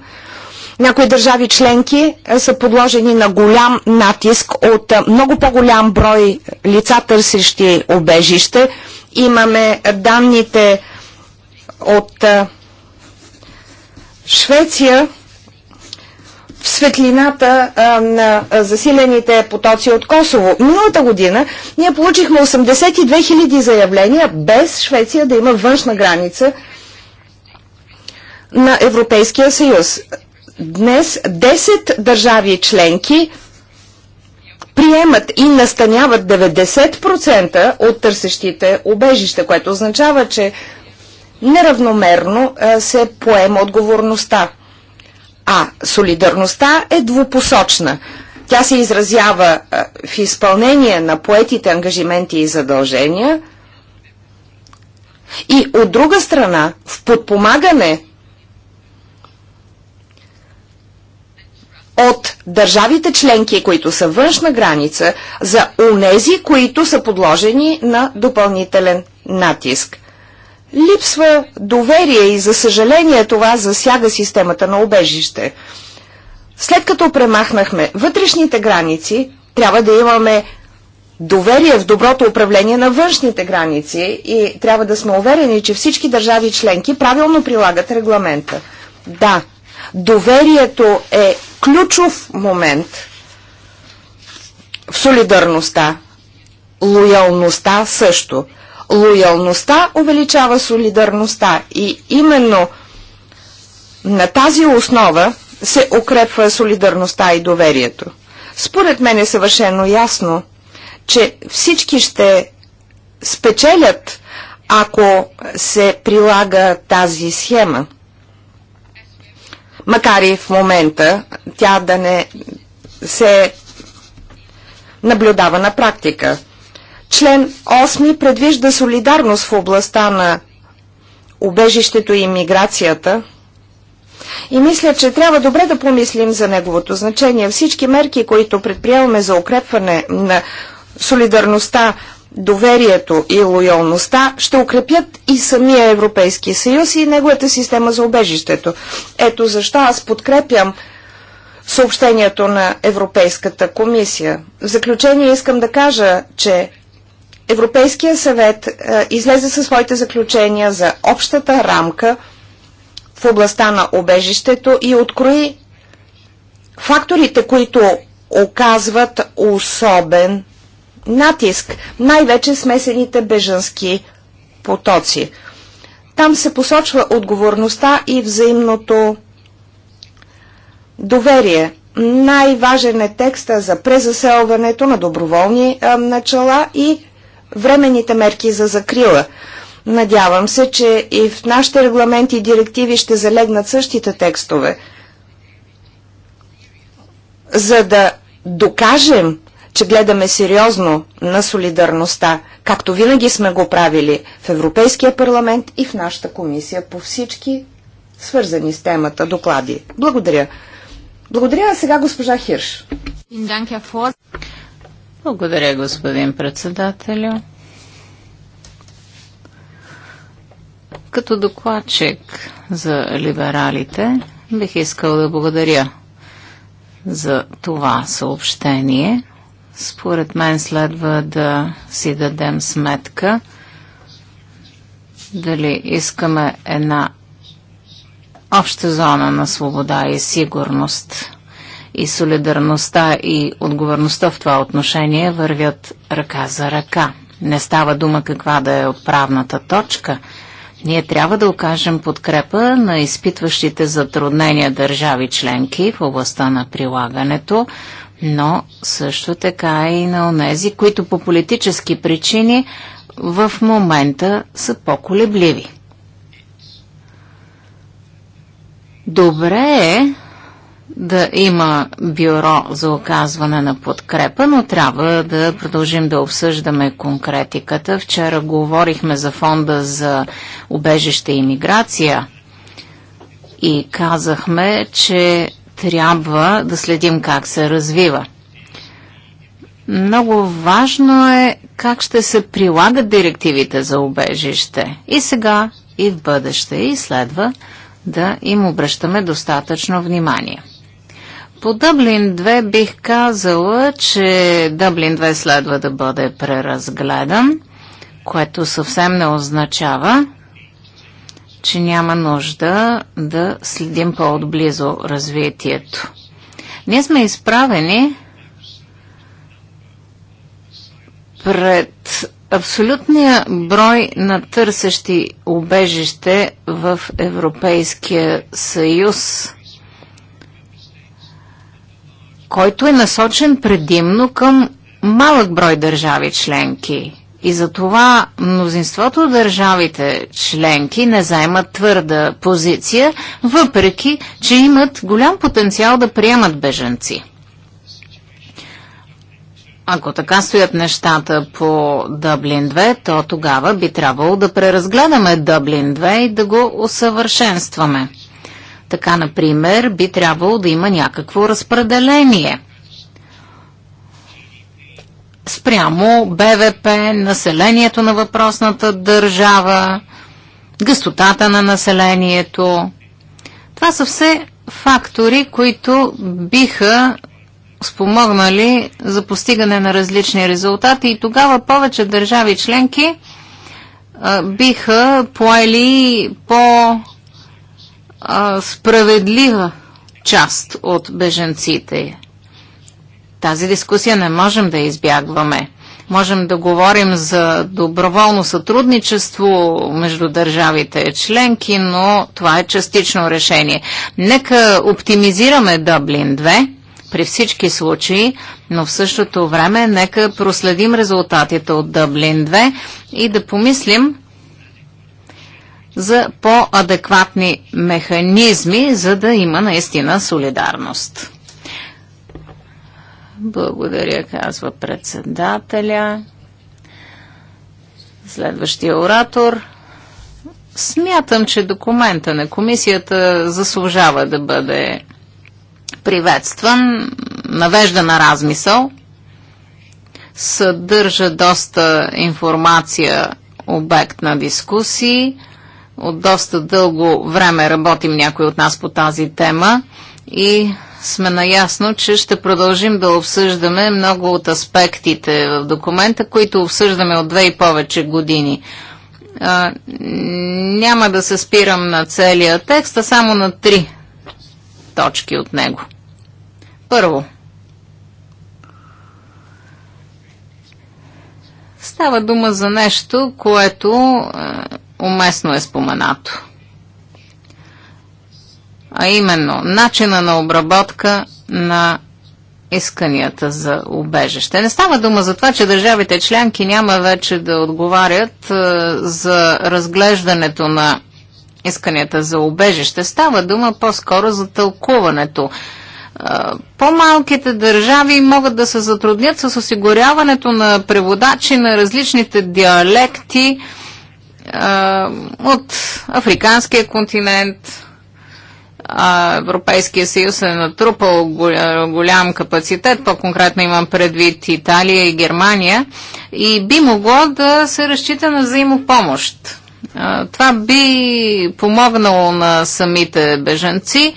Speaker 5: Някои държави членки е, са подложени на голям натиск от е, много по-голям брой лица търсещи обежище. Имаме данните от Швеция в светлината а, на засилените потоци от Косово. Миналата година ние получихме 82 000 заявления без Швеция да има външна граница на Европейския съюз. Днес 10 държави членки приемат и настаняват 90% от търсещите убежище, което означава, че неравномерно е, се поема отговорността. А солидарността е двупосочна. Тя се изразява е, в изпълнение на поетите ангажименти и задължения и от друга страна в подпомагане от държавите членки, които са външна граница, за унези, които са подложени на допълнителен натиск липсва доверие и за съжаление това засяга системата на обежище. След като премахнахме вътрешните граници, трябва да имаме доверие в доброто управление на външните граници и трябва да сме уверени, че всички държави членки правилно прилагат регламента. Да, доверието е ключов момент в солидарността, лоялността също – лоялността увеличава солидарността и именно на тази основа се укрепва солидарността и доверието. Според мен е съвършено ясно, че всички ще спечелят, ако се прилага тази схема. Макар и в момента тя да не се наблюдава на практика. Член 8 предвижда солидарност в областта на убежището и миграцията. И мисля, че трябва добре да помислим за неговото значение. Всички мерки, които предприемаме за укрепване на солидарността, доверието и лоялността, ще укрепят и самия Европейски съюз и неговата система за убежището. Ето защо аз подкрепям съобщението на Европейската комисия. В заключение искам да кажа, че Европейския съвет е, излезе със своите заключения за общата рамка в областта на обежището и открои факторите, които оказват особен натиск, най-вече смесените бежански потоци. Там се посочва отговорността и взаимното доверие. Най-важен е текста за презаселването на доброволни а, е, начала и временните мерки за закрила. Надявам се, че и в нашите регламенти и директиви ще залегнат същите текстове, за да докажем, че гледаме сериозно на солидарността, както винаги сме го правили в Европейския парламент и в нашата комисия по всички свързани с темата доклади. Благодаря. Благодаря сега госпожа Хирш.
Speaker 2: Благодаря, господин председателю. Като докладчик за либералите, бих искал да благодаря за това съобщение. Според мен следва да си дадем сметка дали искаме една обща зона на свобода и сигурност и солидарността и отговорността в това отношение вървят ръка за ръка. Не става дума каква да е отправната точка. Ние трябва да окажем подкрепа на изпитващите затруднения държави членки в областта на прилагането, но също така и на онези, които по политически причини в момента са по-колебливи. Добре е да има бюро за оказване на подкрепа, но трябва да продължим да обсъждаме конкретиката. Вчера говорихме за фонда за убежище и миграция и казахме, че трябва да следим как се развива. Много важно е как ще се прилагат директивите за убежище и сега, и в бъдеще, и следва да им обръщаме достатъчно внимание. По Дъблин 2 бих казала, че Дъблин 2 следва да бъде преразгледан, което съвсем не означава, че няма нужда да следим по-отблизо развитието. Ние сме изправени пред абсолютния брой на търсещи убежище в Европейския съюз който е насочен предимно към малък брой държави членки. И затова мнозинството държавите членки не заемат твърда позиция, въпреки, че имат голям потенциал да приемат беженци. Ако така стоят нещата по Дъблин 2, то тогава би трябвало да преразгледаме Дъблин 2 и да го усъвършенстваме. Така, например, би трябвало да има някакво разпределение спрямо БВП, населението на въпросната държава, гъстотата на населението. Това са все фактори, които биха спомогнали за постигане на различни резултати и тогава повече държави членки а, биха поели по а, справедлива част от беженците. Тази дискусия не можем да избягваме. Можем да говорим за доброволно сътрудничество между държавите членки, но това е частично решение. Нека оптимизираме Дъблин 2 при всички случаи, но в същото време нека проследим резултатите от Дъблин 2 и да помислим за по-адекватни механизми, за да има наистина солидарност. Благодаря, казва председателя. Следващия оратор. Смятам, че документа на комисията заслужава да бъде приветстван, навежда на размисъл, съдържа доста информация, обект на дискусии. От доста дълго време работим някой от нас по тази тема и сме наясно, че ще продължим да обсъждаме много от аспектите в документа, които обсъждаме от две и повече години. А, няма да се спирам на целия текст, а само на три точки от него. Първо, става дума за нещо, което уместно е споменато. А именно, начина на обработка на исканията за убежище. Не става дума за това, че държавите членки няма вече да отговарят е, за разглеждането на исканията за убежище. Става дума по-скоро за тълкуването. Е, по-малките държави могат да се затруднят с осигуряването на преводачи на различните диалекти, а, от африканския континент. А, Европейския съюз е натрупал голям капацитет, по-конкретно имам предвид Италия и Германия, и би могло да се разчита на взаимопомощ. А, това би помогнало на самите беженци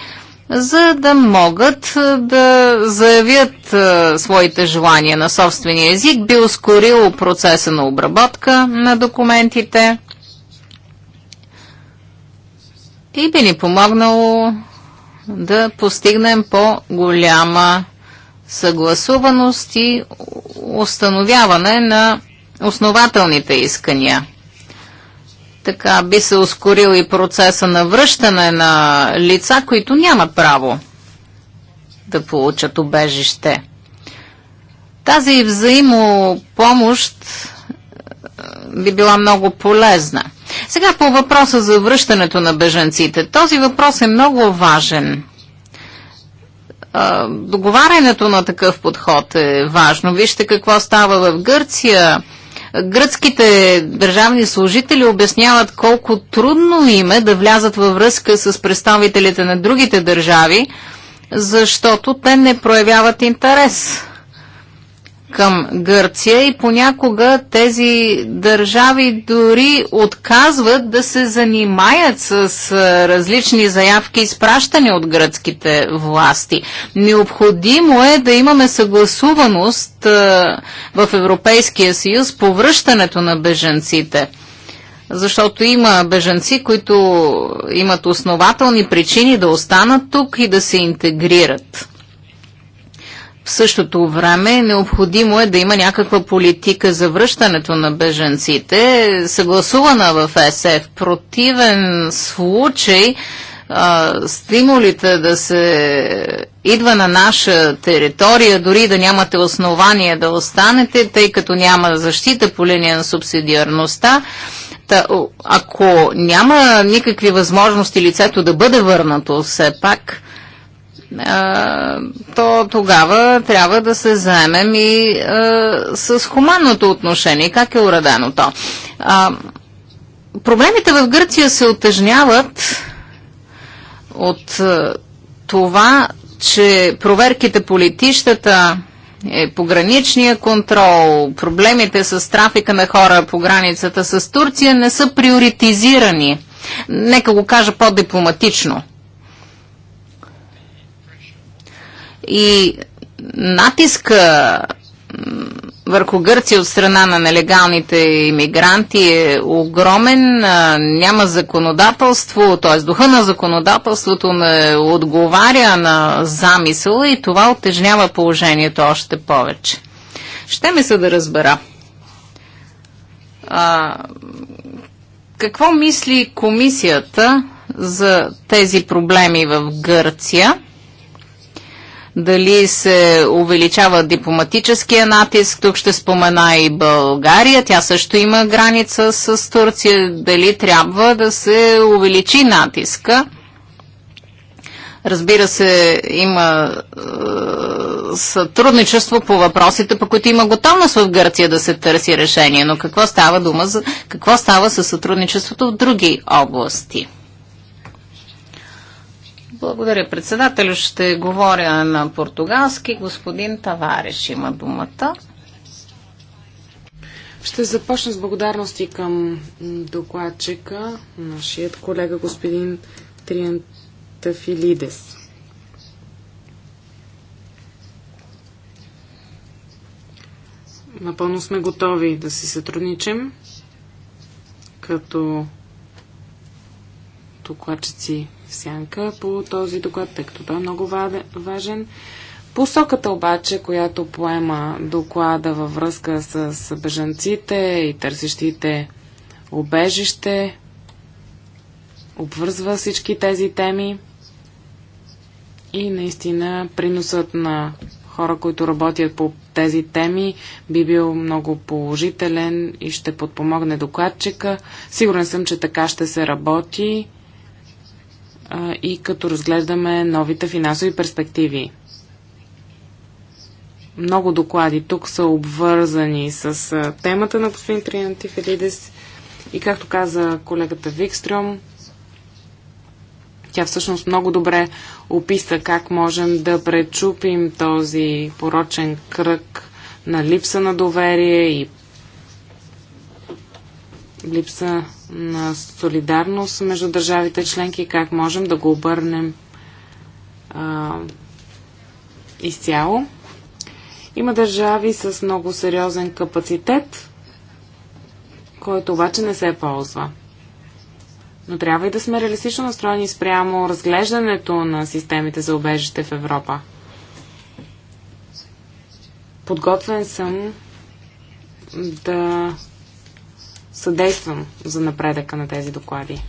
Speaker 2: за да могат да заявят а, своите желания на собствения език, би ускорило процеса на обработка на документите и би ни помогнало да постигнем по-голяма съгласуваност и установяване на основателните искания. Така би се ускорил и процеса на връщане на лица, които нямат право да получат обежище. Тази взаимопомощ е, би била много полезна. Сега по въпроса за връщането на бежанците. Този въпрос е много важен. Договарянето на такъв подход е важно. Вижте какво става в Гърция. Гръцките държавни служители обясняват колко трудно им е да влязат във връзка с представителите на другите държави, защото те не проявяват интерес към Гърция и понякога тези държави дори отказват да се занимаят с различни заявки, изпращани от гръцките власти. Необходимо е да имаме съгласуваност в Европейския съюз по връщането на беженците защото има бежанци, които имат основателни причини да останат тук и да се интегрират. В същото време необходимо е да има някаква политика за връщането на беженците, съгласувана в ЕСЕ. В противен случай а, стимулите да се идва на наша територия, дори да нямате основание да останете, тъй като няма защита по линия на субсидиарността, Та, ако няма никакви възможности лицето да бъде върнато все пак, то тогава трябва да се заемем и с хуманното отношение. Как е уредено то? проблемите в Гърция се отъжняват от това, че проверките по летищата, е, пограничния контрол, проблемите с трафика на хора по границата с Турция не са приоритизирани. Нека го кажа по-дипломатично. и натиска върху Гърция от страна на нелегалните иммигранти е огромен, няма законодателство, т.е. духа на законодателството не отговаря на замисъла и това отежнява положението още повече. Ще ми се да разбера. А, какво мисли комисията за тези проблеми в Гърция? дали се увеличава дипломатическия натиск. Тук ще спомена и България. Тя също има граница с Турция. Дали трябва да се увеличи натиска? Разбира се, има е, сътрудничество по въпросите, по които има готовност в Гърция да се търси решение. Но какво става, дума за, какво става със сътрудничеството в други области? Благодаря, председател. Ще говоря на португалски. Господин Тавареш има думата.
Speaker 3: Ще започна с благодарности към докладчика, нашият колега господин Триантафилидес. Напълно сме готови да си сътрудничим като докладчици сянка по този доклад, тъй като той е много важен. Посоката обаче, която поема доклада във връзка с бежанците и търсещите обежище, обвързва всички тези теми и наистина приносът на хора, които работят по тези теми, би бил много положителен и ще подпомогне докладчика. Сигурен съм, че така ще се работи и като разглеждаме новите финансови перспективи. Много доклади тук са обвързани с темата на господин Фелидес и както каза колегата Викстрюм, тя всъщност много добре описа как можем да пречупим този порочен кръг на липса на доверие и липса на солидарност между държавите членки, как можем да го обърнем а, изцяло. Има държави с много сериозен капацитет, който обаче не се е ползва. Но трябва и да сме реалистично настроени спрямо разглеждането на системите за обежище в Европа. Подготвен съм да съдействам за напредъка на тези доклади.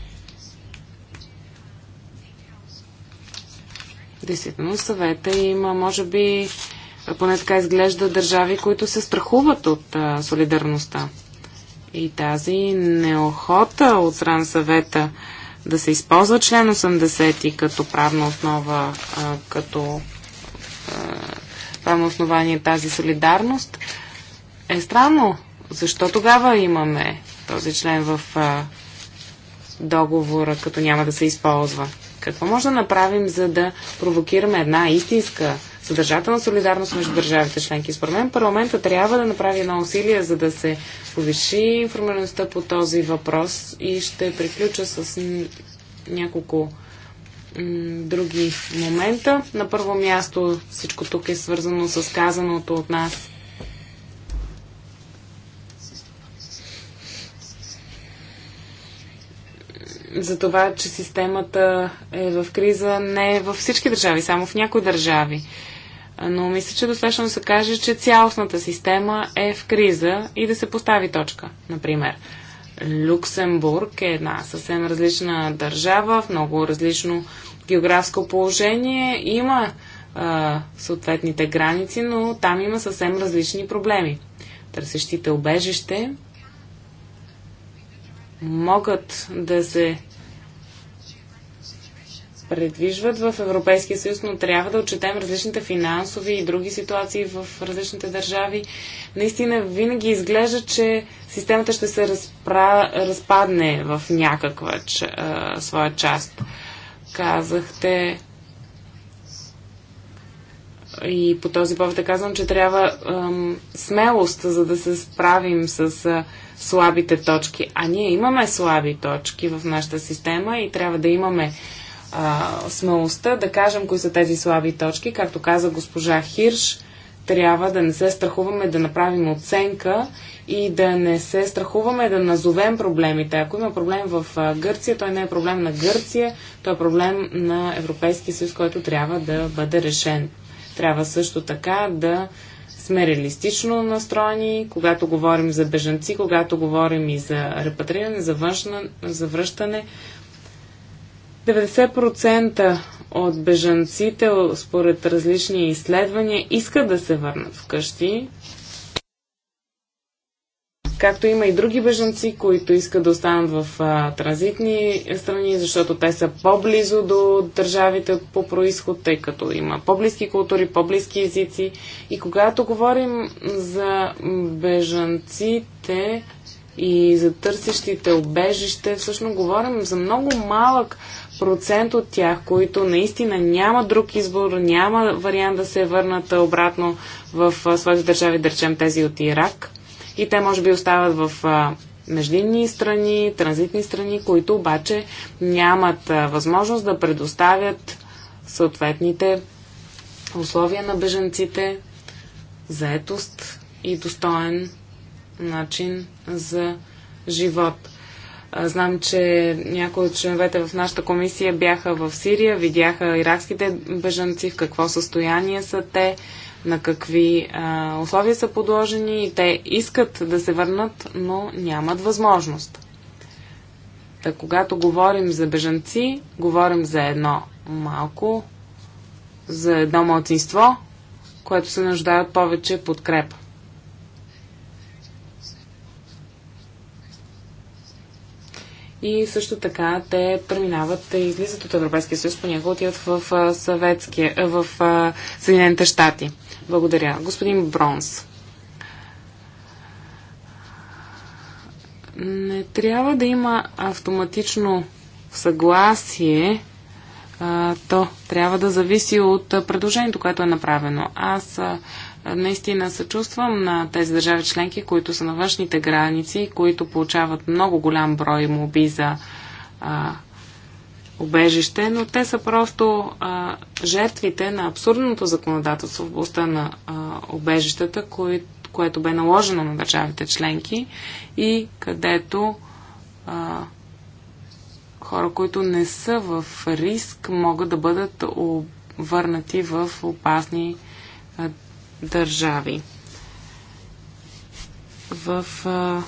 Speaker 3: Действително съвета има, може би, поне така изглежда, държави, които се страхуват от а, солидарността. И тази неохота от страна съвета да се използва член 80 като правна основа, а, като а, правно основание тази солидарност, е странно. Защо тогава имаме този член в а, договора, като няма да се използва. Какво може да направим, за да провокираме една истинска съдържателна солидарност между държавите членки? Според мен парламента трябва да направи едно усилие, за да се повиши информираността по този въпрос и ще приключа с няколко други момента. На първо място всичко тук е свързано с казаното от нас за това, че системата е в криза не е във всички държави, само в някои държави. Но мисля, че достатъчно се каже, че цялостната система е в криза и да се постави точка, например. Люксембург е една съвсем различна държава, в много различно географско положение. Има а, съответните граници, но там има съвсем различни проблеми. Търсещите обежище могат да се предвижват в Европейския съюз, но трябва да отчетем различните финансови и други ситуации в различните държави. Наистина винаги изглежда, че системата ще се разпра... разпадне в някаква ч... своя част. Казахте и по този повод е казвам, че трябва ам, смелост, за да се справим с а, слабите точки. А ние имаме слаби точки в нашата система и трябва да имаме а, смелостта да кажем кои са тези слаби точки. Както каза госпожа Хирш, трябва да не се страхуваме да направим оценка и да не се страхуваме да назовем проблемите. Ако има проблем в Гърция, той не е проблем на Гърция, той е проблем на Европейския съюз, който трябва да бъде решен. Трябва също така да сме реалистично настроени, когато говорим за бежанци, когато говорим и за репатриране, за, външна, за връщане. 90% от бежанците, според различни изследвания, искат да се върнат вкъщи, Както има и други бежанци, които искат да останат в а, транзитни страни, защото те са по-близо до държавите по происход, тъй като има по-близки култури, по-близки езици. И когато говорим за бежанците и за търсещите обежище, всъщност говорим за много малък процент от тях, които наистина няма друг избор, няма вариант да се върнат обратно в своите държави, да речем тези от Ирак – и те може би остават в а, междинни страни, транзитни страни, които обаче нямат а, възможност да предоставят съответните условия на беженците, заетост и достоен начин за живот. Знам, че някои от членовете в нашата комисия бяха в Сирия, видяха иракските бежанци, в какво състояние са те, на какви а, условия са подложени и те искат да се върнат, но нямат възможност. Та когато говорим за бежанци, говорим за едно малко, за едно младсинство, което се нуждае от повече подкрепа. И също така те преминават и излизат от Европейския съюз, понякога отиват в, съветския, в Съединените щати. Благодаря. Господин Бронс. Не трябва да има автоматично съгласие. то трябва да зависи от предложението, което е направено. Аз наистина съчувствам на тези държави членки, които са на външните граници, които получават много голям брой моби за убежище, но те са просто а, жертвите на абсурдното законодателство в областта на а, убежищата, кои, което бе наложено на държавите членки и където а, хора, които не са в риск, могат да бъдат върнати в опасни а, държави. В а,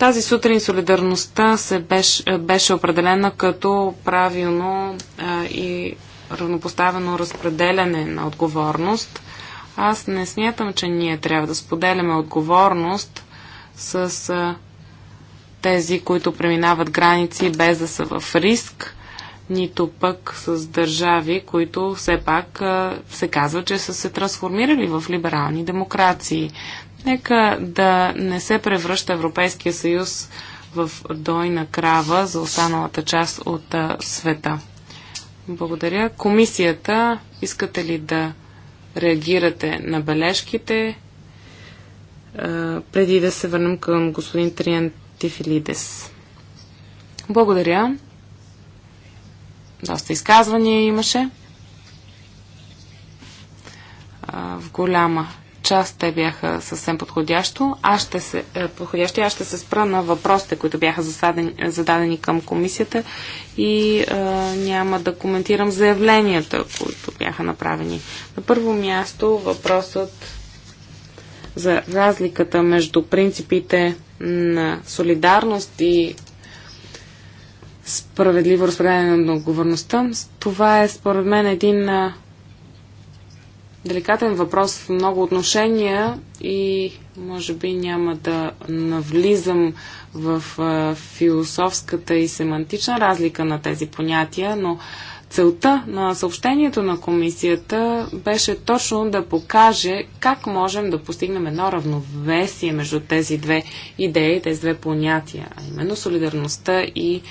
Speaker 3: тази сутрин солидарността се беше, беше определена като правилно а, и равнопоставено разпределяне на отговорност. Аз не смятам, че ние трябва да споделяме отговорност с а, тези, които преминават граници без да са в риск, нито пък с държави, които все пак а, се казва, че са се трансформирали в либерални демокрации. Нека да не се превръща Европейския съюз в дойна крава за останалата част от а, света. Благодаря. Комисията, искате ли да реагирате на бележките а, преди да се върнем към господин Триан Тифилидес? Благодаря. Доста изказвания имаше. А, в голяма част те бяха съвсем подходящо. Аз ще се, е, подходящи. Аз ще се спра на въпросите, които бяха засадени, зададени към комисията и а, е, няма да коментирам заявленията, които бяха направени. На първо място въпросът за разликата между принципите на солидарност и справедливо разпределение на отговорността. Това е според мен един деликатен въпрос в много отношения и може би няма да навлизам в а, философската и семантична разлика на тези понятия, но целта на съобщението на комисията беше точно да покаже как можем да постигнем едно равновесие между тези две идеи, тези две понятия, а именно солидарността и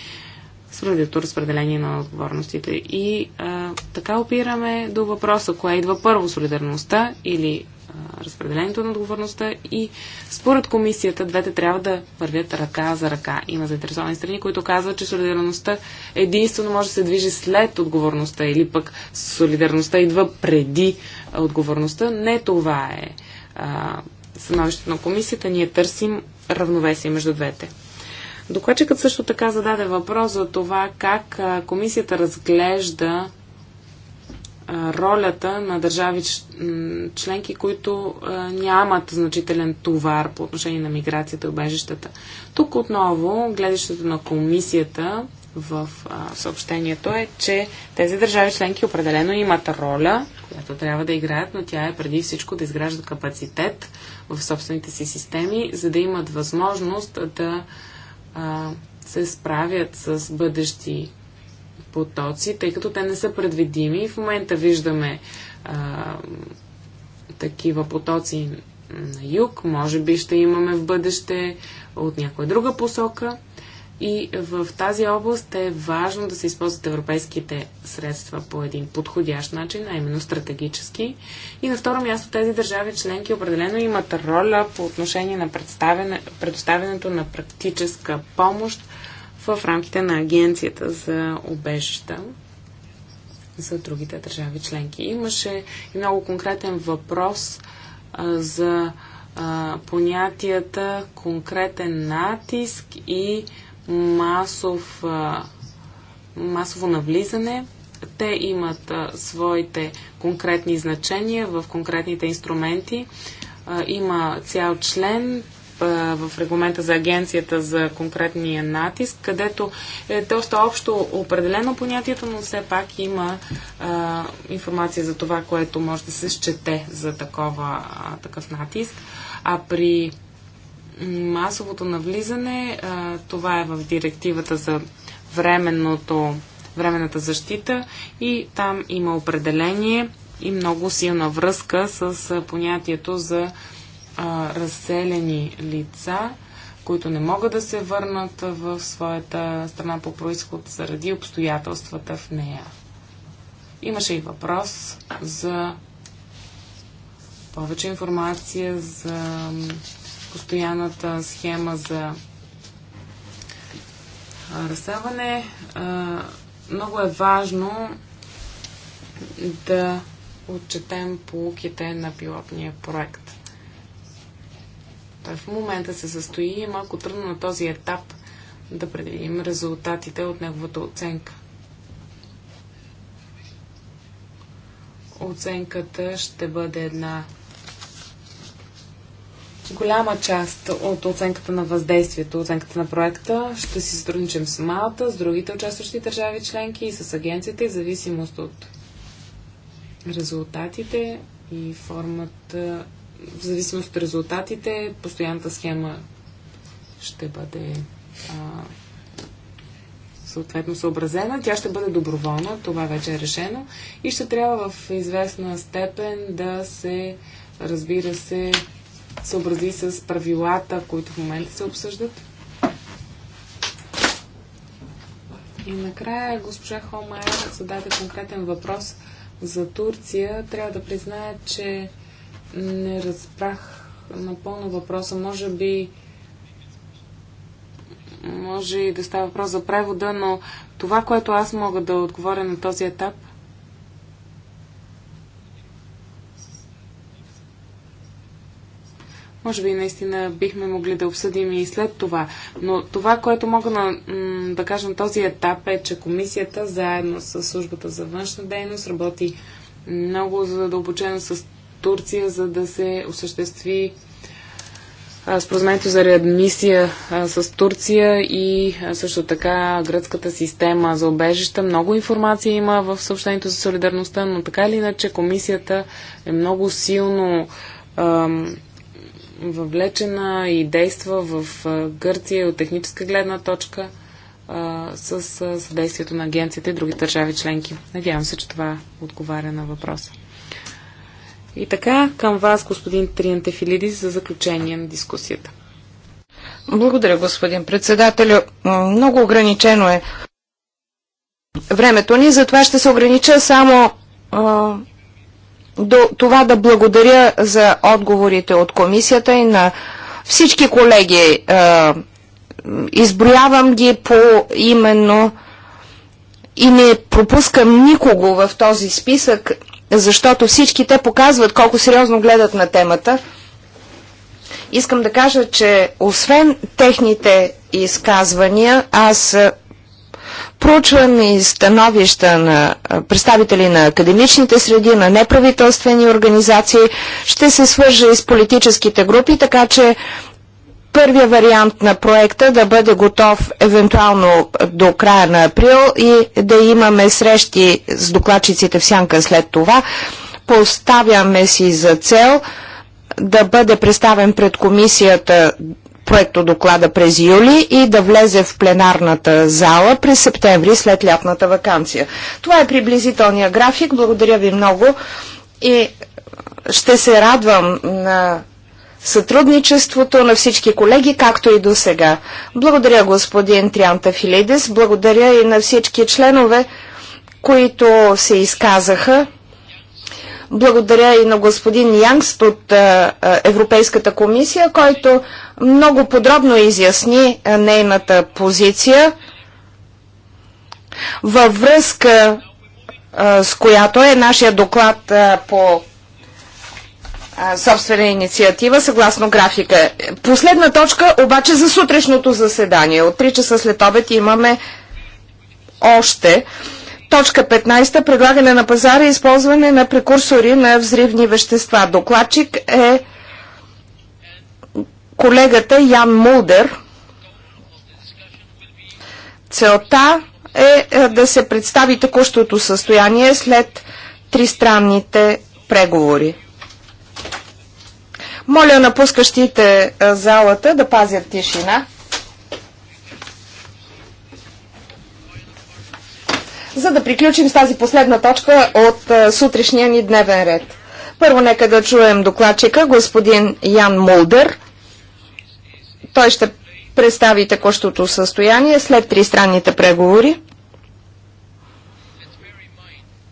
Speaker 3: справедливото разпределение на отговорностите. И а, така опираме до въпроса, кое идва първо солидарността или а, разпределението на отговорността и според комисията двете трябва да вървят ръка за ръка. Има заинтересовани страни, които казват, че солидарността единствено може да се движи след отговорността или пък солидарността идва преди отговорността. Не това е а, становището на комисията. Ние търсим равновесие между двете. Докладчикът също така зададе въпрос за това как комисията разглежда ролята на държави членки, които нямат значителен товар по отношение на миграцията и убежищата. Тук отново гледащото на комисията в съобщението е, че тези държави членки определено имат роля, която трябва да играят, но тя е преди всичко да изграждат капацитет в собствените си системи, за да имат възможност да а, се справят с бъдещи потоци, тъй като те не са предвидими. В момента виждаме а, такива потоци на юг, може би ще имаме в бъдеще от някоя друга посока. И в тази област е важно да се използват европейските средства по един подходящ начин, а именно стратегически. И на второ място тези държави членки определено имат роля по отношение на предоставянето на практическа помощ в рамките на Агенцията за обежища за другите държави членки. Имаше и много конкретен въпрос а, за а, понятията конкретен натиск и а, масов, масово навлизане. Те имат своите конкретни значения в конкретните инструменти. Има цял член в регламента за агенцията за конкретния натиск, където е доста общо определено понятието, но все пак има а, информация за това, което може да се счете за такова, а, такъв натиск. А при масовото навлизане, а, това е в директивата за временното, временната защита и там има определение и много силна връзка с а, понятието за а, разселени лица, които не могат да се върнат в своята страна по происход заради обстоятелствата в нея. Имаше и въпрос за повече информация за постоянната схема за разсъване, Много е важно да отчетем полуките на пилотния проект. Той в момента се състои и е малко трудно на този етап да предвидим резултатите от неговата оценка. Оценката ще бъде една голяма част от оценката на въздействието, оценката на проекта. Ще си сътрудничим с Малта, с другите участващи държави членки и с агенциите, в зависимост от резултатите и формата, в зависимост от резултатите, постоянната схема ще бъде а, съответно съобразена. Тя ще бъде доброволна, това вече е решено и ще трябва в известна степен да се, разбира се, съобрази с правилата, които в момента се обсъждат. И накрая госпожа Холмайер зададе конкретен въпрос за Турция. Трябва да призная, че не разбрах напълно въпроса. Може би може и да става въпрос за превода, но това, което аз мога да отговоря на този етап – Може би наистина бихме могли да обсъдим и след това. Но това, което мога на, да кажа на този етап е, че комисията заедно с службата за външна дейност работи много задълбочено с Турция, за да се осъществи споразумението за реадмисия с Турция и също така гръцката система за обежища. Много информация има в съобщението за солидарността, но така или иначе комисията е много силно ам, въвлечена и действа в Гърция от техническа гледна точка с съдействието на агенцията и други държави членки. Надявам се, че това отговаря на въпроса. И така, към вас, господин Триантефилидис, за заключение на дискусията. Благодаря, господин председателю. Много ограничено
Speaker 5: е времето ни, затова ще се огранича само до това да благодаря за отговорите от комисията и на всички колеги. Е, изброявам ги по именно и не пропускам никого в този списък, защото всички те показват колко сериозно гледат на темата. Искам да кажа, че освен техните изказвания, аз и становища на представители на академичните среди, на неправителствени организации, ще се свържа и с политическите групи, така че първия вариант на проекта да бъде готов евентуално до края на април и да имаме срещи с докладчиците в сянка след това. Поставяме си за цел да бъде представен пред комисията проекто доклада през юли и да влезе в пленарната зала през септември след лятната вакансия. Това е приблизителния график. Благодаря ви много и ще се радвам на сътрудничеството на всички колеги, както и до сега. Благодаря господин Трианта Филидес, благодаря и на всички членове, които се изказаха. Благодаря и на господин Янгст от е, е, Европейската комисия, който много подробно изясни е, нейната позиция във връзка с която е нашия доклад по собствена инициатива, съгласно графика. Последна точка обаче за сутрешното заседание. От 3 часа след обед имаме още Точка 15. Предлагане на пазара и използване на прекурсори на взривни вещества. Докладчик е колегата Ян Мулдер. Целта е, е да се представи текущото състояние след тристранните преговори. Моля напускащите е, залата да пазят тишина. за да приключим с тази последна точка от е, сутрешния ни дневен ред. Първо нека да чуем докладчика, господин Ян Мулдър. Той ще представи текущото състояние след тристранните преговори.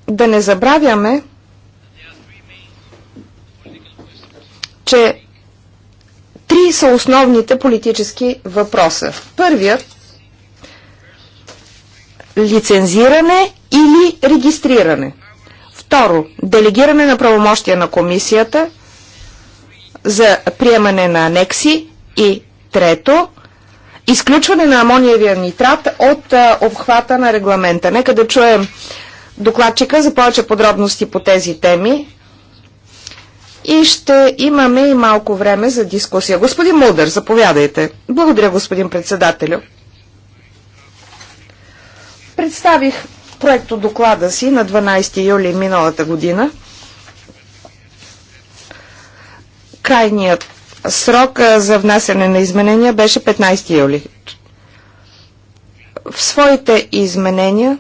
Speaker 5: Да не забравяме, че три са основните политически въпроса. Първият лицензиране или регистриране. Второ, делегиране на правомощия на комисията за приемане на анекси и трето, изключване на амониевия нитрат от а, обхвата на регламента. Нека да чуем докладчика за повече подробности по тези теми и ще имаме и малко време за дискусия. Господин Мулдър, заповядайте. Благодаря, господин председателю. Представих проекто доклада си на 12 юли миналата година. Крайният срок за внасяне на изменения беше 15 юли. В своите изменения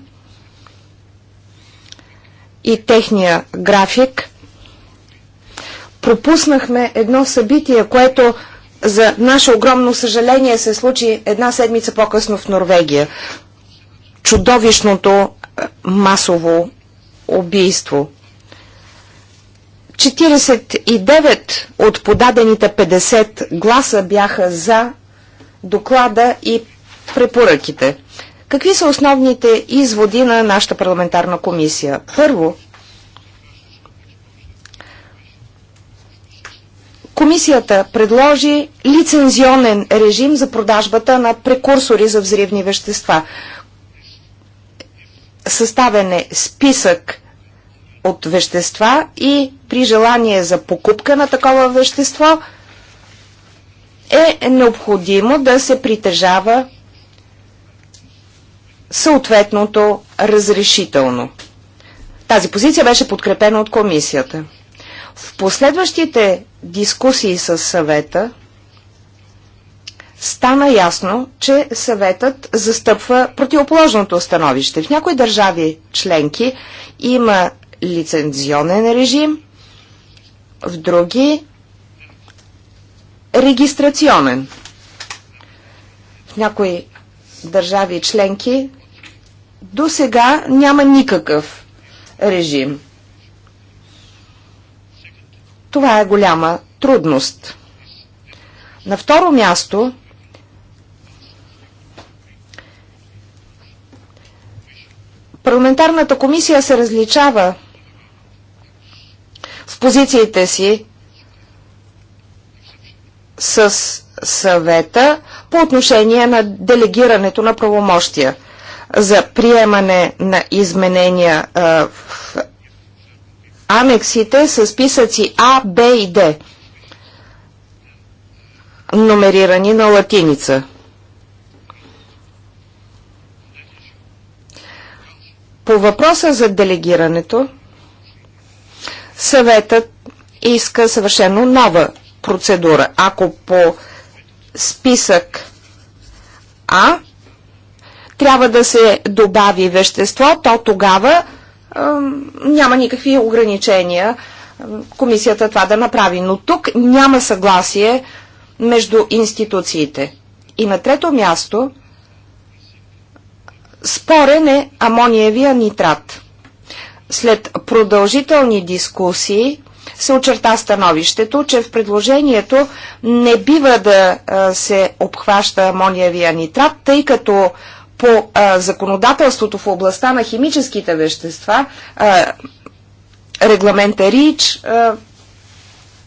Speaker 5: и техния график пропуснахме едно събитие, което за наше огромно съжаление се случи една седмица по-късно в Норвегия чудовищното е, масово убийство. 49 от подадените 50 гласа бяха за доклада и препоръките. Какви са основните изводи на нашата парламентарна комисия? Първо, комисията предложи лицензионен режим за продажбата на прекурсори за взривни вещества съставен е списък от вещества и при желание за покупка на такова вещество е необходимо да се притежава съответното разрешително. Тази позиция беше подкрепена от комисията. В последващите дискусии с съвета стана ясно, че съветът застъпва противоположното становище. В някои държави членки има лицензионен режим, в други регистрационен. В някои държави членки до сега няма никакъв режим. Това е голяма трудност. На второ място, Парламентарната комисия се различава в позициите си с съвета по отношение на делегирането на правомощия за приемане на изменения в анексите с списъци А, Б и Д, номерирани на латиница. По въпроса за делегирането, съветът иска съвършено нова процедура. Ако по списък А трябва да се добави вещество, то тогава е, няма никакви ограничения комисията това да направи. Но тук няма съгласие между институциите. И на трето място Спорен е амониевия нитрат. След продължителни дискусии се очерта становището, че в предложението не бива да се обхваща амониевия нитрат, тъй като по законодателството в областта на химическите вещества, регламента РИЧ,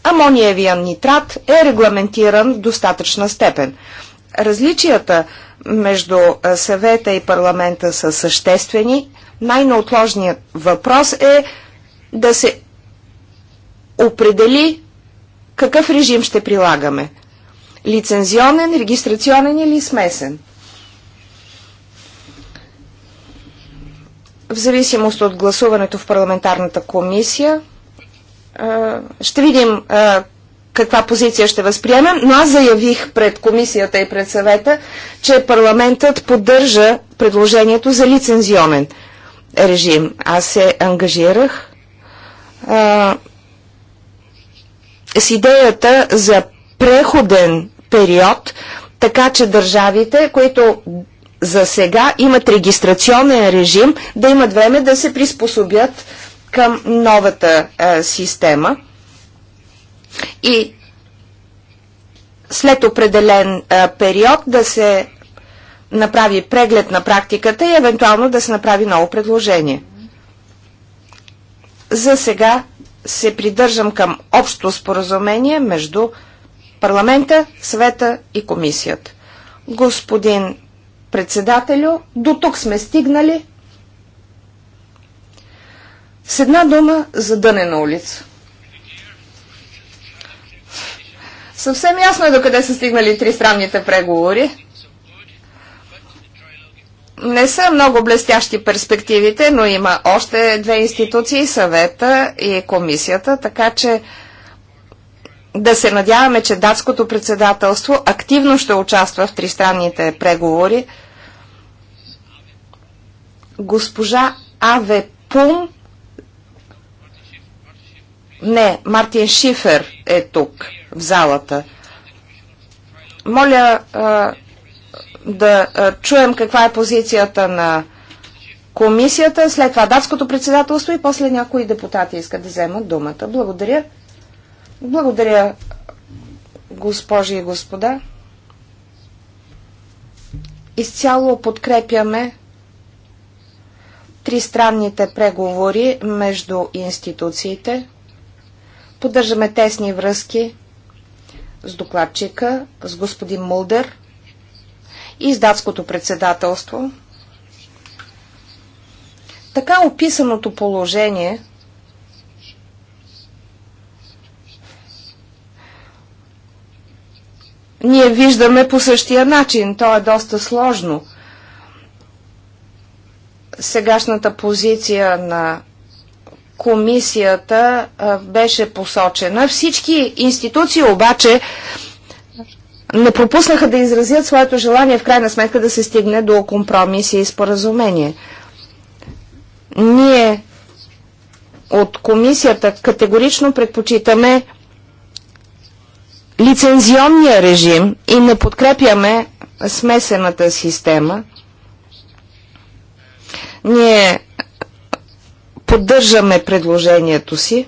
Speaker 5: амониевия нитрат е регламентиран в достатъчна степен. Различията между съвета и парламента са съществени. Най-неотложният въпрос е да се определи какъв режим ще прилагаме. Лицензионен, регистрационен или смесен. В зависимост от гласуването в парламентарната комисия, ще видим каква позиция ще възприемем, но аз заявих пред комисията и пред съвета, че парламентът поддържа предложението за лицензионен режим. Аз се ангажирах а, с идеята за преходен период, така че държавите, които за сега имат регистрационен режим, да имат време да се приспособят към новата а, система – и след определен а, период да се направи преглед на практиката и евентуално да се направи ново предложение. За сега се придържам към общо споразумение между парламента, света и комисията. Господин председателю, до тук сме стигнали. С една дума за дънена улица. Съвсем ясно е докъде са стигнали тристранните преговори. Не са много блестящи перспективите, но има още две институции, съвета и комисията, така че да се надяваме, че датското председателство активно ще участва в тристранните преговори. Госпожа Аве Пум, не, Мартин Шифер е тук в залата. Моля а, да а, чуем каква е позицията на комисията, след това датското председателство и после някои депутати искат да вземат думата. Благодаря. Благодаря, госпожи и господа. Изцяло подкрепяме тристранните преговори между институциите. Поддържаме тесни връзки с докладчика, с господин Мулдер и с датското председателство. Така описаното положение ние виждаме по същия начин. То е доста сложно. Сегашната позиция на комисията а, беше посочена. Всички институции обаче не пропуснаха да изразят своето желание в крайна сметка да се стигне до компромиси и споразумение. Ние от комисията категорично предпочитаме лицензионния режим и не подкрепяме смесената система. Ние поддържаме предложението си.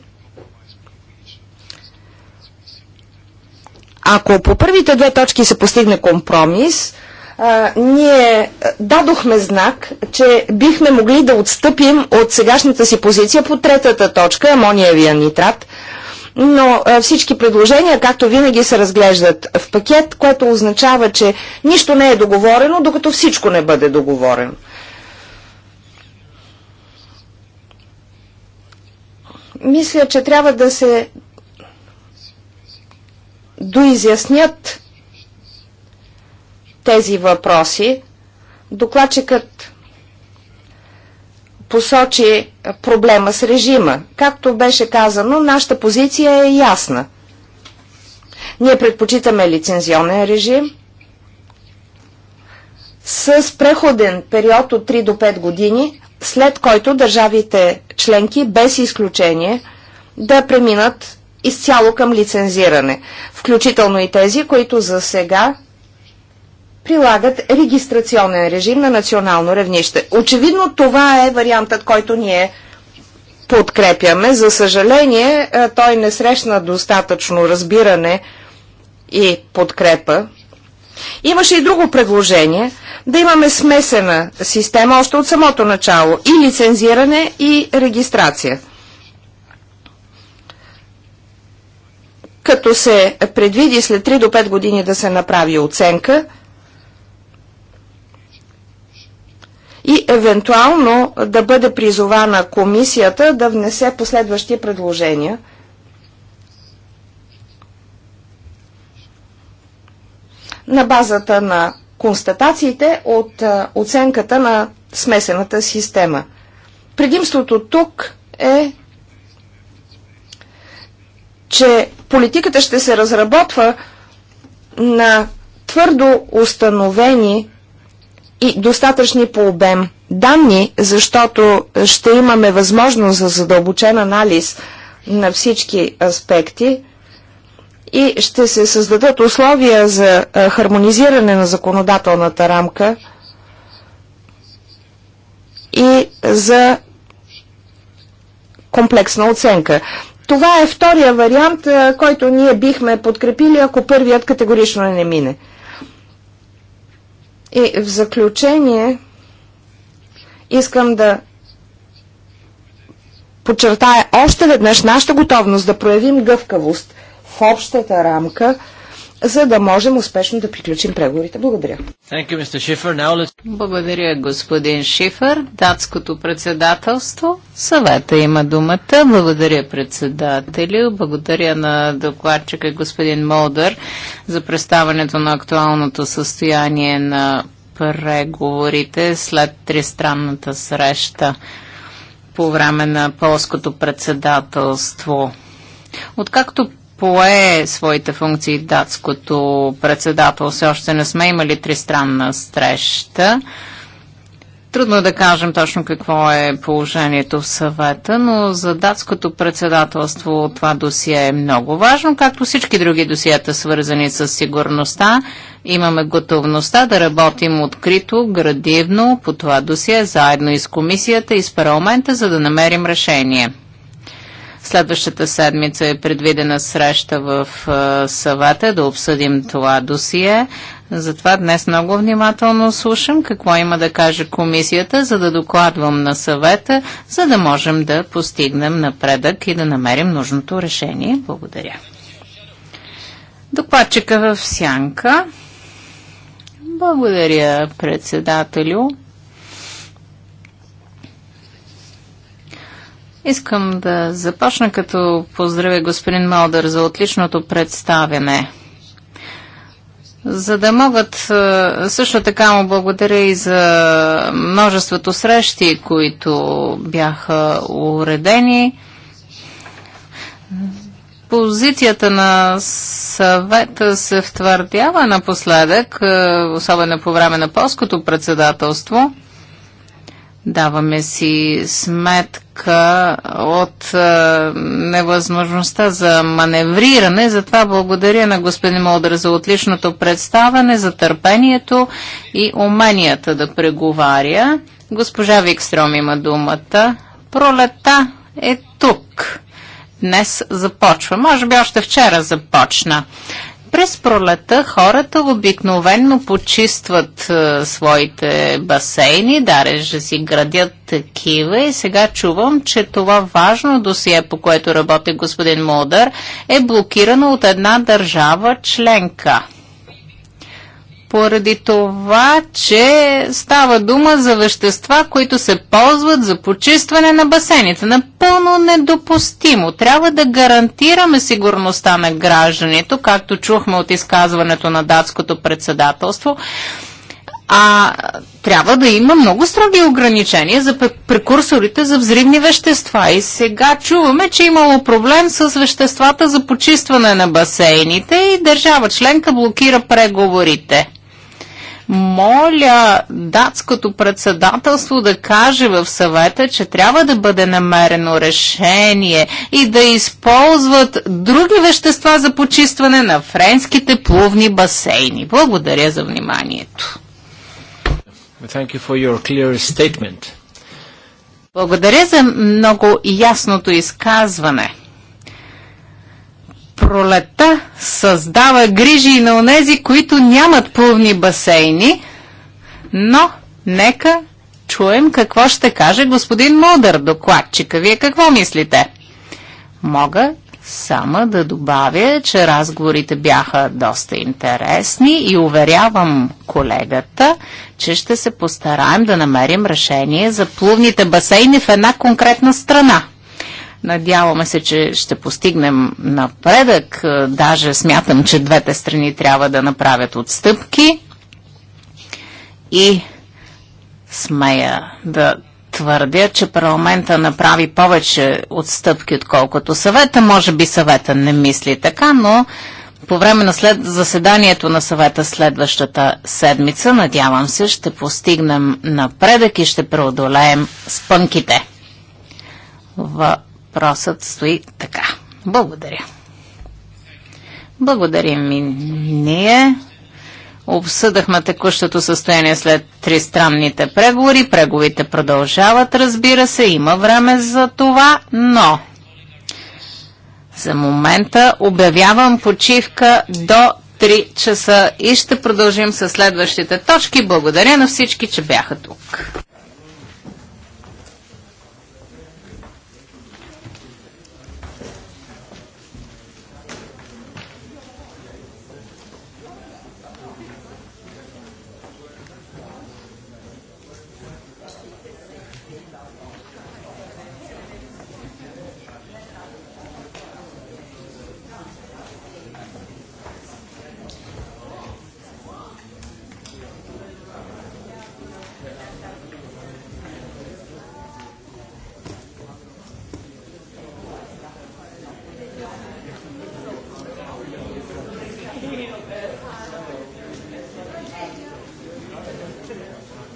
Speaker 5: Ако по първите две точки се постигне компромис, а, ние дадохме знак, че бихме могли да отстъпим от сегашната си позиция по третата точка, амониевия нитрат, но а, всички предложения, както винаги, се разглеждат в пакет, което означава, че нищо не е договорено, докато всичко не бъде договорено. мисля, че трябва да се доизяснят тези въпроси. Докладчикът посочи проблема с режима. Както беше казано, нашата позиция е ясна. Ние предпочитаме лицензионен режим с преходен период от 3 до 5 години, след който държавите членки без изключение да преминат изцяло към лицензиране, включително и тези, които за сега прилагат регистрационен режим на национално равнище. Очевидно това е вариантът, който ние подкрепяме. За съжаление, е, той не срещна достатъчно разбиране и подкрепа Имаше и друго предложение да имаме смесена система още от самото начало и лицензиране и регистрация. Като се предвиди след 3 до 5 години да се направи оценка и евентуално да бъде призована комисията да внесе последващи предложения – на базата на констатациите от оценката на смесената система. Предимството тук е, че политиката ще се разработва на твърдо установени и достатъчни по обем данни, защото ще имаме възможност за задълбочен анализ на всички аспекти и ще се създадат условия за хармонизиране на законодателната рамка и за комплексна оценка. Това е втория вариант, който ние бихме подкрепили, ако първият категорично не мине. И в заключение искам да подчертая още веднъж нашата готовност да проявим гъвкавост в общата рамка, за да можем успешно да приключим преговорите. Благодаря.
Speaker 2: You, Благодаря, господин Шифър. Датското председателство.
Speaker 5: Съвета има думата. Благодаря,
Speaker 2: председателю. Благодаря на докладчика господин Молдър за представането на актуалното състояние на преговорите след тристранната среща по време на полското председателство. Откакто пое своите функции датското председател. Все още не сме имали тристранна среща. Трудно е да кажем точно какво е положението в съвета, но за датското председателство това досие е много важно, както всички други досията, свързани с сигурността. Имаме готовността да работим открито, градивно по това досие, заедно и с комисията и с парламента, за да намерим решение. Следващата седмица е предвидена среща в Савата да обсъдим това досие. Затова днес много внимателно слушам какво има да каже комисията, за да докладвам на съвета, за да можем да постигнем напредък и да намерим нужното решение. Благодаря. Докладчика в сянка. Благодаря, председателю. Искам да започна като поздравя господин Малдър за отличното представяне. За да могат е, също така му благодаря и за множеството срещи, които бяха уредени. Позицията на съвета се втвърдява напоследък, е, особено по време на полското председателство – Даваме си сметка от е, невъзможността за маневриране. Затова благодаря на господин Молдър за отличното представане, за търпението и уменията да преговаря. Госпожа Викстром има думата. Пролета е тук. Днес започва. Може би още вчера започна. През пролета хората обикновенно почистват е, своите басейни, дареже си градят такива и сега чувам, че това важно досие, по което работи господин Модър, е блокирано от една държава членка – поради това, че става дума за вещества, които се ползват за почистване на басейните. Напълно недопустимо. Трябва да гарантираме сигурността на гражданите, както чухме от изказването на датското председателство. А трябва да има много строги ограничения за прекурсорите за взривни вещества. И сега чуваме, че е имало проблем с веществата за почистване на басейните и държава членка блокира преговорите. Моля датското председателство да каже в съвета, че трябва да бъде намерено решение и да използват други вещества за почистване на френските плувни басейни. Благодаря за вниманието.
Speaker 1: You
Speaker 2: Благодаря за много ясното изказване пролета създава грижи и на онези, които нямат плувни басейни, но нека чуем какво ще каже господин Мулдър, докладчика. Вие какво мислите? Мога само да добавя, че разговорите бяха доста интересни и уверявам колегата, че ще се постараем да намерим решение за плувните басейни в една конкретна страна. Надяваме се, че ще постигнем напредък. Е, даже смятам, че двете страни трябва да направят отстъпки. И смея да твърдя, че парламента направи повече отстъпки, отколкото съвета. Може би съвета не мисли така, но по време на след заседанието на съвета следващата седмица, надявам се, ще постигнем напредък и ще преодолеем спънките. В въпросът стои така. Благодаря. Благодарим ми ние. Обсъдахме текущото състояние след три странните преговори. Преговорите продължават, разбира се, има време за това, но за момента обявявам почивка до 3 часа и ще продължим с следващите точки. Благодаря на всички, че бяха тук.